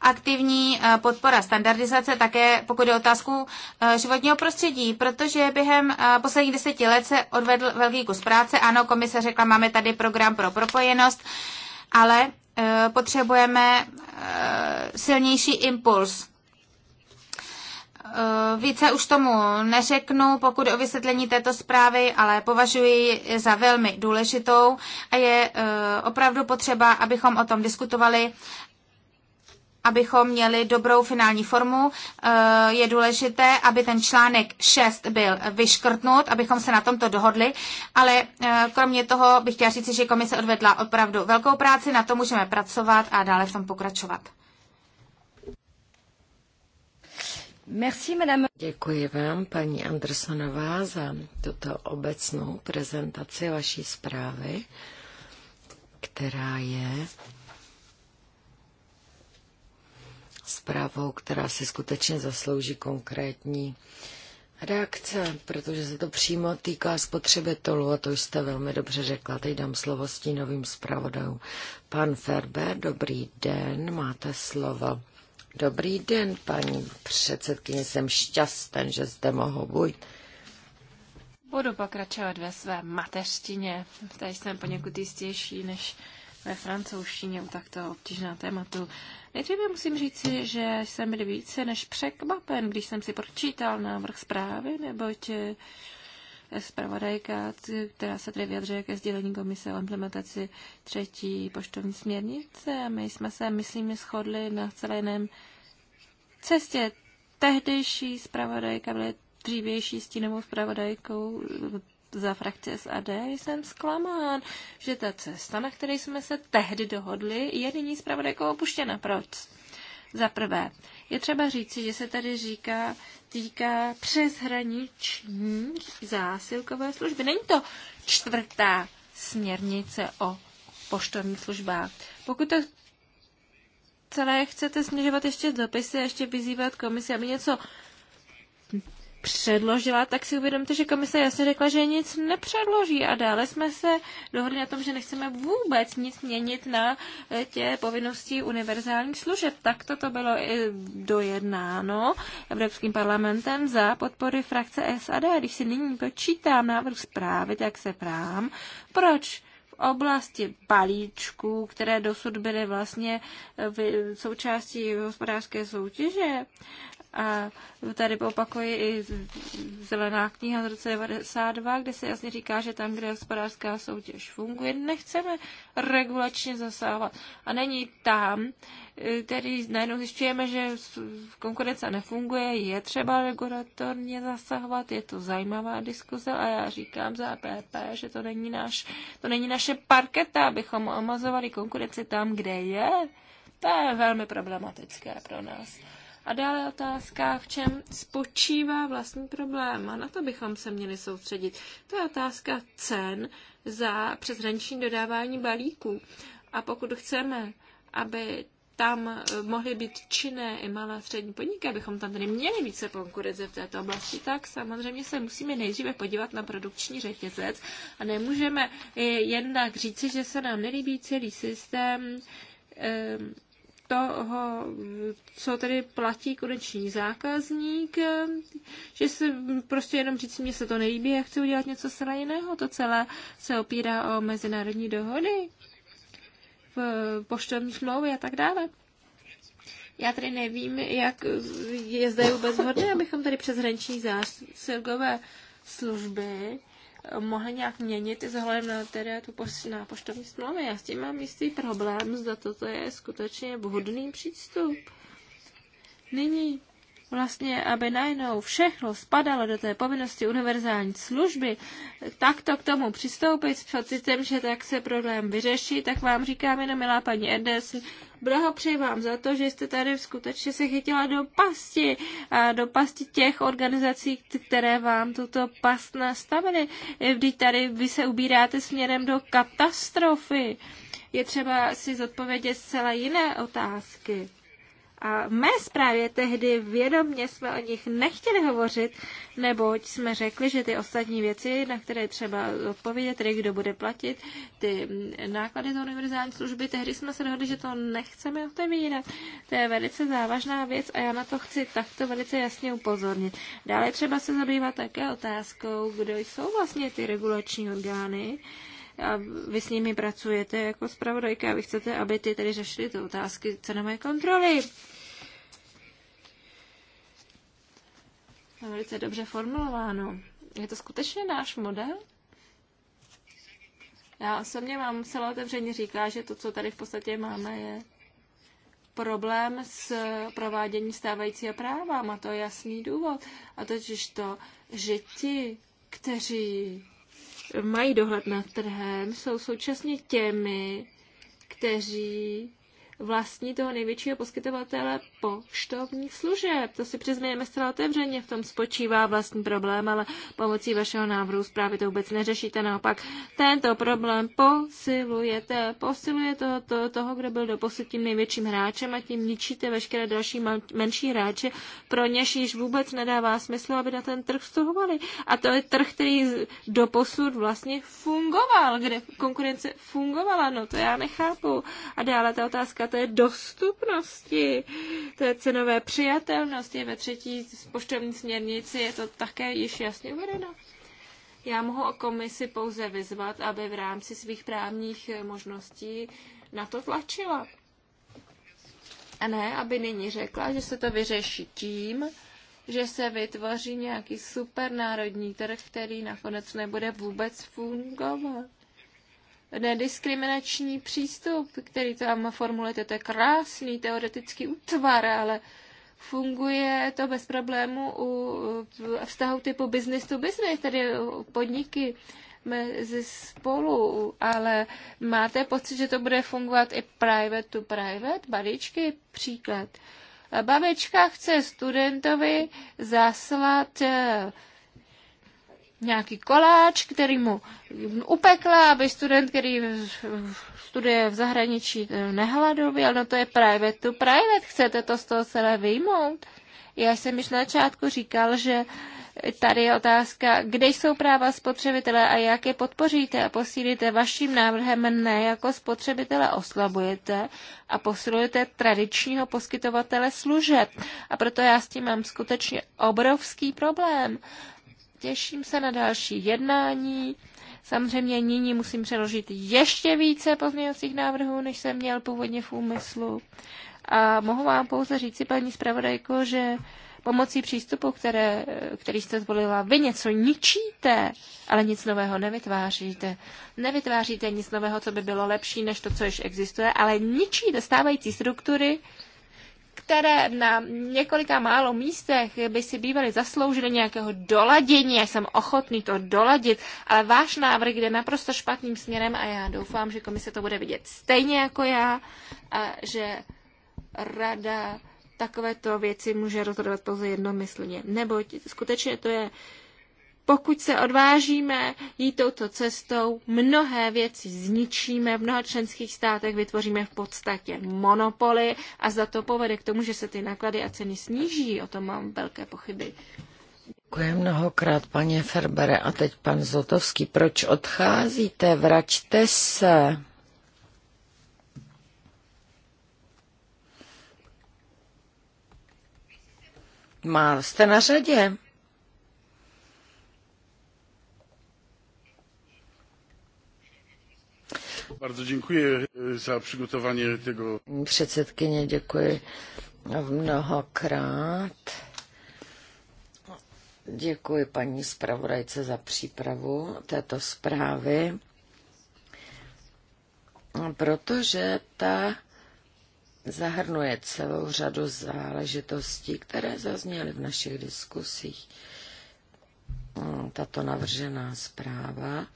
aktivní eh, podpora standardizace také pokud je otázku eh, životního prostředí, protože během eh, posledních deseti let se odvedl velký kus práce. Ano, komise řekla, máme tady program pro propojenost, ale potřebujeme silnější impuls Eh, více už tomu neřeknu, pokud o vysvětlení této zprávy, ale považuji za velmi důležitou a je eh, opravdu potřeba, abychom o tom diskutovali abychom měli dobrou finální formu, eh, je důležité, aby ten článek 6 byl vyškrtnut, abychom se na tomto dohodli, ale kromě toho bych chtěla říct, že komise odvedla opravdu velkou práci, na to můžeme pracovat a dále v tom pokračovat. Děkuji vám, paní Andersonová, za tuto obecnou prezentaci vaší zprávy, která je zprávou, která si skutečně zaslouží konkrétní reakce, protože se to přímo týká spotřebitelů a to jste velmi dobře řekla. Teď dám slovo s novým zpravodajům. Pan Ferber, dobrý den, máte slovo. Dobrý den, paní předsedkyně, jsem šťasten, že zde mohu být. Budu pokračovat ve své mateřštině. Tady jsem poněkud jistější než ve francouzštině u takto obtížného tématu. Nejdříve musím říci, že jsem byl více než překvapen, když jsem si pročítal návrh zprávy, neboť zpravodajka, která se tady vyjadřuje ke sdělení komise o implementaci třetí poštovní směrnice a my jsme se, myslím, shodli na celé jiném cestě. Tehdejší zpravodajka byla dřívější stínovou zpravodajkou za frakci SAD jsem zklamán, že ta cesta, na které jsme se tehdy dohodli, je nyní zpravodajkou opuštěna. Proč? Za prvé, je třeba říci, že se tady říká, týká přeshraniční zásilkové služby. Není to čtvrtá směrnice o poštovních službách. Pokud to celé chcete směřovat ještě dopisy a ještě vyzývat komisi, aby něco předložila, tak si uvědomte, že komise jasně řekla, že nic nepředloží a dále jsme se dohodli na tom, že nechceme vůbec nic měnit na eh, tě povinnosti univerzálních služeb. Tak to bylo i eh, dojednáno Evropským parlamentem za podpory frakce SAD. Když si nyní počítám návrh zprávy, tak se prám, proč oblasti balíčků, které dosud byly vlastně eh, v součástí hospodářské soutěže, a tady opakuji i zelená kniha z roce 92, kde se jasně říká, že tam, kde hospodářská soutěž funguje, nechceme regulačně zasahovat. A není tam, eh, tedy najednou zjišťujeme, že konkurence nefunguje, je třeba regulatorně zasahovat, je to zajímavá diskuze a já říkám za APP, že to není, náš, to není naše parketa, abychom omazovali konkurenci tam, kde je. To je velmi problematické pro nás. A dále otázka, v čem spočívá vlastní problém. A na to bychom se měli soustředit. To je otázka cen za přeshraniční dodávání balíků. A pokud chceme, aby tam eh, mohly být činné i malé a střední podniky, abychom tam tedy měli více konkurence v této oblasti, tak samozřejmě se musíme nejdříve podívat na produkční řetězec a nemůžeme eh, jen tak říci, že se nám nelíbí celý systém, eh, toho, co tedy platí koneční zákazník, že si prostě jenom říct, mně se to nelíbí a chci udělat něco zcela jiného. To celé se opírá o mezinárodní dohody, v poštovní smlouvy a tak dále. Já tady nevím, jak je zde vůbec hodné, abychom tady přes přeshraniční zásilkové služby mohla nějak měnit i zhledem na teda tu poš- na poštovní smlouvy. Já s tím mám jistý problém, zda toto je skutečně vhodný přístup. Nyní vlastně, aby najednou všechno spadalo do té povinnosti univerzální služby, tak to k tomu přistoupit s pocitem, že tak se problém vyřeší, tak vám říkám jenom, milá paní Erders, blahopřeji vám za to, že jste tady skutečně se chytila do pasti, a do pasti těch organizací, které vám tuto past nastavily. Vždyť tady vy se ubíráte směrem do katastrofy. Je třeba si zodpovědět zcela jiné otázky. A v mé zprávě tehdy vědomně jsme o nich nechtěli hovořit, neboť jsme řekli, že ty ostatní věci, na které třeba odpovědět, tedy kdo bude platit, ty náklady té univerzální služby, tehdy jsme se dohodli, že to nechceme otevírat. To je velice závažná věc a já na to chci takto velice jasně upozornit. Dále třeba se zabývat také otázkou, kdo jsou vlastně ty regulační orgány, a vy s nimi pracujete jako zpravodajka a vy chcete, aby ty tedy řešili ty otázky cenové kontroly. velice dobře formulováno. Je to skutečně náš model? Já osobně mám celé otevřeně říká, že to, co tady v podstatě máme, je problém s provádění stávajícího práva. Má to jasný důvod. A totiž to, že ti, kteří mají dohled nad trhem, jsou současně těmi, kteří vlastní toho největšího poskytovatele poštovních služeb. To si přiznajeme zcela otevřeně, v tom spočívá vlastní problém, ale pomocí vašeho návrhu zprávy to vůbec neřešíte. Naopak tento problém posilujete, posiluje toho, to, toho kdo byl doposud tím největším hráčem a tím ničíte veškeré další menší hráče, pro něž již vůbec nedává smysl, aby na ten trh vstupovali. A to je trh, který doposud vlastně fungoval, kde konkurence fungovala, no to já nechápu. A dále ta otázka té dostupnosti, té cenové přijatelnosti ve třetí poštovní směrnici je to také již jasně uvedeno. Já mohu komisi pouze vyzvat, aby v rámci svých právních možností na to tlačila. A ne, aby nyní řekla, že se to vyřeší tím, že se vytvoří nějaký supernárodní trh, který nakonec nebude vůbec fungovat nediskriminační přístup, který tam formulujete, to je krásný teoretický útvar, ale funguje to bez problému u vztahu typu business to business, tedy podniky mezi spolu, ale máte pocit, že to bude fungovat i private to private? Balíčky, příklad. Babička chce studentovi zaslat eh, nějaký koláč, který mu upekla, aby student, který studuje v zahraničí, nehladověl. No to je private to private. Chcete to z toho celé vyjmout? Já jsem již na začátku říkal, že tady je otázka, kde jsou práva spotřebitele a jak je podpoříte a posílíte vaším návrhem, ne jako spotřebitele oslabujete a posilujete tradičního poskytovatele služeb. A proto já s tím mám skutečně obrovský problém těším se na další jednání. Samozřejmě nyní musím přeložit ještě více pozměňovacích návrhů, než jsem měl původně v úmyslu. A mohu vám pouze říci, paní zpravodajko, že pomocí přístupu, které, který jste zvolila, vy něco ničíte, ale nic nového nevytváříte. Nevytváříte nic nového, co by bylo lepší než to, co již existuje, ale ničíte stávající struktury, které na několika málo místech by si bývaly zasloužily nějakého doladění. Já jsem ochotný to doladit, ale váš návrh jde naprosto špatným směrem a já doufám, že komise to bude vidět stejně jako já a že rada takovéto věci může rozhodovat pouze jednomyslně. Neboť skutečně to je pokud se odvážíme jít touto cestou, mnohé věci zničíme, v mnoha členských státech vytvoříme v podstatě monopoly a za to povede k tomu, že se ty náklady a ceny sníží. O tom mám velké pochyby. Děkuji mnohokrát, paní Ferbere. A teď pan Zotovský, proč odcházíte? Vraťte se. Má, jste na řadě. Bardzo děkuji e, za přigotování tego. Předsedkyně, děkuji mnohokrát. Děkuji paní zpravodajce za přípravu této zprávy, protože ta zahrnuje celou řadu záležitostí, které zazněly v našich diskusích. Tato navržená zpráva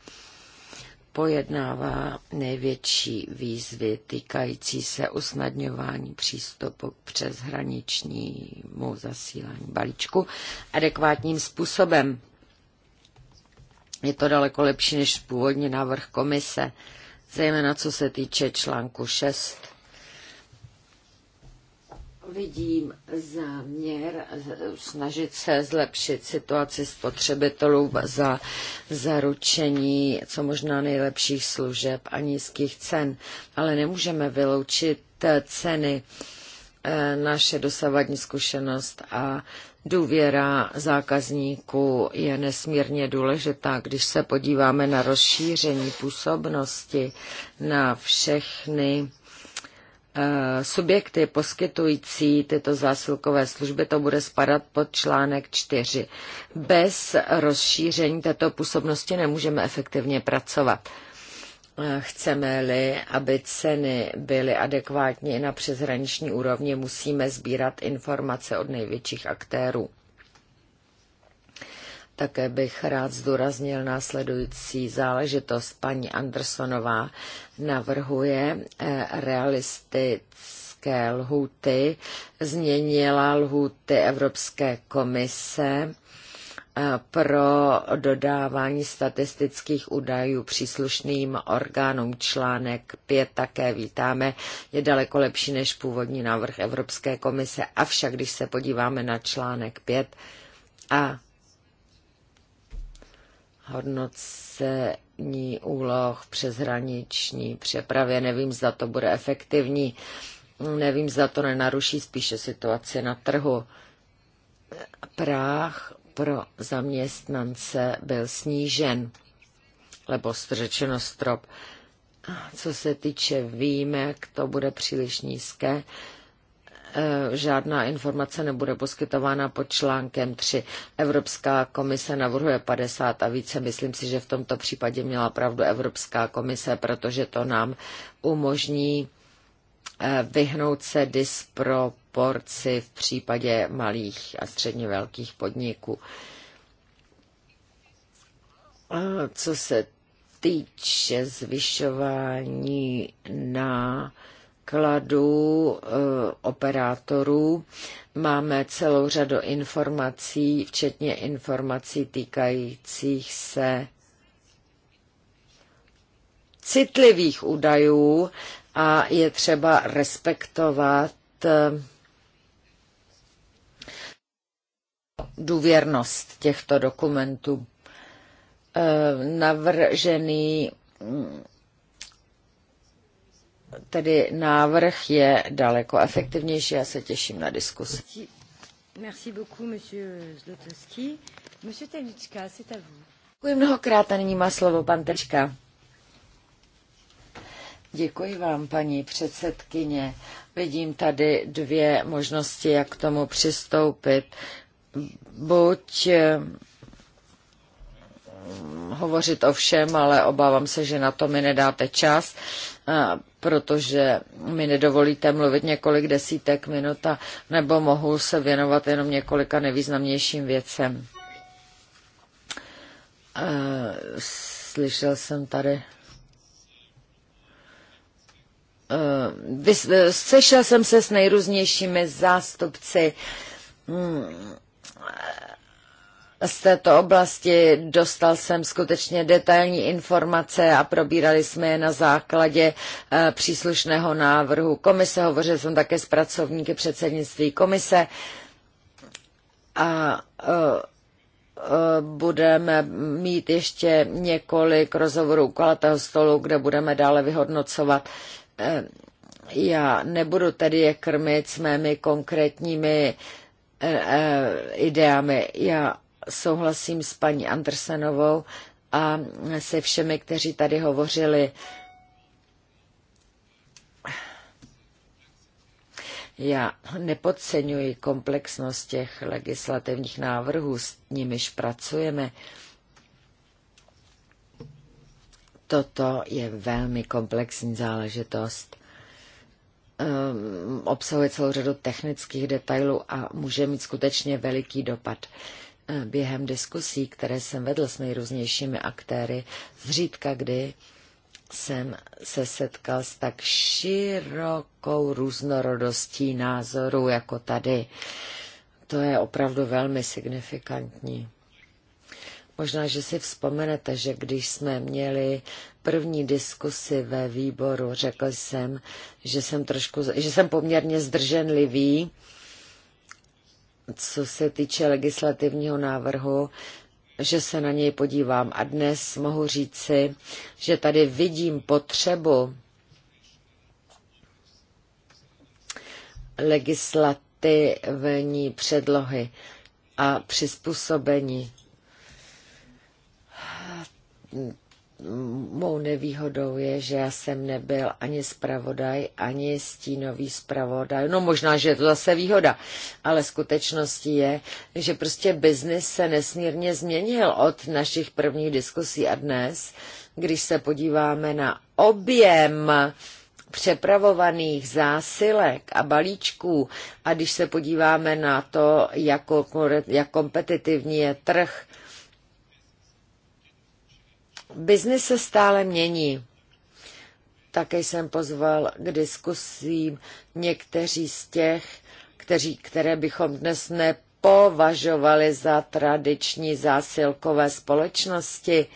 pojednává největší výzvy týkající se usnadňování přístupu k přeshraničnímu zasílání balíčku adekvátním způsobem. Je to daleko lepší než původní návrh komise, zejména co se týče článku 6 vidím záměr snažit se zlepšit situaci spotřebitelů za zaručení co možná nejlepších služeb a nízkých cen, ale nemůžeme vyloučit ceny eh, naše dosavadní zkušenost a důvěra zákazníků je nesmírně důležitá. Když se podíváme na rozšíření působnosti na všechny Eh, subjekty poskytující tyto zásilkové služby, to bude spadat pod článek 4. Bez rozšíření této působnosti nemůžeme efektivně pracovat. Eh, chceme-li, aby ceny byly adekvátní i na přeshraniční úrovni, musíme sbírat informace od největších aktérů. Také bych rád zdůraznil následující záležitost. Paní Andersonová navrhuje eh, realistické lhuty, změnila lhuty Evropské komise eh, pro dodávání statistických údajů příslušným orgánům. Článek 5 také vítáme, je daleko lepší než původní návrh Evropské komise. Avšak, když se podíváme na článek 5 a hodnocení úloh přeshraniční přepravě. Nevím, zda to bude efektivní, nevím, zda to nenaruší spíše situaci na trhu. Práh pro zaměstnance byl snížen, lebo střečeno strop. Co se týče výjimek, to bude příliš nízké Eh, žádná informace nebude poskytována pod článkem 3. Evropská komise navrhuje 50 a více. Myslím si, že v tomto případě měla pravdu Evropská komise, protože to nám umožní eh, vyhnout se disproporci v případě malých a středně velkých podniků. A co se týče zvyšování na uh, e, operátorů. Máme celou řadu informací, včetně informací týkajících se citlivých údajů a je třeba respektovat eh, důvěrnost těchto dokumentů. Eh, navržený mm, tedy návrh je daleko efektivnější. Já se těším na diskusi. Merci beaucoup, monsieur Zlotowski. Monsieur Telička, c'est à vous. Děkuji mnohokrát a nyní má slovo pan Tečka. Děkuji vám, paní předsedkyně. Vidím tady dvě možnosti, jak k tomu přistoupit. Buď hm, hovořit o všem, ale obávám se, že na to mi nedáte čas protože mi nedovolíte mluvit několik desítek minut a nebo mohu se věnovat jenom několika nejvýznamnějším věcem. Slyšel jsem tady Slyšel jsem se s nejrůznějšími zástupci hmm z této oblasti. Dostal jsem skutečně detailní informace a probírali jsme je na základě eh, příslušného návrhu komise. Hovořil jsem také s pracovníky předsednictví komise a eh, eh, budeme mít ještě několik rozhovorů kolatého stolu, kde budeme dále vyhodnocovat já nebudu tedy je krmit s mými konkrétními ideami. Já souhlasím s paní Andersenovou a se všemi, kteří tady hovořili. Já nepodceňuji komplexnost těch legislativních návrhů, s nimiž pracujeme. Toto je velmi komplexní záležitost. Um, obsahuje celou řadu technických detailů a může mít skutečně veliký dopad. Uh, během diskusí, které jsem vedl s nejrůznějšími aktéry, zřídka kdy jsem se setkal s tak širokou různorodostí názorů jako tady. To je opravdu velmi signifikantní. Možná, že si vzpomenete, že když jsme měli první diskusi ve výboru, řekl jsem, že jsem, trošku, že jsem poměrně zdrženlivý, co se týče legislativního návrhu, že se na něj podívám. A dnes mohu říci, že tady vidím potřebu legislativní předlohy a přizpůsobení mou nevýhodou je, že já jsem nebyl ani zpravodaj, ani stínový zpravodaj. No možná, že je to zase výhoda, ale skutečností je, že prostě biznis se nesmírně změnil od našich prvních diskusí a dnes, když se podíváme na objem přepravovaných zásilek a balíčků a když se podíváme na to, jako, jak kompetitivní je trh, Biznis se stále mění. Také jsem pozval k diskusím někteří z těch, kteří, které bychom dnes nepovažovali za tradiční zásilkové společnosti,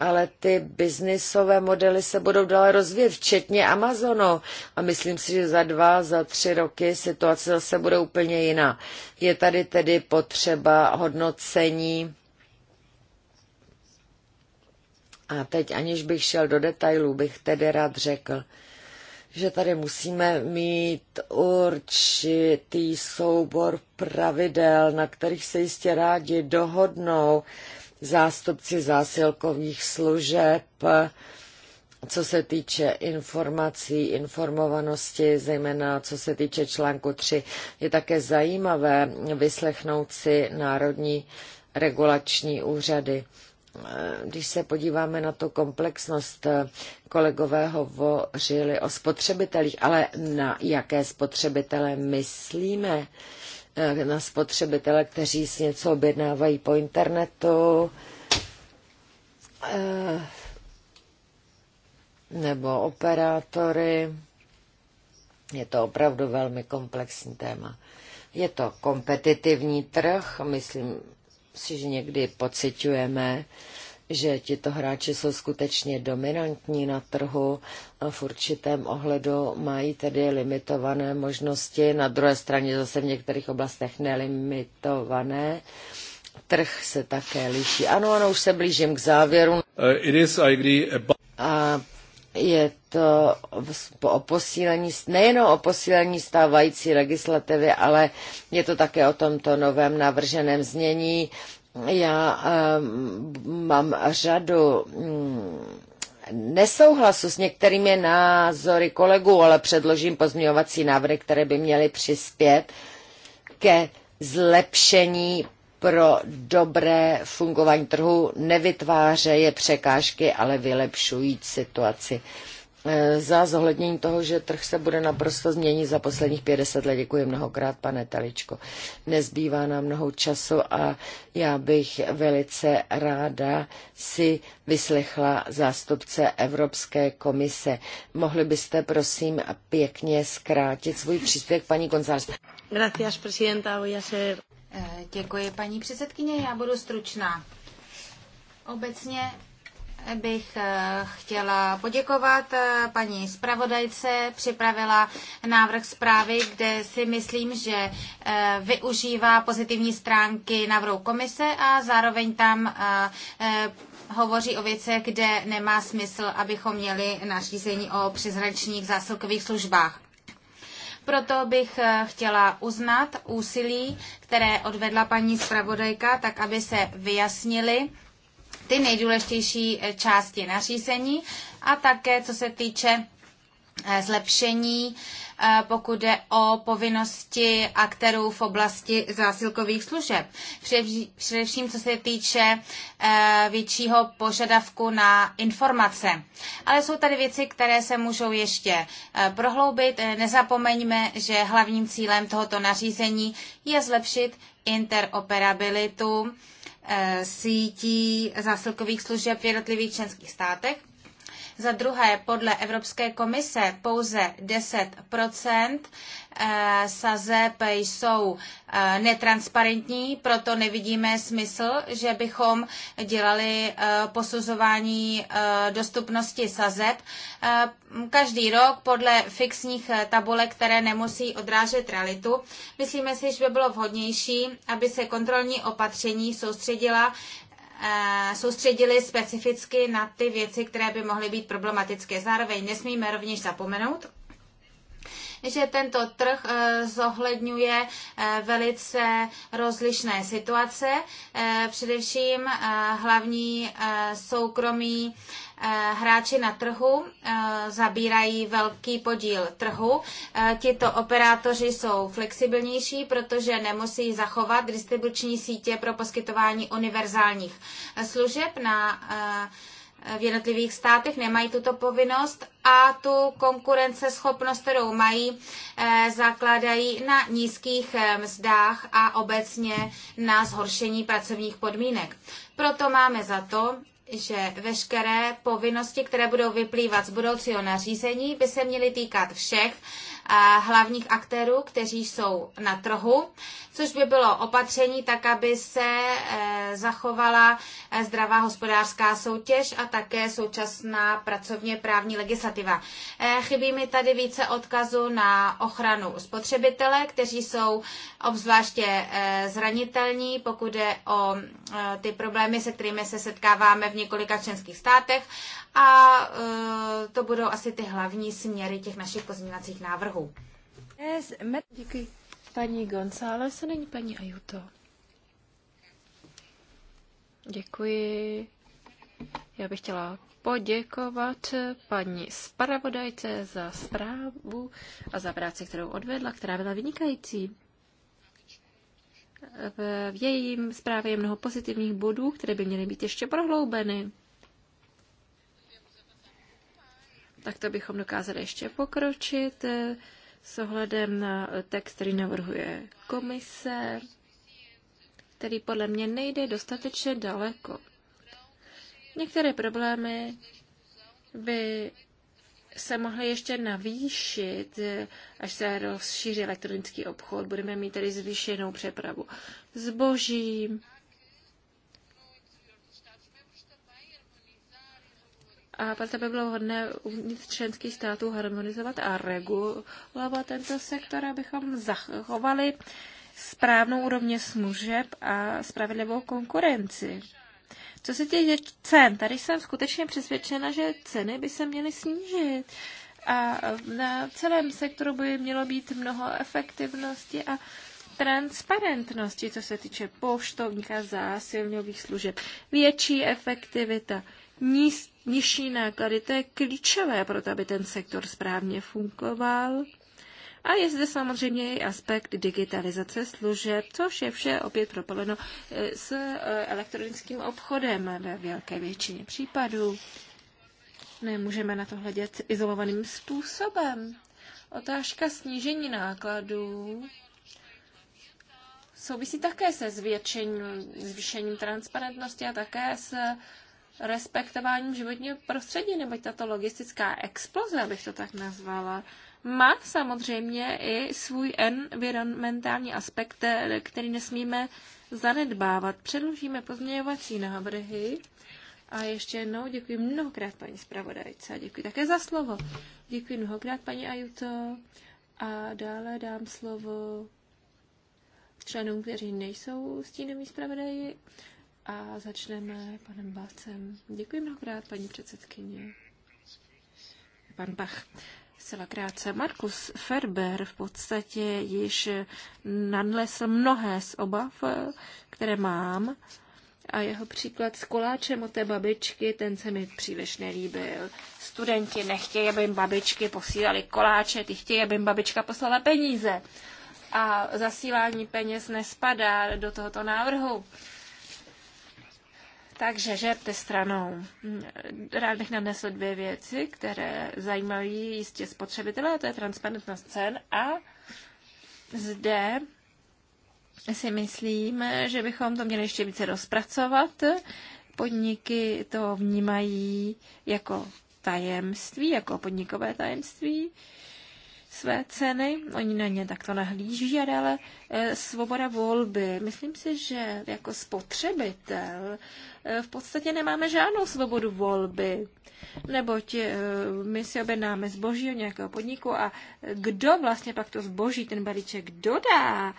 ale ty biznisové modely se budou dále rozvíjet, včetně Amazonu. A myslím si, že za dva, za tři roky situace zase bude úplně jiná. Je tady tedy potřeba hodnocení a teď, aniž bych šel do detailů, bych tedy rád řekl, že tady musíme mít určitý soubor pravidel, na kterých se jistě rádi dohodnou zástupci zásilkových služeb, co se týče informací, informovanosti, zejména co se týče článku 3. Je také zajímavé vyslechnout si národní regulační úřady. Eh, když se podíváme na tu komplexnost, eh, kolegové hovořili o spotřebitelích, ale na jaké spotřebitele myslíme? Eh, na spotřebitele, kteří si něco objednávají po internetu, nebo operátory. Je to opravdu velmi komplexní téma. Je to kompetitivní trh, myslím, si, někdy pociťujeme, že tito hráči jsou skutečně dominantní na trhu a v určitém ohledu mají tedy limitované možnosti, na druhé straně zase v některých oblastech nelimitované. Trh se také liší. Ano, ano, už se blížím k závěru. Uh, it is, I agree, about... A je to o posílení, nejenom o posílení stávající legislativy, ale je to také o tomto novém navrženém znění. Já um, mám řadu um, nesouhlasu s některými názory kolegů, ale předložím pozměňovací návrhy, které by měly přispět ke zlepšení pro dobré fungování trhu, nevytvářeje překážky, ale vylepšují situaci. E, za zohlednění toho, že trh se bude naprosto změnit za posledních 50 let, děkuji mnohokrát, pane Taličko. Nezbývá nám mnoho času a já bych velice ráda si vyslechla zástupce Evropské komise. Mohli byste, prosím, pěkně zkrátit svůj příspěvek, paní González. Gracias, presidenta. Voy a ser... Eh, děkuji, paní předsedkyně. Já budu stručná. Obecně bych eh, chtěla poděkovat eh, paní zpravodajce, připravila návrh zprávy, kde si myslím, že využívá pozitivní stránky návrhu komise a zároveň tam hovoří o věcech, kde nemá smysl, abychom měli nařízení o přeshraničních zásilkových službách. Proto bych eh, chtěla uznat úsilí, které odvedla paní zpravodajka, tak aby se vyjasnily ty nejdůležitější eh, části nařízení a také co se týče eh, zlepšení Eh, pokud jde o povinnosti aktérů v oblasti zásilkových služeb. Především co se týče eh, většího požadavku na informace. Ale jsou tady věci, které se můžou ještě eh, prohloubit. Nezapomeňme, že hlavním cílem tohoto nařízení je zlepšit interoperabilitu sítí zásilkových služeb v jednotlivých členských státech za druhé, podle Evropské komise pouze 10 eh, sazeb jsou eh, netransparentní, proto nevidíme smysl, že bychom dělali eh, posuzování dostupnosti sazeb každý rok podle fixních tabulek, které nemusí odrážet realitu. Myslíme si, že by bylo vhodnější, aby se kontrolní opatření soustředila Eh, soustředili specificky na ty věci, které by mohly být problematické. Zároveň nesmíme rovněž zapomenout, že tento trh eh, zohledňuje eh, velice rozlišné situace, především hlavní soukromí. Eh, hráči na trhu eh, zabírají velký podíl trhu. Eh, tito operátoři jsou flexibilnější, protože nemusí zachovat distribuční sítě pro poskytování univerzálních služeb na v jednotlivých státech nemají tuto povinnost a tu konkurenceschopnost, kterou mají, zakládají na nízkých mzdách a obecně na zhoršení pracovních podmínek. Proto máme za to, že veškeré povinnosti, které budou vyplývat z budoucího nařízení, by se měly týkat všech hlavních aktérů, kteří jsou na trhu, což by bylo opatření tak, aby se eh, zachovala eh, zdravá hospodářská soutěž a také současná pracovně právní legislativa. Eh, chybí mi tady více odkazu na ochranu spotřebitele, kteří jsou obzvláště zranitelní, pokud jde o ty problémy, se kterými se setkáváme v několika členských státech a e, to budou asi ty hlavní směry těch našich pozměňovacích návrhů. Děkuji. Paní González, se není paní Ajuto. Děkuji. Já bych chtěla poděkovat paní zpravodajce za zprávu a za práci, kterou odvedla, která byla vynikající. V jejím zprávě je mnoho pozitivních bodů, které by měly být ještě prohloubeny. tak to bychom dokázali ještě pokročit eh, s ohledem na text, který navrhuje komise, který podle mě nejde dostatečně daleko. Některé problémy by se mohly ještě navýšit, eh, až se rozšíří elektronický obchod. Budeme mít tedy zvýšenou přepravu zboží, A proto by bylo hodné uvnitř členských států harmonizovat a regulovat tento sektor, abychom zachovali správnou úrovně služeb a spravedlivou konkurenci. Co se týče cen, tady jsem skutečně přesvědčena, že ceny by se měly snížit a na celém sektoru by mělo být mnoho efektivnosti a transparentnosti, co se týče poštovníka, zásilňových služeb. Větší efektivita níž, nižší náklady. To je klíčové pro to, aby ten sektor správně fungoval. A je zde samozřejmě i aspekt digitalizace služeb, což je vše opět propoleno eh, s eh, elektronickým obchodem ve velké většině případů. Nemůžeme na to hledět izolovaným způsobem. Otázka snížení nákladů souvisí také se zvětšením, zvýšením transparentnosti a také s respektováním životního prostředí, neboť tato logistická exploze, abych to tak nazvala, má samozřejmě i svůj environmentální aspekt, který nesmíme zanedbávat. Předložíme pozměňovací návrhy. A ještě jednou děkuji mnohokrát paní zpravodajce a děkuji také za slovo. Děkuji mnohokrát paní Ajuto a dále dám slovo členům, kteří nejsou stínoví zpravodaji a začneme panem Bácem. Děkuji mnohokrát, paní předsedkyně. Pan Bach. Zcela krátce. Markus Ferber v podstatě již nanlesl mnohé z obav, které mám. A jeho příklad s koláčem od té babičky, ten se mi příliš nelíbil. Studenti nechtějí, aby jim babičky posílali koláče, ty chtějí, aby jim babička poslala peníze. A zasílání peněz nespadá do tohoto návrhu. Takže žerte stranou. Rád bych nadnesl dvě věci, které zajímají jistě spotřebitele, a to je transparentnost cen a zde si myslím, že bychom to měli ještě více rozpracovat. Podniky to vnímají jako tajemství, jako podnikové tajemství. Uh, své ceny, oni na ně takto nahlíží a dále e, svoboda volby. Myslím si, že jako spotřebitel e, v podstatě nemáme žádnou svobodu volby, neboť e, my si objednáme zboží od nějakého podniku a kdo vlastně pak to zboží, ten balíček dodá,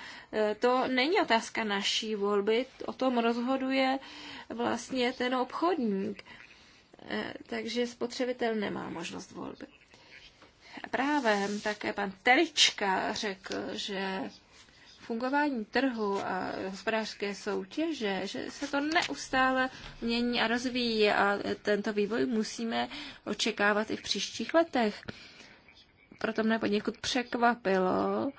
to není otázka naší volby, o tom rozhoduje vlastně ten obchodník. Takže spotřebitel nemá možnost volby právem také pan Telička řekl, že fungování trhu a hospodářské soutěže, že se to neustále mění a rozvíjí a tento vývoj musíme očekávat i v příštích letech. Proto mne poněkud překvapilo,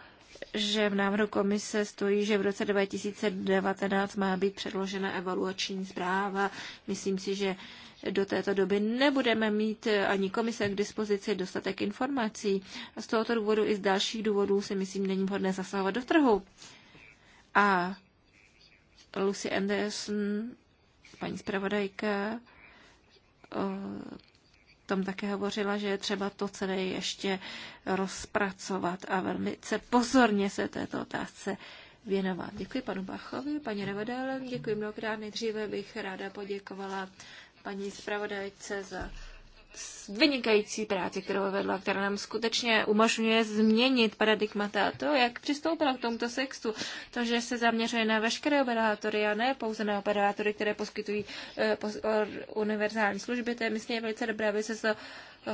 že v návrhu komise stojí, že v roce 2019 má být předložena evaluační zpráva. Myslím si, že do této doby nebudeme mít ani komise k dispozici dostatek informací. Z tohoto důvodu i z dalších důvodů si myslím, není vhodné zasahovat do trhu. A Lucy Anderson, paní zpravodajka, tom také hovořila, že je třeba to celé ještě rozpracovat a velmi se pozorně se této otázce věnovat. Děkuji panu Bachovi, paní Revedel, děkuji mnohokrát. Nejdříve bych ráda poděkovala paní zpravodajce za vynikající práci, kterou vedla, která nám skutečně umožňuje změnit paradigmata a to, jak přistoupila k tomuto sextu. To, že se zaměřuje na veškeré operátory a ne pouze na operátory, které poskytují eh, pos, or, univerzální služby, to je, myslím, je velice dobré, aby se to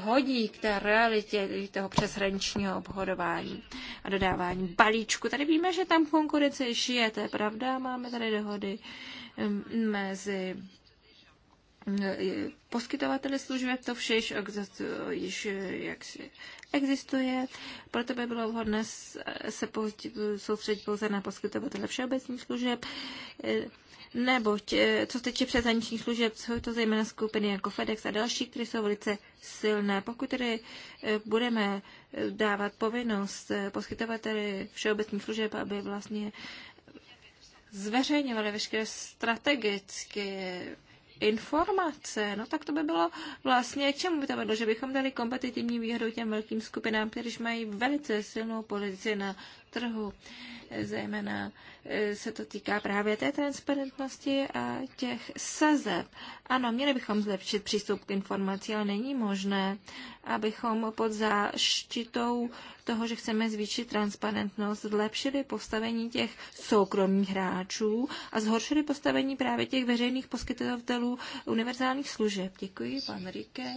hodí k té realitě toho přeshraničního obchodování a dodávání balíčku. Tady víme, že tam konkurence je, to je pravda, máme tady dohody mm, mezi poskytovatele služeb, to vše již, již jak existuje, proto by bylo vhodné se soustředit pouze na poskytovatele všeobecných služeb, neboť eh, co se týče přezaničních služeb, jsou to zejména skupiny jako FedEx a další, které jsou velice silné. Pokud tedy eh, budeme eh, dávat povinnost poskytovateli všeobecných služeb, aby vlastně zveřejňovali veškeré strategické informace, no tak to by bylo vlastně, k čemu by to vedlo, že bychom dali kompetitivní výhodu těm velkým skupinám, kteří mají velice silnou pozici na trhu. Zejména e, se to týká právě té transparentnosti a těch sazeb. Ano, měli bychom zlepšit přístup k informaci, ale není možné, abychom pod záštitou toho, že chceme zvýšit transparentnost, zlepšili postavení těch soukromých hráčů a zhoršili postavení právě těch veřejných poskytovatelů univerzálních služeb. Děkuji, pan Rike.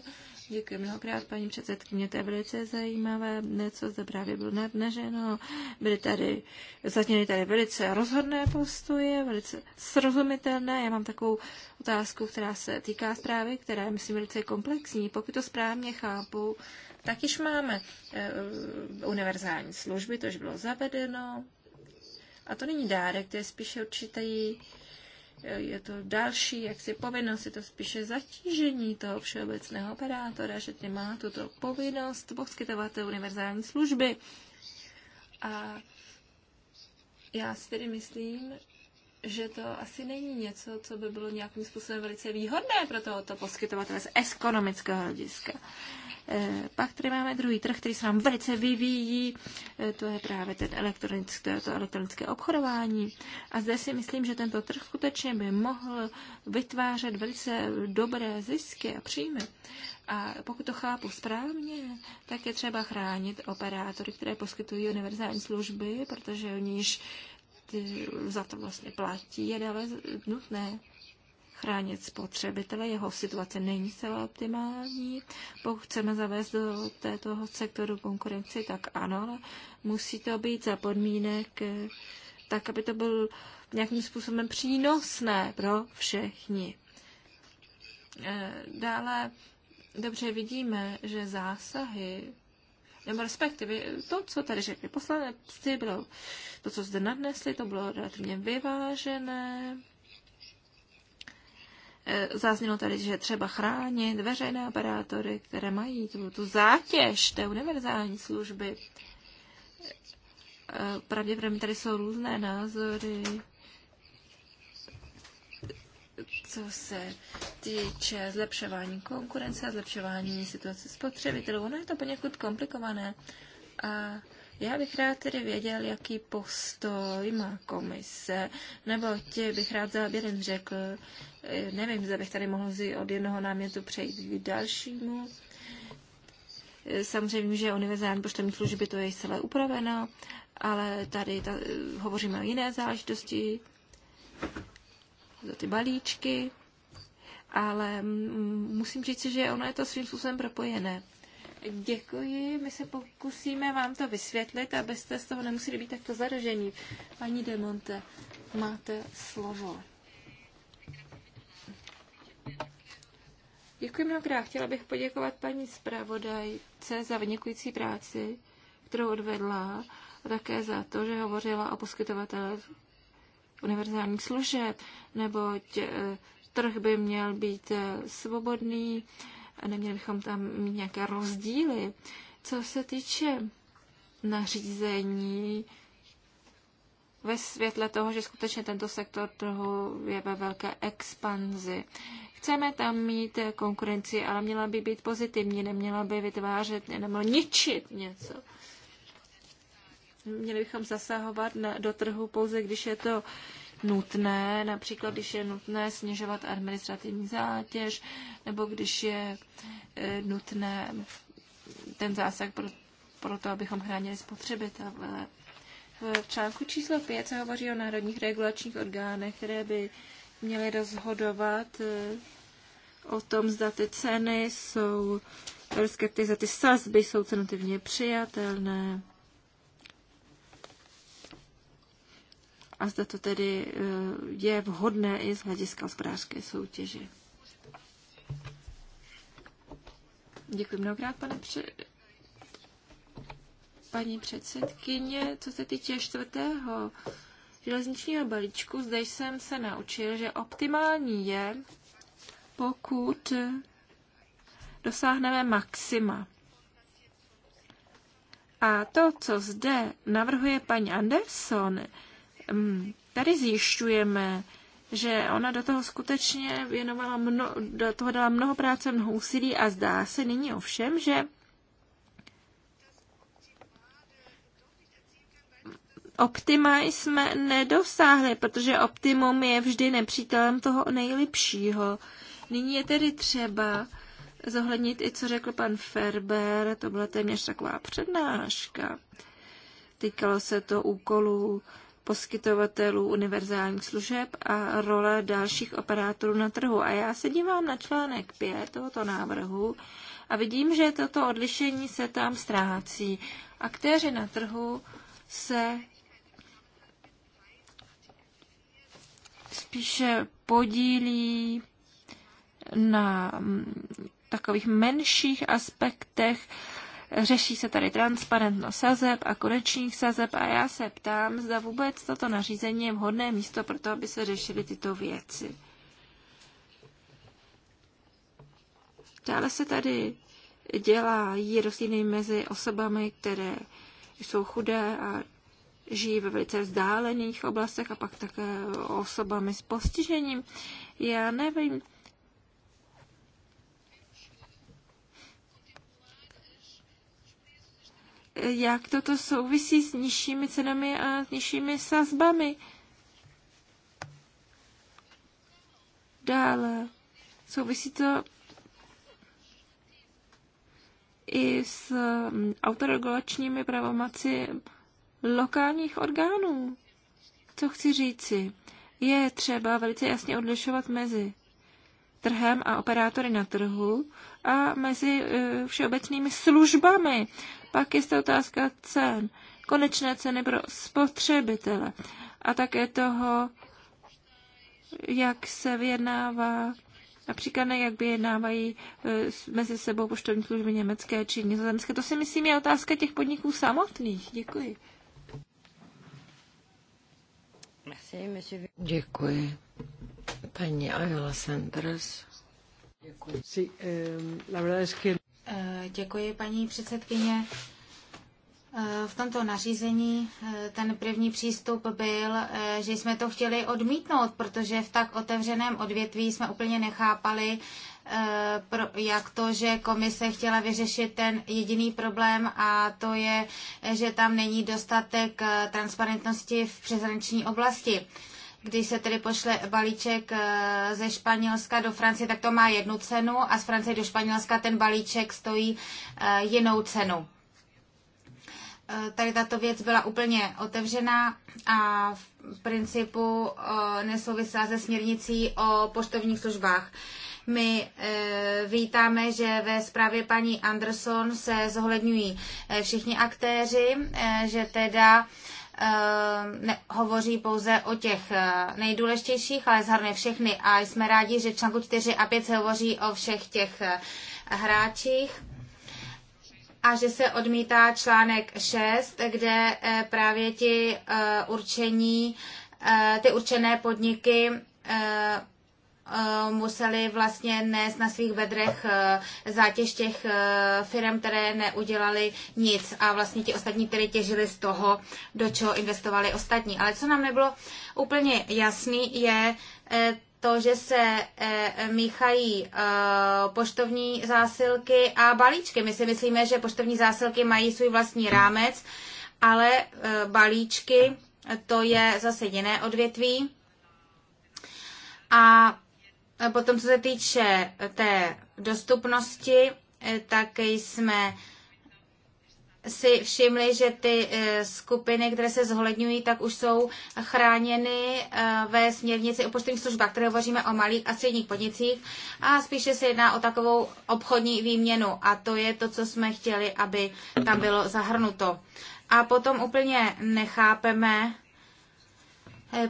Děkuji mnohokrát, paní předsedkyně. To je velice zajímavé, něco zde právě bylo nadneženo. Byly tady, zazněly tady velice rozhodné postoje, velice srozumitelné. Já mám takovou otázku, která se týká zprávy, která je, myslím, velice komplexní. Pokud to správně chápu, tak již máme e, univerzální služby, to už bylo zavedeno. A to není dárek, to je spíše určitý je to další jaksi povinnost, je to spíše zatížení toho všeobecného operátora, že ty má tuto povinnost poskytovat univerzální služby. A já si tedy myslím, že to asi není něco, co by bylo nějakým způsobem velice výhodné pro tohoto poskytovatele z ekonomického hlediska. E, pak tady máme druhý trh, který se nám velice vyvíjí, e, to je právě ten elektronické, to elektronické obchodování. A zde si myslím, že tento trh skutečně by mohl vytvářet velice dobré zisky a příjmy. A pokud to chápu správně, tak je třeba chránit operátory, které poskytují univerzální služby, protože oni již ty, za to vlastně platí, je dále nutné chránit spotřebitele. Jeho situace není celá optimální. Pokud chceme zavést do této sektoru konkurenci, tak ano, ale musí to být za podmínek eh, tak, aby to bylo nějakým způsobem přínosné pro všechny. Eh, dále dobře vidíme, že zásahy nebo respektive to, co tady řekli poslanci, bylo, to, co zde nadnesli, to bylo relativně vyvážené. E, zaznělo tady, že třeba chránit veřejné operátory, které mají tu, tu zátěž té univerzální služby. E, pravděpodobně tady jsou různé názory co se týče zlepšování konkurence a zlepšování situace spotřebitelů. Ono je to poněkud komplikované. A já bych rád tedy věděl, jaký postoj má komise, nebo ti bych rád záběrem řekl, nevím, zda bych tady mohl od jednoho námětu přejít k dalšímu. Samozřejmě, že univerzální poštovní služby to je celé upraveno, ale tady ta, hovoříme o jiné záležitosti za ty balíčky, ale musím říct, že ono je to svým způsobem propojené. Děkuji, my se pokusíme vám to vysvětlit, abyste z toho nemuseli být takto zaražení. Paní Demonte, máte slovo. Děkuji mnohokrát. Chtěla bych poděkovat paní zpravodajce za vynikující práci, kterou odvedla, a také za to, že hovořila o poskytovatelích univerzálních služeb, neboť eh, trh by měl být eh, svobodný a neměli bychom tam mít nějaké rozdíly. Co se týče nařízení, ve světle toho, že skutečně tento sektor trhu je ve velké expanzi. Chceme tam mít eh, konkurenci, ale měla by být pozitivní, neměla by vytvářet nebo ničit něco. Měli bychom zasahovat na, do trhu pouze, když je to nutné, například když je nutné snižovat administrativní zátěž, nebo když je e, nutné ten zásah pro, pro to, abychom chránili spotřebitele. V článku číslo 5 se hovoří o národních regulačních orgánech, které by měly rozhodovat e, o tom, zda ty ceny jsou, respektive za ty sazby jsou cenotivně přijatelné. a zda to tedy eh, je vhodné i z hlediska hospodářské soutěže. Děkuji mnohokrát, pane pře- paní předsedkyně. Co se týče čtvrtého železničního balíčku, zde jsem se naučil, že optimální je, pokud dosáhneme maxima. A to, co zde navrhuje paní Anderson, Tady zjišťujeme, že ona do toho skutečně věnovala mno, do toho dala mnoho práce, mnoho úsilí a zdá se nyní ovšem, že optima jsme nedosáhli, protože optimum je vždy nepřítelem toho nejlepšího. Nyní je tedy třeba zohlednit i, co řekl pan Ferber, to byla téměř taková přednáška. Týkalo se to úkolů poskytovatelů univerzálních služeb a role dalších operátorů na trhu. A já se dívám na článek 5 tohoto návrhu a vidím, že toto odlišení se tam ztrácí. Aktéři na trhu se spíše podílí na mm, takových menších aspektech Řeší se tady transparentnost sazeb a konečných sazeb a já se ptám, zda vůbec toto nařízení je vhodné místo pro to, aby se řešily tyto věci. Dále se tady dělají rozdíly mezi osobami, které jsou chudé a žijí ve velice vzdálených oblastech a pak také osobami s postižením. Já nevím, jak toto souvisí s nižšími cenami a s nižšími sazbami. Dále souvisí to i s mm, autoregulačními pravomaci lokálních orgánů. Co chci říci? Je třeba velice jasně odlišovat mezi trhem a operátory na trhu a mezi eh, všeobecnými službami. Pak je to otázka cen, konečné ceny pro spotřebitele a také toho, jak se vyjednává Například ne, jak vyjednávají e, mezi sebou poštovní služby německé či nizozemské. To si myslím je otázka těch podniků samotných. Děkuji. Děkuji. Paní Ayala Sanders. Děkuji. Sí, eh, la verdad es que... Eh, děkuji, paní předsedkyně. Eh, v tomto nařízení eh, ten první přístup byl, že jsme to chtěli odmítnout, protože v tak otevřeném odvětví jsme úplně nechápali, jak to, že komise chtěla vyřešit ten jediný problém a to je, že tam není dostatek transparentnosti v přeshraniční oblasti. Když se tedy pošle balíček eh, ze Španělska do Francie, tak to má jednu cenu a z Francie do Španělska ten balíček stojí eh, jinou cenu. Eh, tady tato věc byla úplně otevřená a v principu nesouvisela se směrnicí o poštovních službách. My vítáme, že ve zprávě paní Anderson se zohledňují všichni aktéři, že teda Eh, ne, hovoří pouze o těch eh, nejdůležitějších, ale zhrne všechny. A jsme rádi, že článku 4 a 5 se hovoří o všech těch eh, hráčích a že se odmítá článek 6, kde právě ti určení, ty určené podniky Eh, museli vlastně nést na svých bedrech eh, zátěž těch eh, firm, které neudělali nic a vlastně ti ostatní, které těžili z toho, do čeho investovali ostatní. Ale co nám nebylo úplně jasný, je to, že se míchají poštovní zásilky a balíčky. My si myslíme, že poštovní zásilky mají svůj vlastní rámec, ale balíčky to je zase jiné odvětví. A Potom, co se týče eh, té dostupnosti, eh, tak jsme si všimli, že ty eh, skupiny, které se zohledňují, tak už jsou chráněny ve směrnici o poštovních službách, které hovoříme o malých a středních podnicích a spíše se jedná o takovou obchodní výměnu a to je to, co jsme chtěli, aby tam bylo zahrnuto. A potom úplně nechápeme,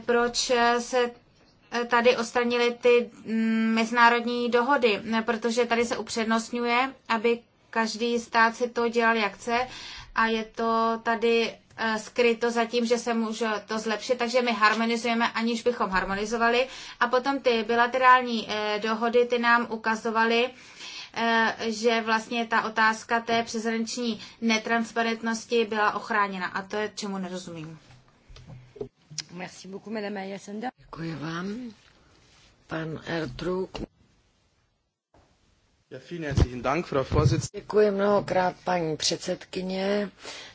proč se tady odstranili ty mm, mezinárodní dohody, protože tady se upřednostňuje, aby každý stát si to dělal jak chce a je to tady eh, skryto za tím, že se může to zlepšit, takže my harmonizujeme, aniž bychom harmonizovali. A potom ty bilaterální eh, dohody, ty nám ukazovaly, eh, že vlastně ta otázka té přezranční netransparentnosti byla ochráněna. A to je, čemu nerozumím. Děkuji vám. Pan Ertrug. Děkuji mnohokrát, paní předsedkyně.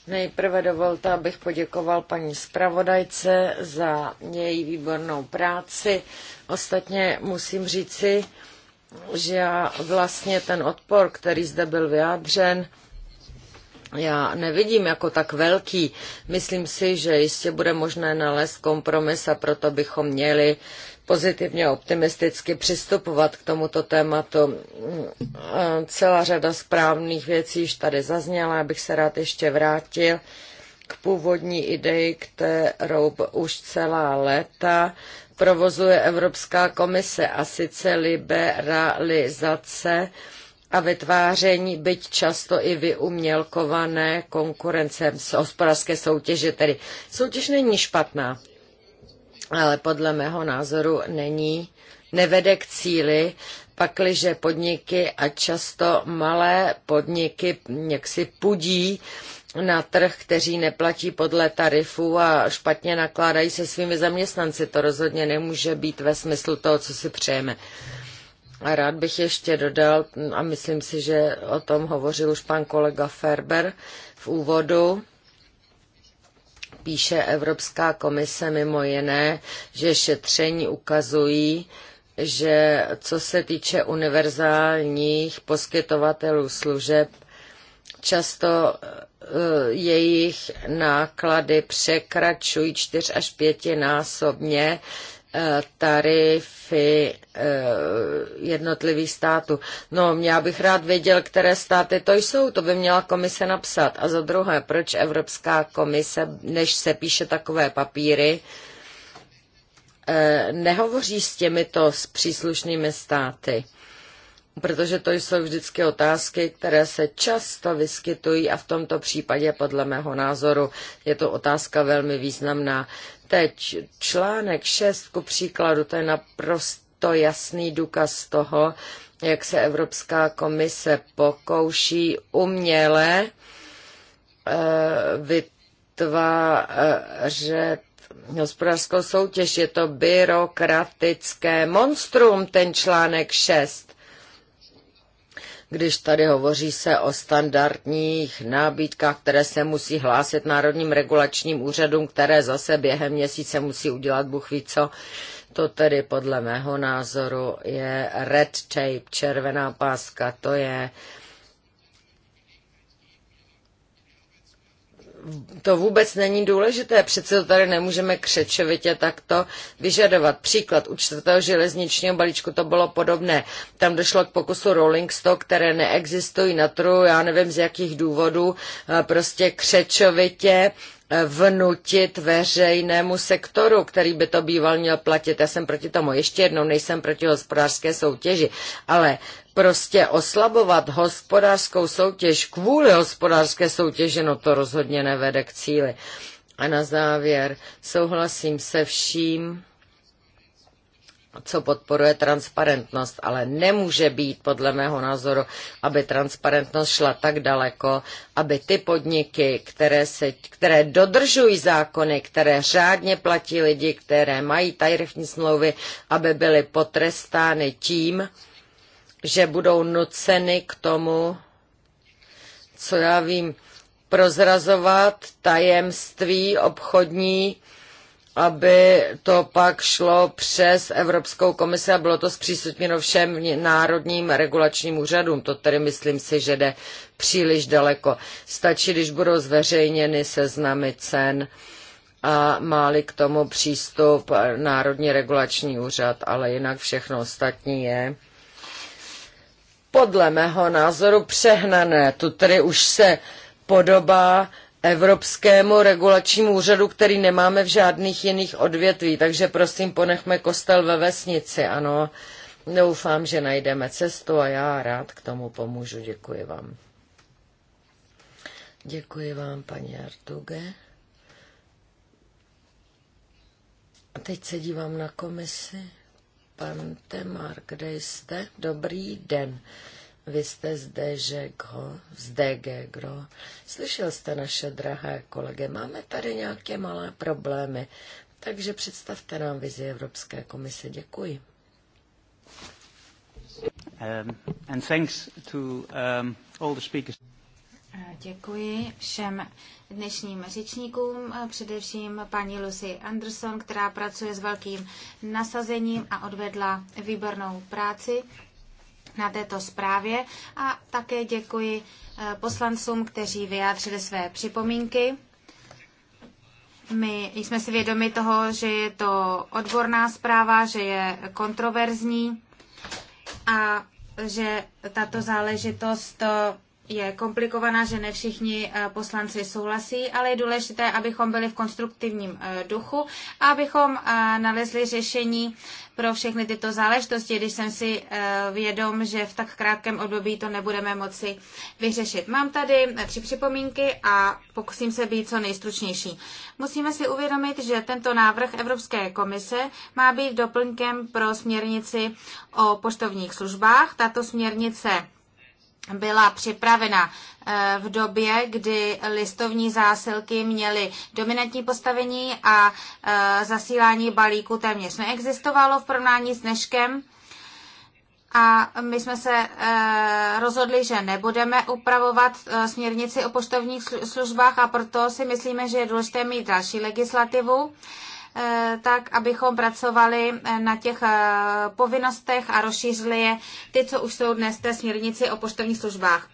Nejprve dovolte, abych poděkoval paní zpravodajce za její výbornou práci. Ostatně musím říci, že já vlastně ten odpor, který zde byl vyjádřen, já nevidím jako tak velký. Myslím si, že jistě bude možné nalézt kompromis a proto bychom měli pozitivně optimisticky přistupovat k tomuto tématu. Celá řada správných věcí již tady zazněla, abych se rád ještě vrátil k původní ideji, kterou už celá léta provozuje Evropská komise a sice liberalizace a vytváření, byť často i vyumělkované konkurence z hospodářské soutěže. Tedy soutěž není špatná, ale podle mého názoru není, nevede k cíli, pakliže podniky a často malé podniky jaksi pudí na trh, kteří neplatí podle tarifů a špatně nakládají se svými zaměstnanci. To rozhodně nemůže být ve smyslu toho, co si přejeme. A rád bych ještě dodal, a myslím si, že o tom hovořil už pan kolega Ferber v úvodu, píše Evropská komise mimo jiné, že šetření ukazují, že co se týče univerzálních poskytovatelů služeb, často eh, jejich náklady překračují čtyř až pětinásobně Eh, tarify eh, jednotlivých států. No, já bych rád věděl, které státy to jsou, to by měla komise napsat. A za druhé, proč Evropská komise, než se píše takové papíry, eh, nehovoří s těmito s příslušnými státy? protože to jsou vždycky otázky, které se často vyskytují a v tomto případě, podle mého názoru, je to otázka velmi významná. Teď článek 6, ku příkladu, to je naprosto jasný důkaz toho, jak se Evropská komise pokouší uměle eh, vytvářet hospodářskou soutěž. Je to byrokratické monstrum, ten článek 6 když tady hovoří se o standardních nabídkách, které se musí hlásit národním regulačním úřadům, které zase během měsíce musí udělat Bůh ví co. To tedy podle mého názoru je red tape, červená páska, to je uh, to vůbec není důležité, přece to tady nemůžeme křečovitě takto vyžadovat. Příklad u čtvrtého železničního balíčku to bylo podobné. Tam došlo k pokusu rolling stock, které neexistují na trhu, já nevím z jakých důvodů, eh, prostě křečovitě eh, vnutit veřejnému sektoru, který by to býval měl platit. Já jsem proti tomu. Ještě jednou nejsem proti hospodářské soutěži, ale Prostě oslabovat hospodářskou soutěž kvůli hospodářské soutěži, no to rozhodně nevede k cíli. A na závěr souhlasím se vším, co podporuje transparentnost, ale nemůže být podle mého názoru, aby transparentnost šla tak daleko, aby ty podniky, které, se, které dodržují zákony, které řádně platí lidi, které mají tarifní smlouvy, aby byly potrestány tím, že budou nuceny k tomu, co já vím, prozrazovat tajemství obchodní, aby to pak šlo přes Evropskou komisi a bylo to zpřístupněno všem národním regulačním úřadům. To tedy myslím si, že jde příliš daleko. Stačí, když budou zveřejněny seznamy cen a máli k tomu přístup Národní regulační úřad, ale jinak všechno ostatní je podle mého názoru přehnané. To tedy už se podobá Evropskému regulačnímu úřadu, který nemáme v žádných jiných odvětví. Takže prosím, ponechme kostel ve vesnici, ano. Doufám, že najdeme cestu a já rád k tomu pomůžu. Děkuji vám. Děkuji vám, paní Artuge. A teď se dívám na komisi. Pan Temar, kde jste? Dobrý den. Vy jste z DŽGO, z Degegro. Slyšel jste naše drahé kolegy. Máme tady nějaké malé problémy. Takže představte nám vizi Evropské komise. Děkuji. Um, and thanks to um, all the speakers. Děkuji všem dnešním řečníkům, především paní Lucy Anderson, která pracuje s velkým nasazením a odvedla výbornou práci na této zprávě. A také děkuji eh, poslancům, kteří vyjádřili své připomínky. My jsme si vědomi toho, že je to odborná zpráva, že je kontroverzní a že tato záležitost je komplikovaná, že ne všichni eh, poslanci souhlasí, ale je důležité, abychom byli v konstruktivním eh, duchu a abychom eh, nalezli řešení pro všechny tyto záležitosti, když jsem si vědom, že v tak krátkém období to nebudeme moci vyřešit. Mám tady tři připomínky a pokusím se být co nejstručnější. Musíme si uvědomit, že tento návrh Evropské komise má být doplňkem pro směrnici o poštovních službách. Tato směrnice byla připravena eh, v době, kdy listovní zásilky měly dominantní postavení a eh, zasílání balíku téměř neexistovalo v porovnání s dneškem. A my jsme se eh, rozhodli, že nebudeme upravovat směrnici o poštovních službách a proto si myslíme, že je důležité mít další legislativu. Eh, tak abychom pracovali eh, na těch eh, povinnostech a rozšířili je ty, co už jsou dnes té směrnici o poštovních službách.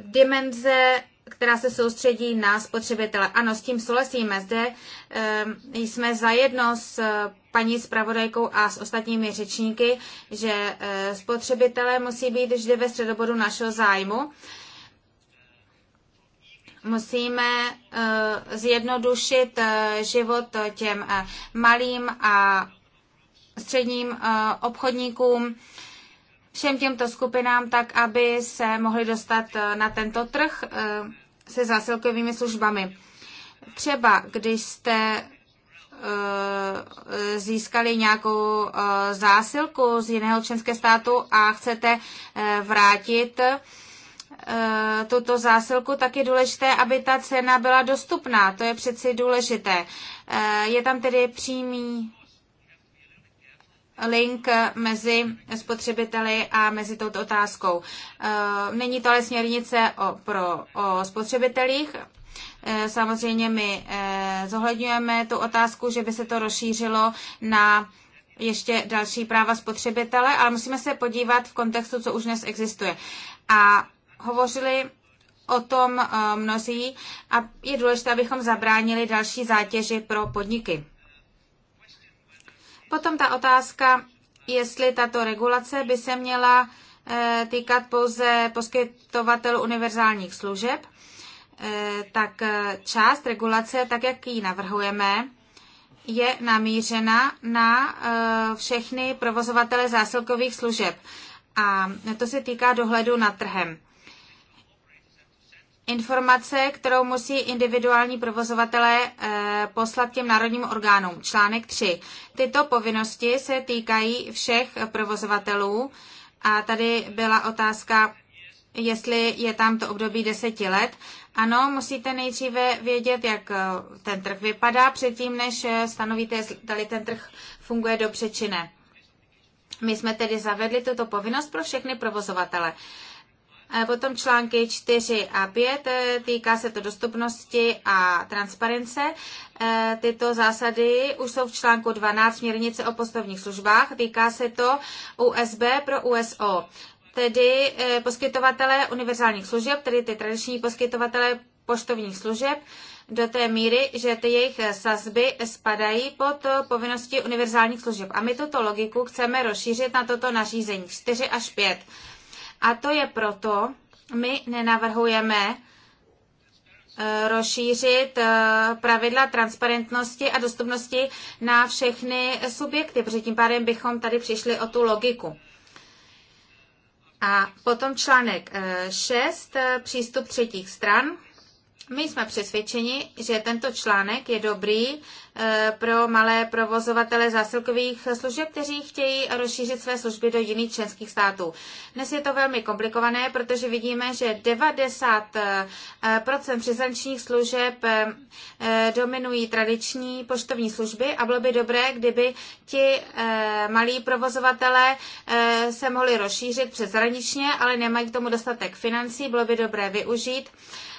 Dimenze která se soustředí na spotřebitele. Ano, s tím souhlasíme. Zde jsme zajedno s paní zpravodajkou a s ostatními řečníky, že spotřebitelé musí být vždy ve středobodu našeho zájmu musíme eh, zjednodušit eh, život těm eh, malým a středním obchodníkům, všem těmto skupinám, tak aby se mohli dostat na tento trh se zásilkovými službami. Třeba když jste získali nějakou zásilku z jiného členského státu a chcete vrátit Eh, tuto zásilku, tak je důležité, aby ta cena byla dostupná. To je přeci důležité. Eh, je tam tedy přímý link mezi spotřebiteli a mezi touto otázkou. Eh, není to ale směrnice o, pro, o spotřebitelích. Samozřejmě my zohledňujeme tu otázku, že by se to rozšířilo na ještě další práva spotřebitele, ale musíme se podívat v kontextu, co už dnes existuje. A hovořili o tom eh, mnozí a je důležité, abychom zabránili další zátěži pro podniky. Potom ta otázka, jestli tato regulace by se měla eh, týkat pouze poskytovatelů univerzálních služeb, eh, tak část regulace, tak jak ji navrhujeme, je namířena na všechny provozovatele zásilkových služeb. A to se týká dohledu nad trhem. Informace, kterou musí individuální provozovatelé eh, poslat těm národním orgánům. Článek 3. Tyto povinnosti se týkají všech provozovatelů. A tady byla otázka, jestli je tam to období deseti let. Ano, musíte nejdříve vědět, jak eh, ten trh vypadá, předtím, než eh, stanovíte, jestli ten trh funguje dobře či ne. My jsme tedy zavedli tuto povinnost pro všechny provozovatele. Potom články 4 a 5, eh, týká se to dostupnosti a transparence. Eh, tyto zásady už jsou v článku 12 směrnice o postovních službách, týká se to USB pro USO. Tedy eh, poskytovatele univerzálních služeb, tedy ty tradiční poskytovatele poštovních služeb, do té míry, že ty jejich sazby spadají pod povinnosti univerzálních služeb. A my tuto logiku chceme rozšířit na toto nařízení 4 až 5. A to je proto, my nenavrhujeme eh, rozšířit eh, pravidla transparentnosti a dostupnosti na všechny subjekty, protože tím pádem bychom tady přišli o tu logiku. A potom článek 6, eh, přístup třetích stran. My jsme přesvědčeni, že tento článek je dobrý eh, pro malé provozovatele zásilkových služeb, kteří chtějí rozšířit své služby do jiných členských států. Dnes je to velmi komplikované, protože vidíme, že 90% eh, přeshraničních služeb eh, dominují tradiční poštovní služby a bylo by dobré, kdyby ti malí provozovatele se mohli rozšířit přeshraničně, ale nemají k tomu dostatek financí, bylo by dobré využít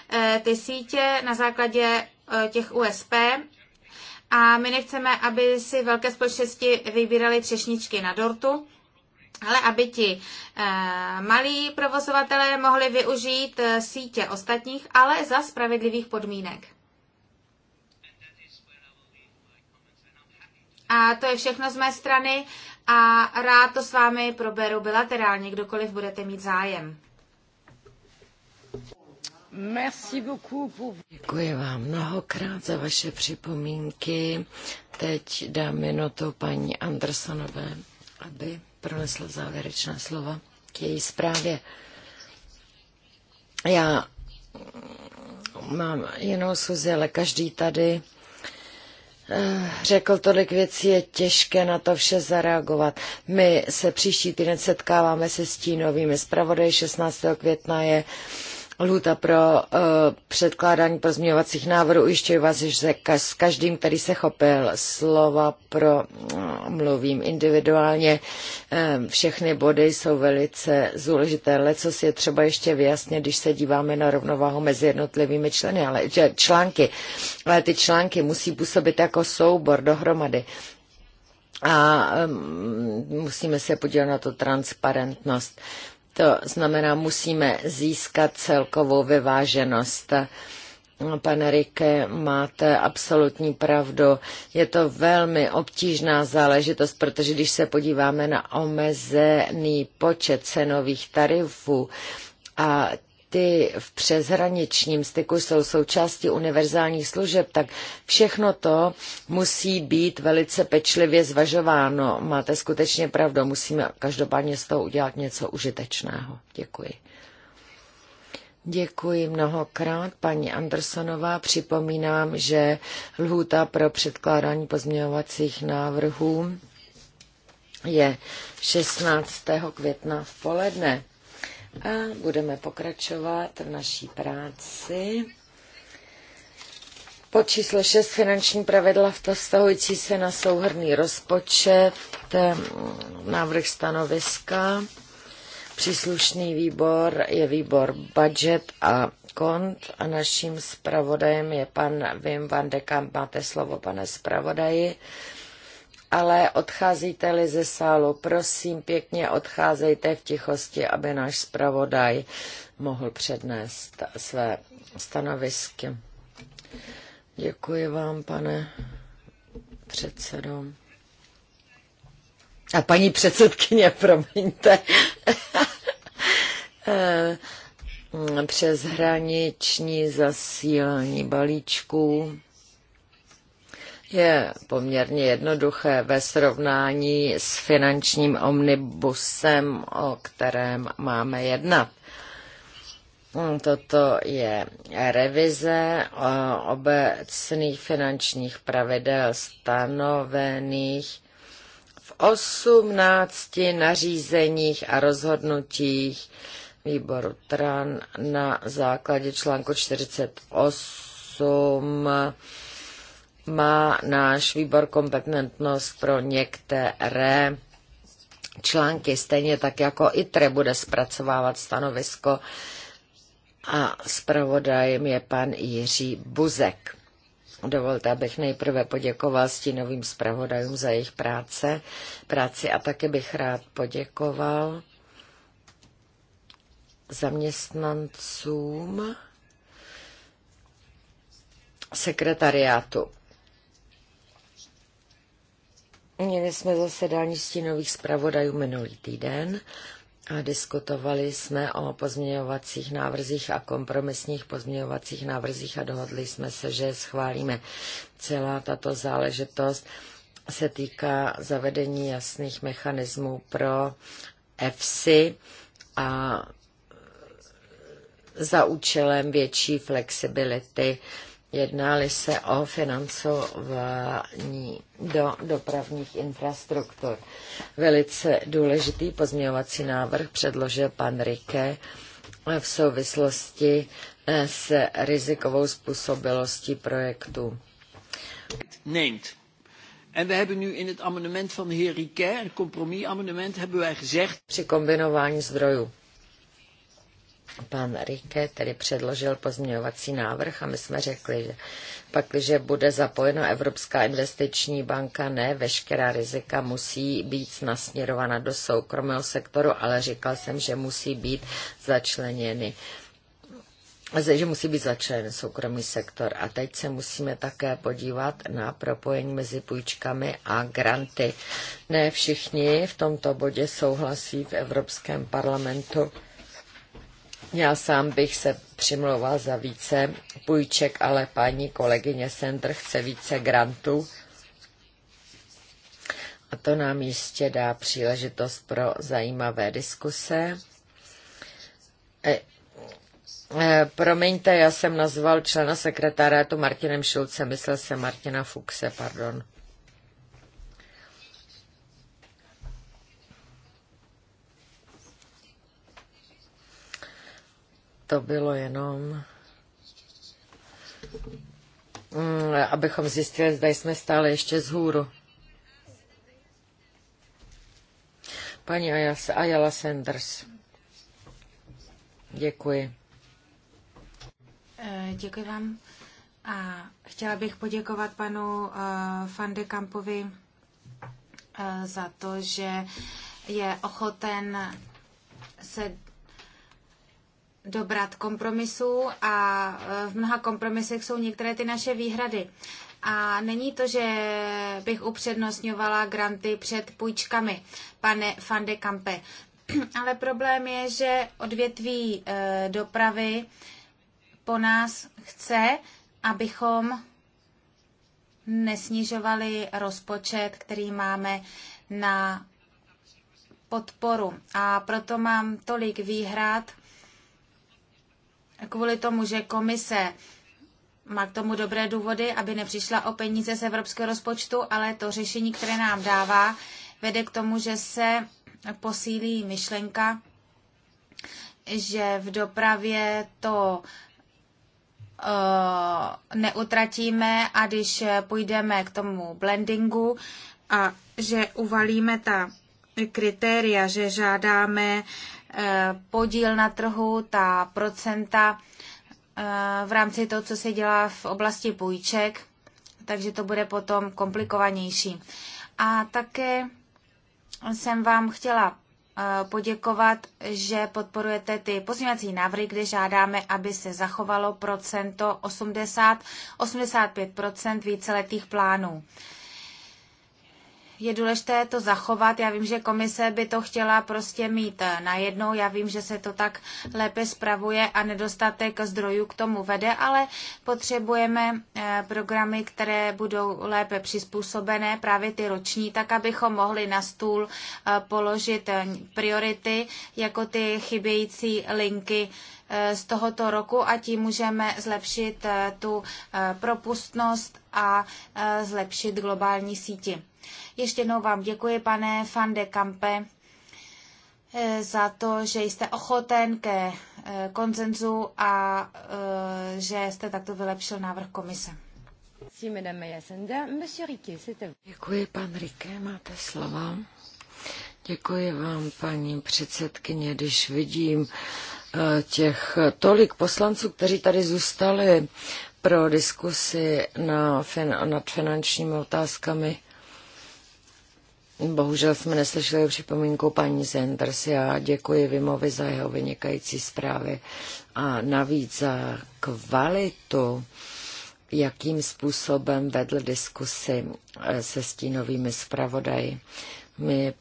Eh, ty sítě na základě eh, těch USP a my nechceme, aby si velké společnosti vybíraly třešničky na dortu, ale aby ti eh, malí provozovatelé mohli využít sítě ostatních, ale za spravedlivých podmínek. A to je všechno z mé strany a rád to s vámi proberu bilaterálně, kdokoliv budete mít zájem. Děkuji vám mnohokrát za vaše připomínky. Teď dám minutu paní Andersonové, aby pronesla závěrečná slova k její zprávě. Já mám jinou suzi, ale každý tady eh, řekl tolik věcí, je těžké na to vše zareagovat. My se příští týden setkáváme se stínovými zpravodaji, 16. května je Lhuta pro uh, předkládání pozměňovacích návrhů ujišťuji vás, že se s každým, který se chopil slova pro, uh, mluvím individuálně, um, všechny body jsou velice důležité, ale co si je třeba ještě vyjasnit, když se díváme na rovnováhu mezi jednotlivými členy, ale, články. Ale ty články musí působit jako soubor dohromady. A um, musíme se podívat na tu transparentnost. To znamená, musíme získat celkovou vyváženost. Pane Rike, máte absolutní pravdu. Je to velmi obtížná záležitost, protože když se podíváme na omezený počet cenových tarifů, a ty v přeshraničním styku jsou součástí univerzálních služeb, tak všechno to musí být velice pečlivě zvažováno. Máte skutečně pravdu, musíme každopádně z toho udělat něco užitečného. Děkuji. Děkuji mnohokrát, paní Andersonová. Připomínám, že lhůta pro předkládání pozměňovacích návrhů je 16. května v poledne. A budeme pokračovat v naší práci. Po číslo 6 finanční pravidla v to vztahující se na souhrný rozpočet, návrh stanoviska. Příslušný výbor je výbor budget a kont a naším zpravodajem je pan Wim van de Kamp. Máte slovo, pane zpravodaji ale odcházíte-li ze sálu, prosím pěkně odcházejte v tichosti, aby náš zpravodaj mohl přednést své stanovisky. Děkuji vám, pane předsedo. A paní předsedkyně, promiňte. Eh, mm, přeshraniční zasílání balíčků je poměrně jednoduché ve srovnání s finančním omnibusem, o kterém máme jednat. Toto je revize obecných finančních pravidel stanovených v 18 nařízeních a rozhodnutích výboru TRAN na základě článku 48 má náš výbor kompetentnost pro některé články, stejně tak jako ITRE bude zpracovávat stanovisko a zpravodajem je pan Jiří Buzek. Dovolte, abych nejprve poděkoval stínovým zpravodajům za jejich práce, práci a také bych rád poděkoval zaměstnancům sekretariátu Měli jsme zasedání stínových zpravodajů minulý týden a diskutovali jsme o pozměňovacích návrzích a kompromisních pozměňovacích návrzích a dohodli jsme se, že schválíme. Celá tato záležitost se týká zavedení jasných mechanismů pro EFSI a za účelem větší flexibility Jednáli se o financování do dopravních infrastruktur. Velice důležitý pozměňovací návrh předložil pan Rike v souvislosti eh, s rizikovou způsobilostí projektu. Neemt. En we hebben nu in het amendement van de heer Riquet, een compromisamendement, hebben wij gezegd... Při kombinování zdrojů pan Rike tedy předložil pozměňovací návrh a my jsme řekli, že pak, když bude zapojena Evropská investiční banka, ne, veškerá rizika musí být nasměrována do soukromého sektoru, ale říkal jsem, že musí být začleněny že musí být začlen soukromý sektor. A teď se musíme také podívat na propojení mezi půjčkami a granty. Ne všichni v tomto bodě souhlasí v Evropském parlamentu já sám bych se přimlouval za více půjček, ale paní kolegyně Sendr chce více grantů. A to nám jistě dá příležitost pro zajímavé diskuse. E, e promiňte, já jsem nazval člena sekretárátu Martinem Šulce, myslel jsem Martina Fuxe, pardon. to bylo jenom, mm, abychom zjistili, zda jsme stále ještě z hůru. Paní Ayala Sanders. Děkuji. Eh, děkuji vám. A chtěla bych poděkovat panu eh, Van de Kampovi eh, za to, že je ochoten se dobrat kompromisů a eh, v mnoha kompromisech jsou některé ty naše výhrady. A není to, že bych upřednostňovala granty před půjčkami, pane van de Kampe. Ale problém je, že odvětví eh, dopravy po nás chce, abychom nesnižovali rozpočet, který máme na podporu. A proto mám tolik výhrad kvůli tomu, že komise má k tomu dobré důvody, aby nepřišla o peníze z evropského rozpočtu, ale to řešení, které nám dává, vede k tomu, že se posílí myšlenka, že v dopravě to uh, neutratíme a když půjdeme k tomu blendingu a že uvalíme ta kritéria, že žádáme uh, podíl na trhu, ta procenta eh, v rámci toho, co se dělá v oblasti půjček, takže to bude potom komplikovanější. A také jsem vám chtěla eh, poděkovat, že podporujete ty pozměňovací návrhy, kde žádáme, aby se zachovalo procento 80, 85 víceletých plánů je důležité to zachovat. Já vím, že komise by to chtěla prostě mít eh, najednou. Já vím, že se to tak lépe spravuje a nedostatek zdrojů k tomu vede, ale potřebujeme eh, programy, které budou lépe přizpůsobené, právě ty roční, tak abychom mohli na stůl eh, položit priority, jako ty chybějící linky z tohoto roku a tím můžeme zlepšit tu propustnost a zlepšit globální síti. Ještě jednou vám děkuji, pane Van de Campe, eh, za to, že jste ochoten ke eh, koncenzu a eh, že jste takto vylepšil návrh komise. Děkuji, pan Rike, máte slova. Děkuji vám, paní předsedkyně, když vidím těch tolik poslanců, kteří tady zůstali pro diskusi na fin- nad finančními otázkami, Bohužel jsme neslyšeli připomínku paní Zenders. Já děkuji Vimovi za jeho vynikající zprávy a navíc za kvalitu, jakým způsobem vedl diskusy e, se stínovými zpravodaji. My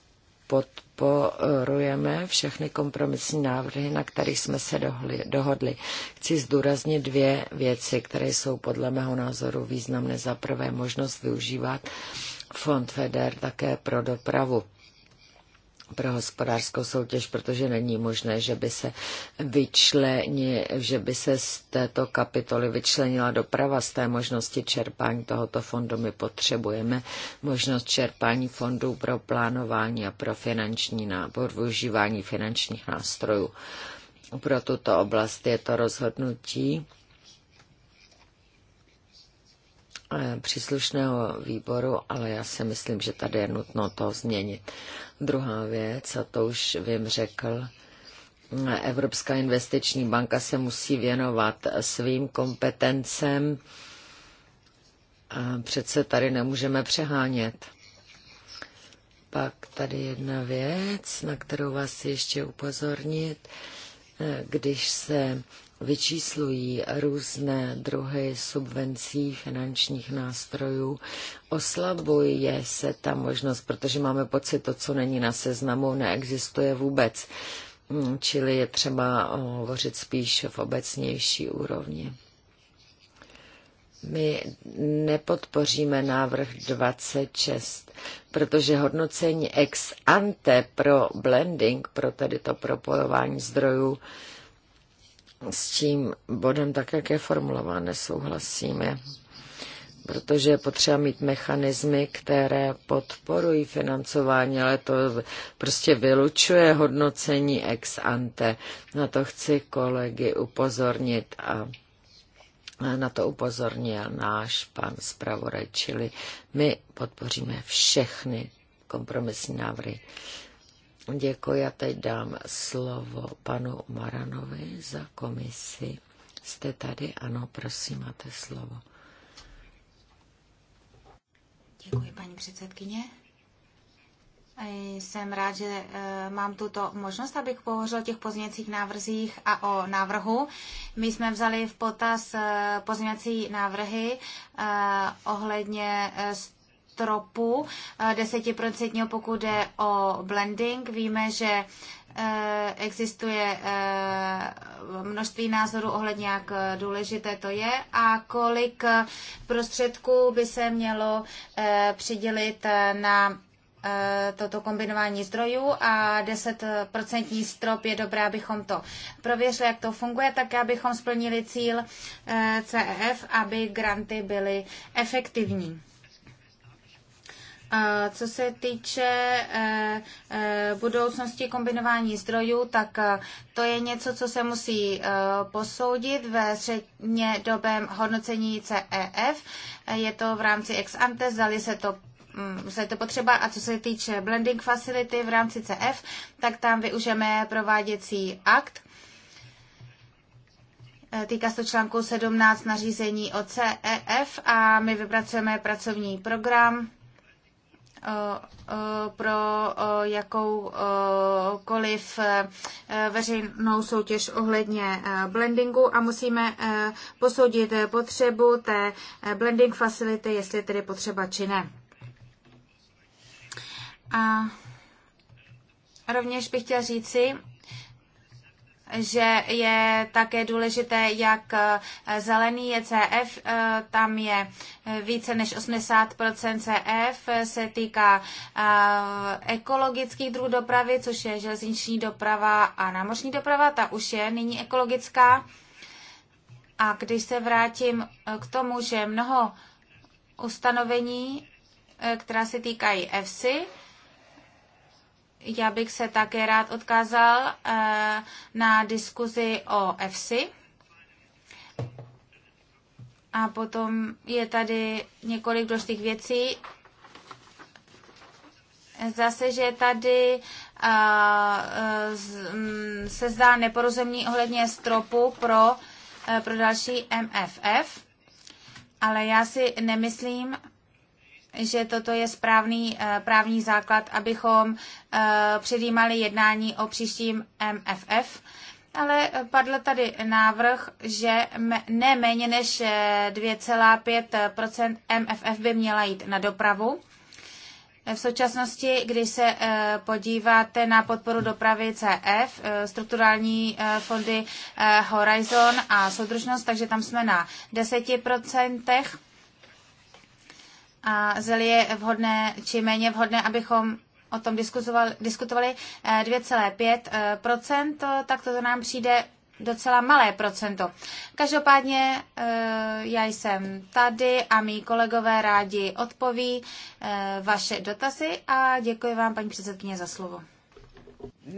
podporujeme všechny kompromisní návrhy, na kterých jsme se dohli, dohodli. Chci zdůraznit dvě věci, které jsou podle mého názoru významné. Za prvé možnost využívat uh, fond FEDER také pro dopravu pro hospodářskou soutěž, protože není možné, že by se vyčleni, že by se z této kapitoly vyčlenila doprava z té možnosti čerpání tohoto fondu. My potřebujeme možnost čerpání fondů pro plánování a pro finanční nábor, využívání finančních nástrojů. Pro tuto oblast je to rozhodnutí Eh, příslušného výboru, ale já si myslím, že tady je nutno to změnit. Druhá věc, a to už vím řekl, eh, Evropská investiční banka se musí věnovat svým kompetencem. A přece tady nemůžeme přehánět. Pak tady jedna věc, na kterou vás ještě upozornit. Eh, když se vyčíslují různé druhy subvencí, finančních nástrojů, oslabuje se ta možnost, protože máme pocit, to, co není na seznamu, neexistuje vůbec. Hmm, čili je třeba hovořit spíš v obecnější úrovni. My nepodpoříme návrh 26, protože hodnocení ex ante pro blending, pro tedy to propojování zdrojů, s tím bodem, tak jak je formulován, nesouhlasíme, protože je potřeba mít mechanismy, které podporují financování, ale to prostě vylučuje hodnocení ex ante. Na to chci kolegy upozornit a na to upozornil náš pan zpravodaj, čili my podpoříme všechny kompromisní návrhy. Děkuji a teď dám slovo panu Maranovi za komisi. Jste tady? Ano, prosím, máte slovo. Děkuji, paní předsedkyně. Jsem rád, že eh, mám tuto možnost, abych pohořil o těch pozměňovacích návrzích a o návrhu. My jsme vzali v potaz eh, pozměňovací návrhy eh, ohledně stropu 10%, eh, pokud jde o blending. Víme, že eh, existuje eh, množství názorů ohledně, jak důležité to je a kolik prostředků by se mělo přidělit na toto kombinování zdrojů a 10% strop je dobré, abychom to prověřili, jak to funguje, tak abychom splnili cíl CEF, aby granty byly efektivní. Co se týče eh, eh, budoucnosti kombinování zdrojů, tak eh, to je něco, co se musí posoudit ve střednědobém hodnocení CEF. Je to v rámci ex ante, zdali se to se mm, to potřeba. A co se týče blending facility v rámci CF, e tak tam využijeme prováděcí akt. Týká se to článku 17 nařízení o CEF a my vypracujeme pracovní program Eh, pro eh, jakoukoliv eh, veřejnou soutěž ohledně blendingu a musíme posoudit potřebu té blending facility, jestli je tedy potřeba či ne. A rovněž bych chtěla říci, že je také důležité, jak eh, zelený je CF, eh, tam je eh, více než 80% CF, se týká ekologických druhů dopravy, což je železniční doprava a námořní doprava, ta už je nyní ekologická. A když se vrátím k tomu, že mnoho ustanovení, která se týkají EFSI, já bych se také rád odkázal eh, na diskuzi o EFSI. A potom je tady několik důležitých věcí. Zase, že tady eh, eh, mm, se zdá neporozumění ohledně stropu pro, pro další MFF, ale já si nemyslím, že toto je správný eh, právní základ, abychom eh, předjímali jednání o příštím MFF. Ale eh, padl tady návrh, že ne méně než 2,5 MFF by měla jít na dopravu. V současnosti, když se podíváte na podporu dopravy CF, strukturální fondy Horizon a soudržnost, takže tam jsme na 10 a zeli je vhodné či méně vhodné, abychom o tom diskutovali 2,5%, eh, eh, tak toto nám přijde docela malé procento. Každopádně eh, já jsem tady a mý kolegové rádi odpoví vaše dotazy a děkuji vám, paní předsedkyně, za slovo.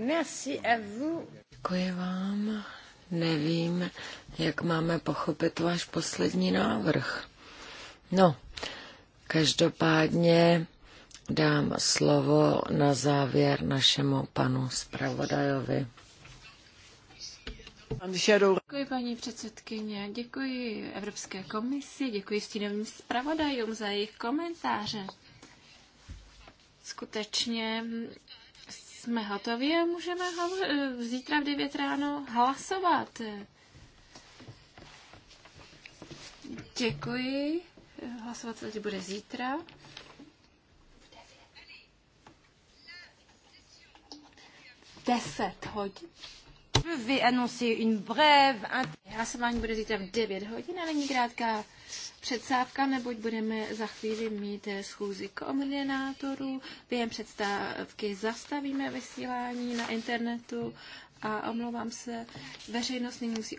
Merci à vous. Děkuji vám. Nevím, jak máme pochopit váš poslední návrh. No, Každopádně dám slovo na závěr našemu panu zpravodajovi. Děkuji paní předsedkyně, děkuji Evropské komisi, děkuji stínovým zpravodajům za jejich komentáře. Skutečně jsme hotovi a můžeme eh, zítra v 9 ráno hlasovat. Děkuji hlasovat se bude zítra. Deset hodin. Hlasování bude zítra v 9 hodin, ale není krátká předsávka, neboť budeme za chvíli mít eh, schůzi koordinátorů. Během předstávky zastavíme vysílání na internetu a omlouvám se, veřejnost nyní musí